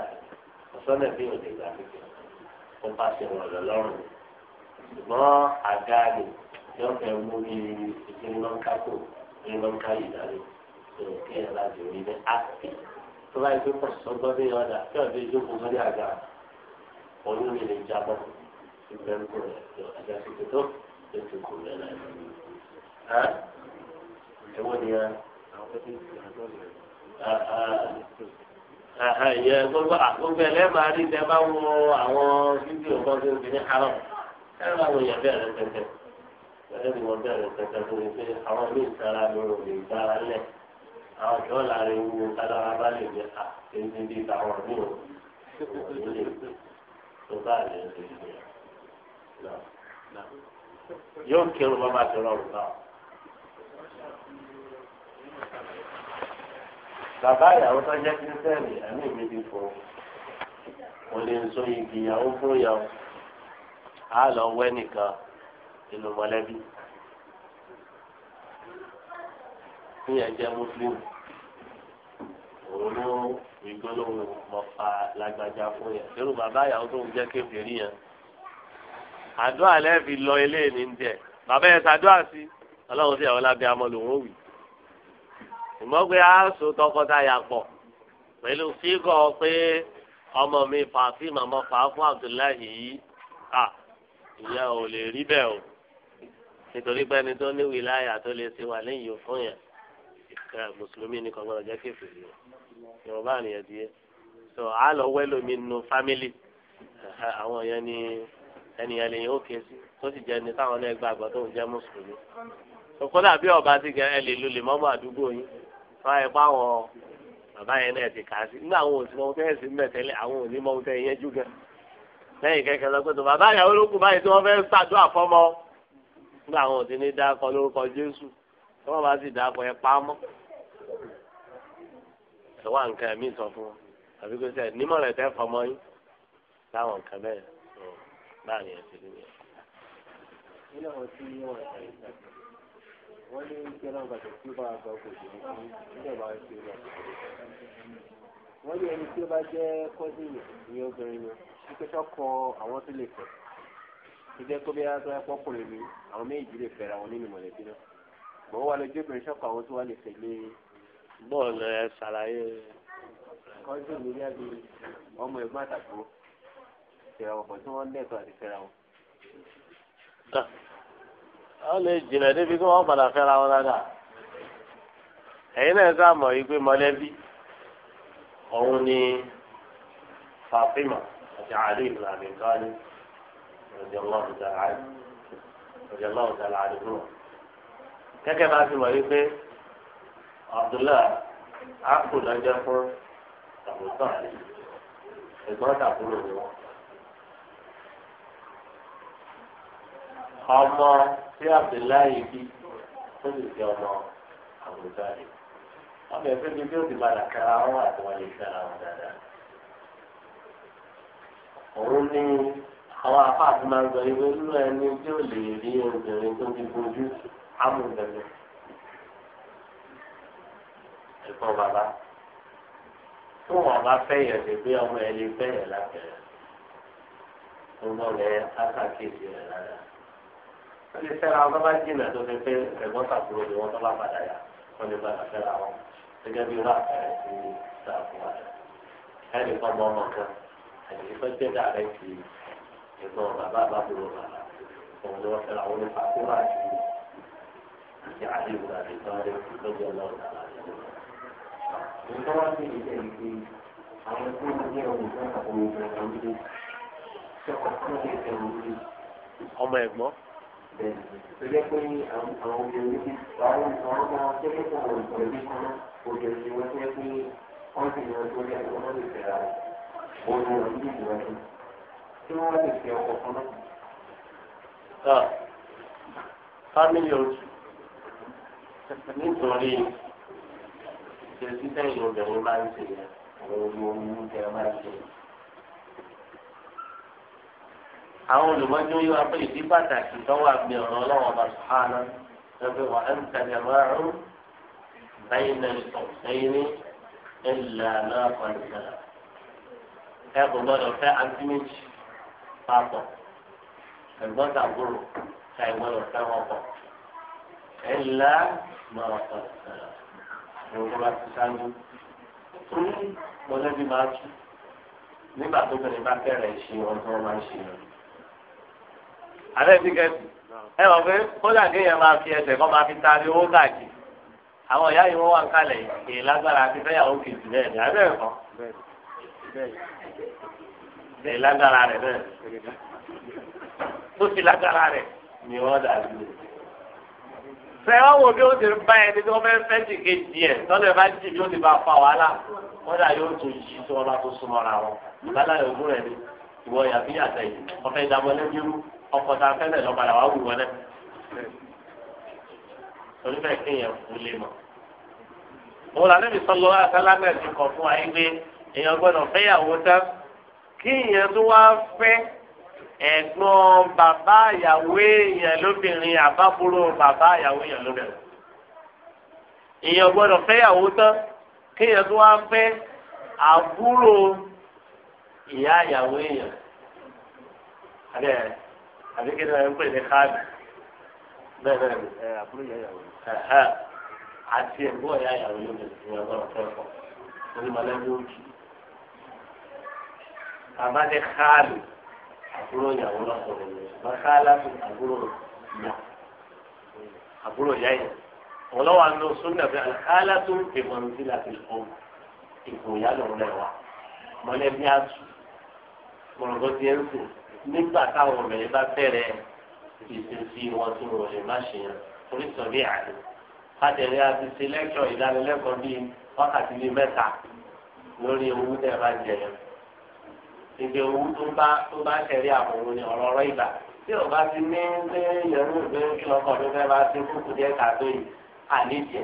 Speaker 1: ọ̀sán ẹ̀bí òde ìgbà kékeré kó bá ṣe wọ̀ lọ́rùn ṣùgbọ́n àga ni yóò fẹ́ mú ní ìdílé lọ́ńkà ìdálé tó láti rí ní àpè tó bá yẹ kó sọgbọ́n ọ̀dà kí ọ̀dọ̀ ìjókòó lórí àga oyún mi lè jábọ́ ìbẹ̀rù rẹ̀ àga tètè tó ètò kò rẹ̀ láì lọ. ẹ̀wọ́n ni a ìyẹn gbogbo àgbọ̀gbẹ̀ lẹ́ẹ̀ma rí lẹ́ẹ̀ bá wọ àwọn fídíò kan tó ń bí ní haram ẹ̀rọ àwọn èèyàn bẹ̀rẹ̀ tẹ̀tẹ̀ ẹ̀rọ ìwọ̀n bẹ̀rẹ̀ tẹ̀tẹ̀ tó ń pè àwọn mí ìtara lóru ìgbára lẹ̀ àwọn ìjọ làárẹ̀ wúwo kálára bá lè jẹ́ à ẹni bíi táwọn mí ò wọ́n lè tó bá lè ṣe ìṣe náà. yóò kírun bá máa ti rọrùn náà. bàbá ìyàwó tó jẹ́ kírísítẹ́nì ẹ̀mí mi ti fò mo lè so igi ìyàwó fún ìyàwó á lọ wẹ́ nìkan inú mọ̀lẹ́bí. tí yẹn jẹ́ muslim òun ló ìgbólóhùn mọ̀fà lágbájá fún yẹn lérò bàbá ìyàwó tó ń jẹ́ kékeré yẹn àdúrà lẹ́ẹ̀fi lọ ilé ní ń jẹ bàbá yẹn ṣàdúrà sí ọlọ́run sí ìyàwó lábẹ́ amọ̀ lòun ò wì ìmọ̀ pé aṣọ tọkọtaya pọ̀ pẹ̀lú fígọ̀ pé ọmọ mi fàáfì màmá fàá fún Abdullahi yìí à ìyá ò lè rí bẹ́ẹ̀ o nítorí pé ẹni tó ní wìláyà tó lè ṣe wà lẹ́yìn fún yẹn kan mùsùlùmí ni kò gbọdọ̀ jẹ́ kéfìrí o yorùbá nìyẹn ti yé so a lọ wẹ́lò mi nu fámìlì àwọn yẹn ni ẹnìyẹn lè yẹn ó ké sí tó sì jẹ́ ni táwọn náà gbàgbọ́ tó ń jẹ́ mùsùlùmí kódà bí ọba ti gẹ ẹ lè lu lè mọ́mọ́ àdúgbò yín fún ẹ bá wọn bàbá yẹn náà ti kà á sí nígbà àwọn òsì mọ́wọ́ tẹ́yẹ̀ sí ń bẹ̀ tẹ́lẹ̀ àwọn òní mọ́wọ́ tẹ́yẹ̀ yẹn jù gan lẹ́yìn kẹ́kẹ́ lọ pé tó bàbá ìyàwó ló kù báyìí tí wọ́n fẹ́ ṣàdúrà fọ́mọ nígbà àwọn òsì ní dákọ lórúkọ Jésù tí wọ́n bá sì dákọ ẹ pamọ́ ẹ wá nǹkan ẹ̀mí sọ fún wọn àbí kò sẹ nímọ̀ rẹ̀ tẹ́ fọmọ yín láwọn nǹkan bẹ́ẹ̀ báyìí ẹ̀ ti rí yẹn. nínú àwọn tí wọ́n ń ṣe ìgbà wọ́n ní kí ẹlọ́run bàtà tí ó bá gba ọkọ̀ òṣèlú fún nígbà bá ṣe lọ. wọ́n ní ẹni tí ó bá jẹ́ kọ́sìnì ní obìnrin ni wípé sọ́kọ àwọn tó lè fẹ́ tó jẹ́ kó bí a pọ́kùnrin ni àwọn méjì lè fẹ́ra wọn nínú mọ̀lẹ́bí náà. bọ̀ wọ́n wá lọ jóbìnrin sọ́kọ àwọn tó wá lè fẹ́ lé bọ́ọ̀lù ẹ ṣàlàyé. kọ́ńtù mi ní àbí ọmọ ẹ̀gbọ́n àtàkùn fẹ́ra wọn tí wọ́n lẹ́tọ̀ọ́ àti fẹ́ra wọn. wọ́n lè jìnà débi kí wọ́n padà fẹ́ra wọn dáadáa. ẹ̀yin náà sá mọ̀ yìí pé mọ̀lẹ́bí òun ni Fatima àti Ali ibn Abi Talib radiyallahu ta'ala anhu radiyallahu ta'ala anhu. kẹ́kẹ́ bá ti mọ̀ yìí pé. Abdullah, akpo lọ́jọ́ fún àbùtàn ẹ̀gbọ́n tàbúrò wọn. ọmọ tí abdullahi bí ó sì jẹ ọmọ àbùtàn rẹ̀ wọ́n bẹ̀rẹ̀ fún mi bí ó ti padà kára wọn àti wọn lè kára wọn dáadáa. òun ní àwọn afáàfin máa ń gbọ́ ìwé lúwẹ̀ ní tí ó lè rí obìnrin tó ti bójú ámúgbẹ̀mẹ̀ ṣùgbọ́n bàbá tó wọn bá fẹ́ yẹn lè gbé ọmọ ẹ lè fẹ́ yẹn lábẹ́rẹ́ ọmọ rẹ aṣàkíyèsí rẹ lára wọ́n lè fẹ́ra wọn bá jìnnà tó fi pé ẹ̀gbọ́n sàkúrò ni wọ́n tó bá padà yà wọ́n lè bá fẹ́ra wọn gẹ́gẹ́ bí wọ́n àpẹẹrẹ ti sàkó wa ẹnì kan mọ ọmọ kan àti ìfẹ́ jẹ́ dàrẹ́ ti ẹ̀gbọ́n bàbá àbábúrò bàbá òun ni wọ́n fẹ́ra wọn ní fàkúrò àti àdéhùn àti ìtọ́jú lọ́jọ́ náà òun wá sí ìdílé yìí pé àwọn tó ń gbé ọmọ ìgbà àwọn ọmọ ìgbà wílé sọ̀kọ̀ tó ń gbé ẹ̀rọ wílé. ọmọ ẹ̀gbọ́n. bẹ́ẹ̀ tó jẹ́ pé àwọn obìnrin níbi àwọn ọmọ tẹ́lẹ̀ tó wọ̀ ìgbà wílé kan obìnrin ni wọ́n tẹ́ pé wọ́n ti yàn tó lé àwọn ọmọ ìgbà rẹ̀ wọ́n ti yàn wọ́n lè fi ọkọ̀ kan náà. fámìlì ojú nítorí ṣe títẹ̀ yìí obìnrin máa ń ṣe yẹn àwọn orí omi tẹ máa ń ṣe. àwọn olùmọ́jú yìí wá pé ìdí pàtàkì tó wà gbé ọ̀rọ̀ ọlọ́wọ́n bá sùpáàná lọ́pẹ́ wà á ń tẹ̀lé márùn-ún báyìí náà ìtọ̀ sẹ́yìn ní ìlànà ọ̀nà ẹ kò gbọ́dọ̀ fẹ́ àǹtí méjì papọ̀ ẹ̀gbọ́n tàbúrò ṣàìgbọ́dọ̀ fẹ́ wọn pọ̀ ẹ̀ máa pọ̀ ẹ̀wọ̀n bá ti ṣáájú torí mọ̀lẹ́bí máa tú nígbà tó bẹ̀rẹ̀ bá bẹ̀rẹ̀ ṣe ọ̀hún tó máa ń ṣe rẹ̀. alẹ́ ti kẹ́sì ẹ wọ pé kódà kéèyàn máa fi ẹsẹ̀ kọ́ máa fi ta ní owó káàkiri àwọn ìyá yìí wọ́n wà ń kalẹ̀ èyí lágbára àti fẹ́yàwó kejì bẹ́ẹ̀ ni abẹ́ ẹ̀kọ́ bẹ́ẹ̀ lágbára rẹ̀ bẹ́ẹ̀ tó ti lágbára rẹ̀ ni wọ́n dà fẹ́ràn wo bí ó ti bá ẹni tí wọ́n fẹ́ fẹ́ jì kejì ẹ̀ tọ́lẹ̀ bá jì bí ó ti bá fa wàhálà wọ́n dà yóò tó yí tí wọ́n bá tó súnmọ́ ra wọn lálẹ́ ògùn rẹ̀ ni ìwọ yàbí yàtẹ̀ yìí wọ́n fẹ́ dábọ́ lẹ́bírú ọkọ̀ tá a fẹ́ lẹ̀ lọ́padà wà wù náà torí bẹ́ẹ̀ kú lé mọ́. mo là níbi sọ lọ́wọ́ àtàlágbẹ̀ẹ́ ti kọ̀ fún wa yín pé èèyàn gbọ́dọ̀ fẹ́ ẹ̀gbọ́n bàbá ìyàwó èèyàn lóbìnrin àbábúrò bàbá ìyàwó èèyàn lóbìnrin. èèyàn gbọ́dọ̀ fẹ́yàwó tán kéèyàn tó wá fẹ́ àbúrò ìyá ìyàwó èèyàn. àbẹ àbí kí ni wọ́n ń pè ní káàdì bẹ́ẹ̀ bẹ́ẹ̀ ẹ àbúrò ìyá ìyàwó àti ẹ̀gbọ́n ìyá ìyàwó lóbìnrin èèyàn gbọ́dọ̀ fẹ́ fọ́ onímọ̀lẹ́bí òkì. bàbá ní káàdì àbúrò ìyàwó lọ́kùnrin ni bàkàlà tó àbúrò ìyà àbúrò ìyá yẹn wọn lọ́wọ́ àná sunna fi àkàlà tó ìmọ̀nsí láti ọ̀hún ìkò ìyá lọ́wọ́ náà wà mọ̀lẹ́bí àtù mọ̀lọ́gọ́ ti ẹ̀ ń sìn nígbà táwọn obìnrin bá bẹ̀rẹ̀ ìsinsin wọn tí wọn lè má ṣe yẹn torí sọ̀rí àlè pàtẹ́rì àti ṣe lẹ́kọ̀ọ́ ìdánilẹ́kọ̀ọ́ bíi wákàtí bíi mẹ́ta lórí owó tẹ̀ bá jẹ yẹn ìgbè owó tó bá tó bá tẹ̀lé àwọn ni ọ̀rọ̀ ọ̀rọ̀ ìgbà tí o bá ti ní ṣé yẹnu ìgbé kí ọkọ mi fẹ́ bá ti kúkú díẹ̀ kàtó yìí àníjẹ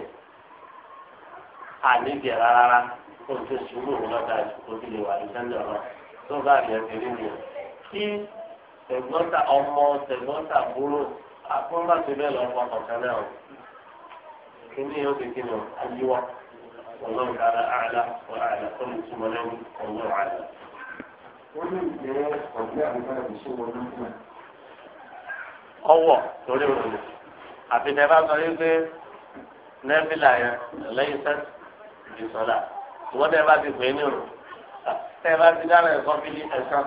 Speaker 1: àníjẹ rárá kó o ti sùúrù lọ́dà kó o ti lè wà ní sẹ́ńdọ̀ náà tó bá yẹ kiri ni kí tẹ̀gbọ́ntà ọmọ tẹ̀gbọ́ntà búrò àkóńbàtì bẹ́ẹ̀ lọ fọ ọ̀kan náà kíní yóò fi kíni ayíwá ọlọ́run kára àlà ọ̀là àlà wọ́n lè jẹ́ ọ̀gbẹ́ àbúkárà kò ṣe wọlé fún ẹ. ọwọ́ torí òkú àfihàn bá sọ yín pé nẹ́fìlà yẹn lẹ́yìn sẹ́sì ìsọ̀lá ìwọ́n tẹ́ bá ti pè é ní òru tẹ́ bá ti dára ẹ̀kọ́ bí ní ẹ̀sán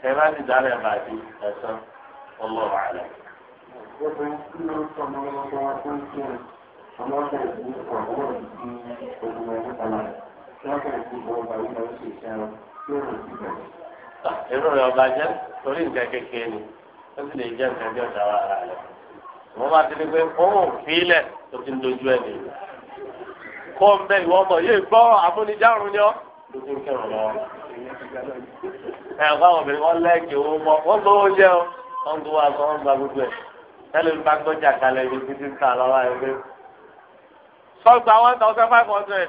Speaker 1: tẹ́ bá ti dára ẹ̀ bá ti ẹ̀sán ọlọ́run àlẹ́. ọ̀gbẹ́ kí ló ń sọ ọmọ ọmọ wa tó ń kí ẹ̀ ọmọ ọ̀gá ìdí ọ̀gbọ́n ìdí ogun ẹ̀mí kan náà wọ́n kàn ń kí ọba yìí lọ sí ìṣẹ́ wọn. Hmm. irú rẹ̀ ọba jẹ́ torí nǹkan kékeré ni ó sì lè jẹ́ nǹkan bí ọ̀dà wa ara rẹ̀ wọ́n bá ti di pé òun fílẹ̀ tó ti ń dojú ẹ̀ nìyí kọ́ ń bẹ ìwọ ọmọ yìí gbọ́ àmúnijáàrún ni ọ́ lójú kẹrù lọ. ẹ̀ka obìnrin wọn lẹ́ẹ̀kì owó mọ́ wọ́n gbọ́ owó jẹ́ o wọ́n gbọ́ wa sọ wọ́n gba gbogbo ẹ̀ tẹ́lẹ̀ nípa gbọ́jà kalẹ̀ ibi títí ń ta lọ́wọ́ ẹ̀ pé. sọ́gbà one thousand five hundred.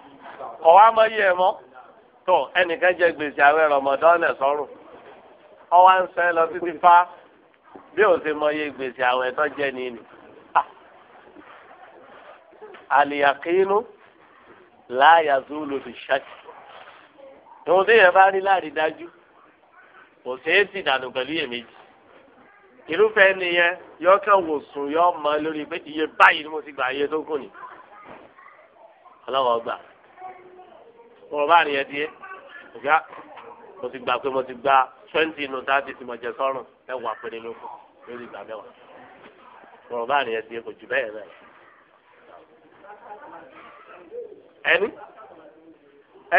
Speaker 1: kọ̀ wá mọ iye mọ́ tó ẹnìkan jẹ gbèsè àwẹ̀ rọmọdọ́nà sọ́rùn ọwọ́ ń sẹ́ lọ títí fá bí ò ṣe mọ iye gbèsè àwẹ̀ tó jẹ́ ni ni. àlìyàkínú láàyà zúlù fi ṣáàkì ìwọ̀n tó yẹn bá rí láàrin dájú kò ṣeé sì dànù pẹ̀lú iyèméjì irúfẹ́ nìyẹn yọ kẹ́ wò sùn yọ mọ lórí pé iye báyìí ni mo ti gbà iye tó kù ni ọlọ́wọ́ gbà ọ̀rọ̀ bá rìn ẹdí ẹ ọ̀gá mo ti gbà pé mo ti gba twenty inú thirty tí mo jẹ sọ́rùn ẹwà péré lóko lórí ìgbà mẹ́wàá ọ̀rọ̀ bá rìn ẹdí ẹ kò jù bẹ́ẹ̀ náà ẹni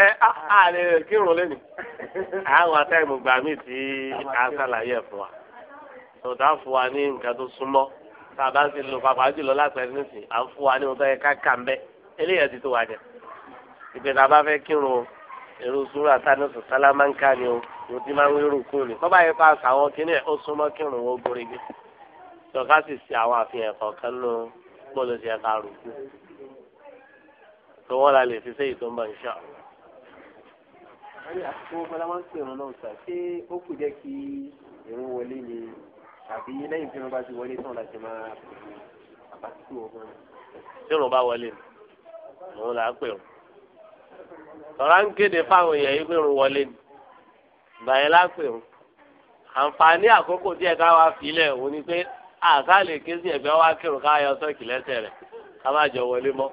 Speaker 1: ẹ á lè kírun lẹ́nu àwọn atẹ́gùn gbà mí tí a ṣàlàyé ẹ̀ fún wa tòótọ́ fún wa ní nǹkan tó súnmọ́ tá a bá ń ti lò papọ̀ àjùlọ lápẹ̀rẹ̀ nísìnyí à ń fún wa ní nǹkan tó yẹ ká kà ń bẹ́ eléyàá ti tó wa ìpè tá a bá fẹ́ kírun èrò sùúrà tani sùn sálámánkà ni o mo ti máa ń wérò kú ni kọ́ba yìí pa àwọn kìnìún ó súnmọ́ kírun ó gorí bí tọ́ka sì ṣe àwọn àfihàn kọ̀ọ̀kan nù gbọ́dọ̀ ṣe ẹ̀ka àrùkù tó wọ́n la lè fi séyìí tó ń bọ̀ níṣà. wọ́n yà kó fọlá máa ń pè wọn náà sà ṣé ó kù jẹ́ kí èrò wọlé ni àbí lẹ́yìn tí wọ́n bá ti wọlé tán láti máa àbátúkù ọ̀gbọ́n. tí òun bá wọlé òun là á pè wọn. tọ́ra ń kéde fáwọn èèyàn yìí pé ń wọlé ni ìgbà lápè ń àǹfààní àkókò ni pé àká lè ké sí ẹ̀gbẹ́ wa kírun ká yọ sọ́ọ̀kì lẹ́sẹ̀ rẹ̀ ká má jọ wọlé mọ́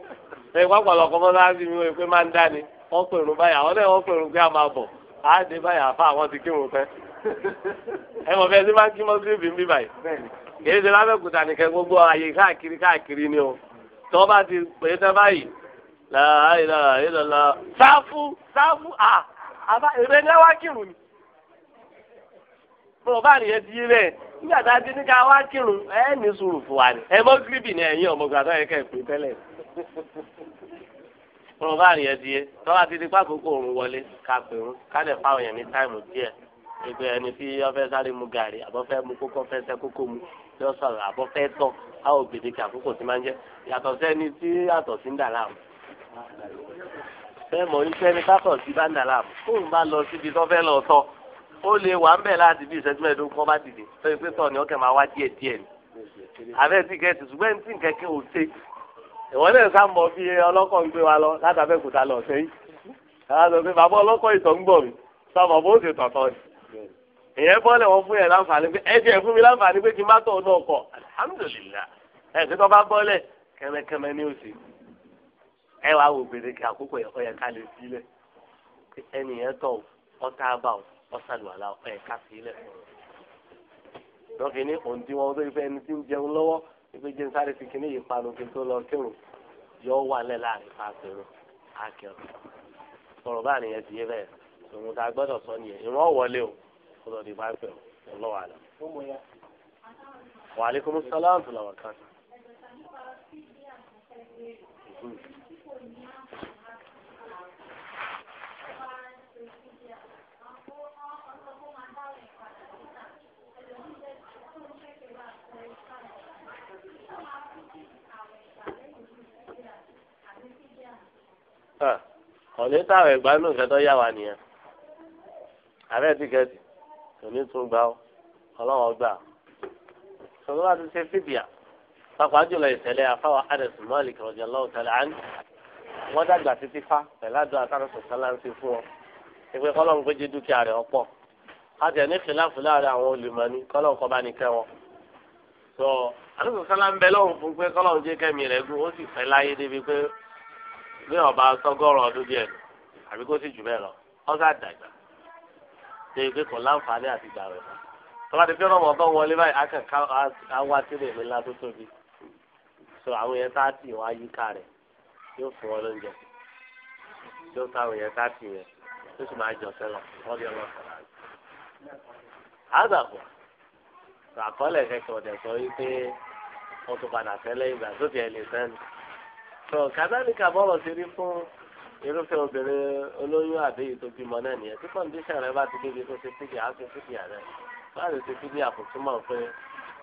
Speaker 1: mi wọ́n pé máa ń ni wọ́n pèrún báyà wọ́n náà wọ́n pèrún pé a máa bọ̀ á dé báyà fún àwọn ti kírun pẹ́ ẹ mọ̀ fẹ́ẹ́ sí máa ń kí mọ́sílẹ̀bì ń bí báyìí kì í ṣe nìkan o tọ́ bá ti pè láàyèlàyèlàlà sáfù sáfù à àbá èrè ní wá kírun ni mo bá nìyẹn ti yé nígbà tá a ti ní ká wá kírun ni ẹ mọ ni ọmọ gbàdá yẹn kẹ́ tẹ́lẹ̀ mo bá nìyẹn tọ́wọ́ ti di pákókó òun wọlé ká fáwọn yẹn ní táìmù díẹ̀ ẹni tí sáré mu gàrí mu kókó kókó mu bẹ́ẹ̀ mọ̀ ní sẹ́ni kákọ̀ sí bá ń dà láàmú fóun bá lọ síbi tó fẹ́ lọ sọ ó lè wà ń bẹ̀ láti bí ìṣẹ́jú mẹ́ẹ̀ẹ́dógún kọ́ bá dìde lórí pé sọ ni ọkẹ́ máa wá díẹ̀ díẹ̀ ni àbẹ́ tí kẹ́ẹ̀tì ṣùgbọ́n tí nǹkan kí n ò ṣe ìwọ náà sá mọ̀ bí ọlọ́kọ̀ ń gbé wa lọ látàbẹ́kùtà lọ sẹ́yìn àwọn àgbẹ̀ bàbá ọlọ́kọ̀ ìtọ̀ ń gbọ̀ mí sọmọ bó ṣe tọ̀tọ̀ ni ìyẹn bọ́lẹ̀ wọn fún yẹn láǹfààní pé ẹ jẹ́ fún mi láǹfààní pé kí n má tọ̀ ọ́ náà kọ̀ alihamudulilayi ẹ̀ ẹ wá wò gbèdéke àkókò ọyẹ ká lè sílẹ̀ ẹnì yẹn tọ̀ ọ̀tá bá ọ̀sàlùwàlà ọyẹ ká sílẹ̀ lọ́kì ní òǹdí tó fẹ́ ẹni tí ń jẹun lọ́wọ́ ibi jẹun sáré fi kíní yìí panu kí n tó lọ kírun yọ wà lẹ́ láàrin fàṣẹrù akẹ́rù sọ̀rọ̀ bá nìyẹn ti yé bẹ́ẹ̀ òun ta gbọ́dọ̀ sọ nìyẹn ìwọ́n wọlé o kó lọ́ọ́ di bá pẹ̀ ọ́ lọ́wọ́ àná. làwọn kan. Ah, ọ̀nì táwọn ẹ̀gbá nù kẹtọ́ yà wá nìyẹn àbẹ́ tíkẹ́tì òní tún gbà ó ọlọ́wọ́ gbà ṣùgbọ́n láti ṣe fìdíà pàápàá jùlọ ìṣẹ̀lẹ̀ afáwà Anas Malik radiyallahu ta'ala anhu wọ́n dàgbà títí fá pẹ̀lú àdó àtàrọ̀sọ̀ sáláńsì fún ọ ìpè kọ́lọ́mù péjì dúkìá rẹ̀ ọ̀pọ̀ àti ẹni fìlàfù láàrin àwọn olùmọ̀ni bí ọba sọgọ́rọ̀ ọdún díẹ̀ nù àbí kó sì jù bẹ́ẹ̀ lọ ọ̀sà dàgbà ṣe ìgbé kò láǹfààní àti gbà rẹ̀ mọ́. ti fi ọmọ ọba wọlé báyìí akẹ́kọ̀ọ́ àwa sílẹ̀ mi ńlá tó so àwọn yẹn tá a tì wọ́n yí ká rẹ̀ yóò fún wọn lóúnjẹ yóò tá àwọn yẹn tá a tì yẹn tó sì máa jọ sẹ́lọ̀ wọ́n bí ọmọ sọ̀rọ̀ àgbẹ̀. àgbàpọ̀ ọ̀dẹ̀ sọ wípé wọ́n tún padà fẹ́ lẹ́yìn ìgbà tó tiẹ̀ lè sẹ́nu tó kàdáníkà bọ́ọ̀lù ti rí fún irúfẹ́ obìnrin olóyún àbẹ́yìí tó bímọ náà nìyẹn tí kọ́ndíṣàn rẹ bá ti débi tó ṣe fídíà á ṣe fídíà rẹ bá lè ṣe fídíà kò túmọ̀ pé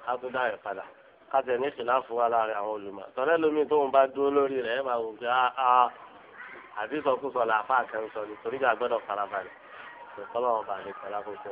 Speaker 1: á tún dá rẹ padà ká tẹ̀ ní ìṣìláfù wa láàrin àwọn olùmọ̀ tọ́lẹ́ lómi tó ń bá dúró lórí rẹ̀ ẹ̀ máa wò pé áá àbí sọkúsọ làáfà kan sọ ni torí ká gbọ́dọ̀ farabalẹ̀ kò kọ́lọ́ wọn bá lè kọ́lá kókó.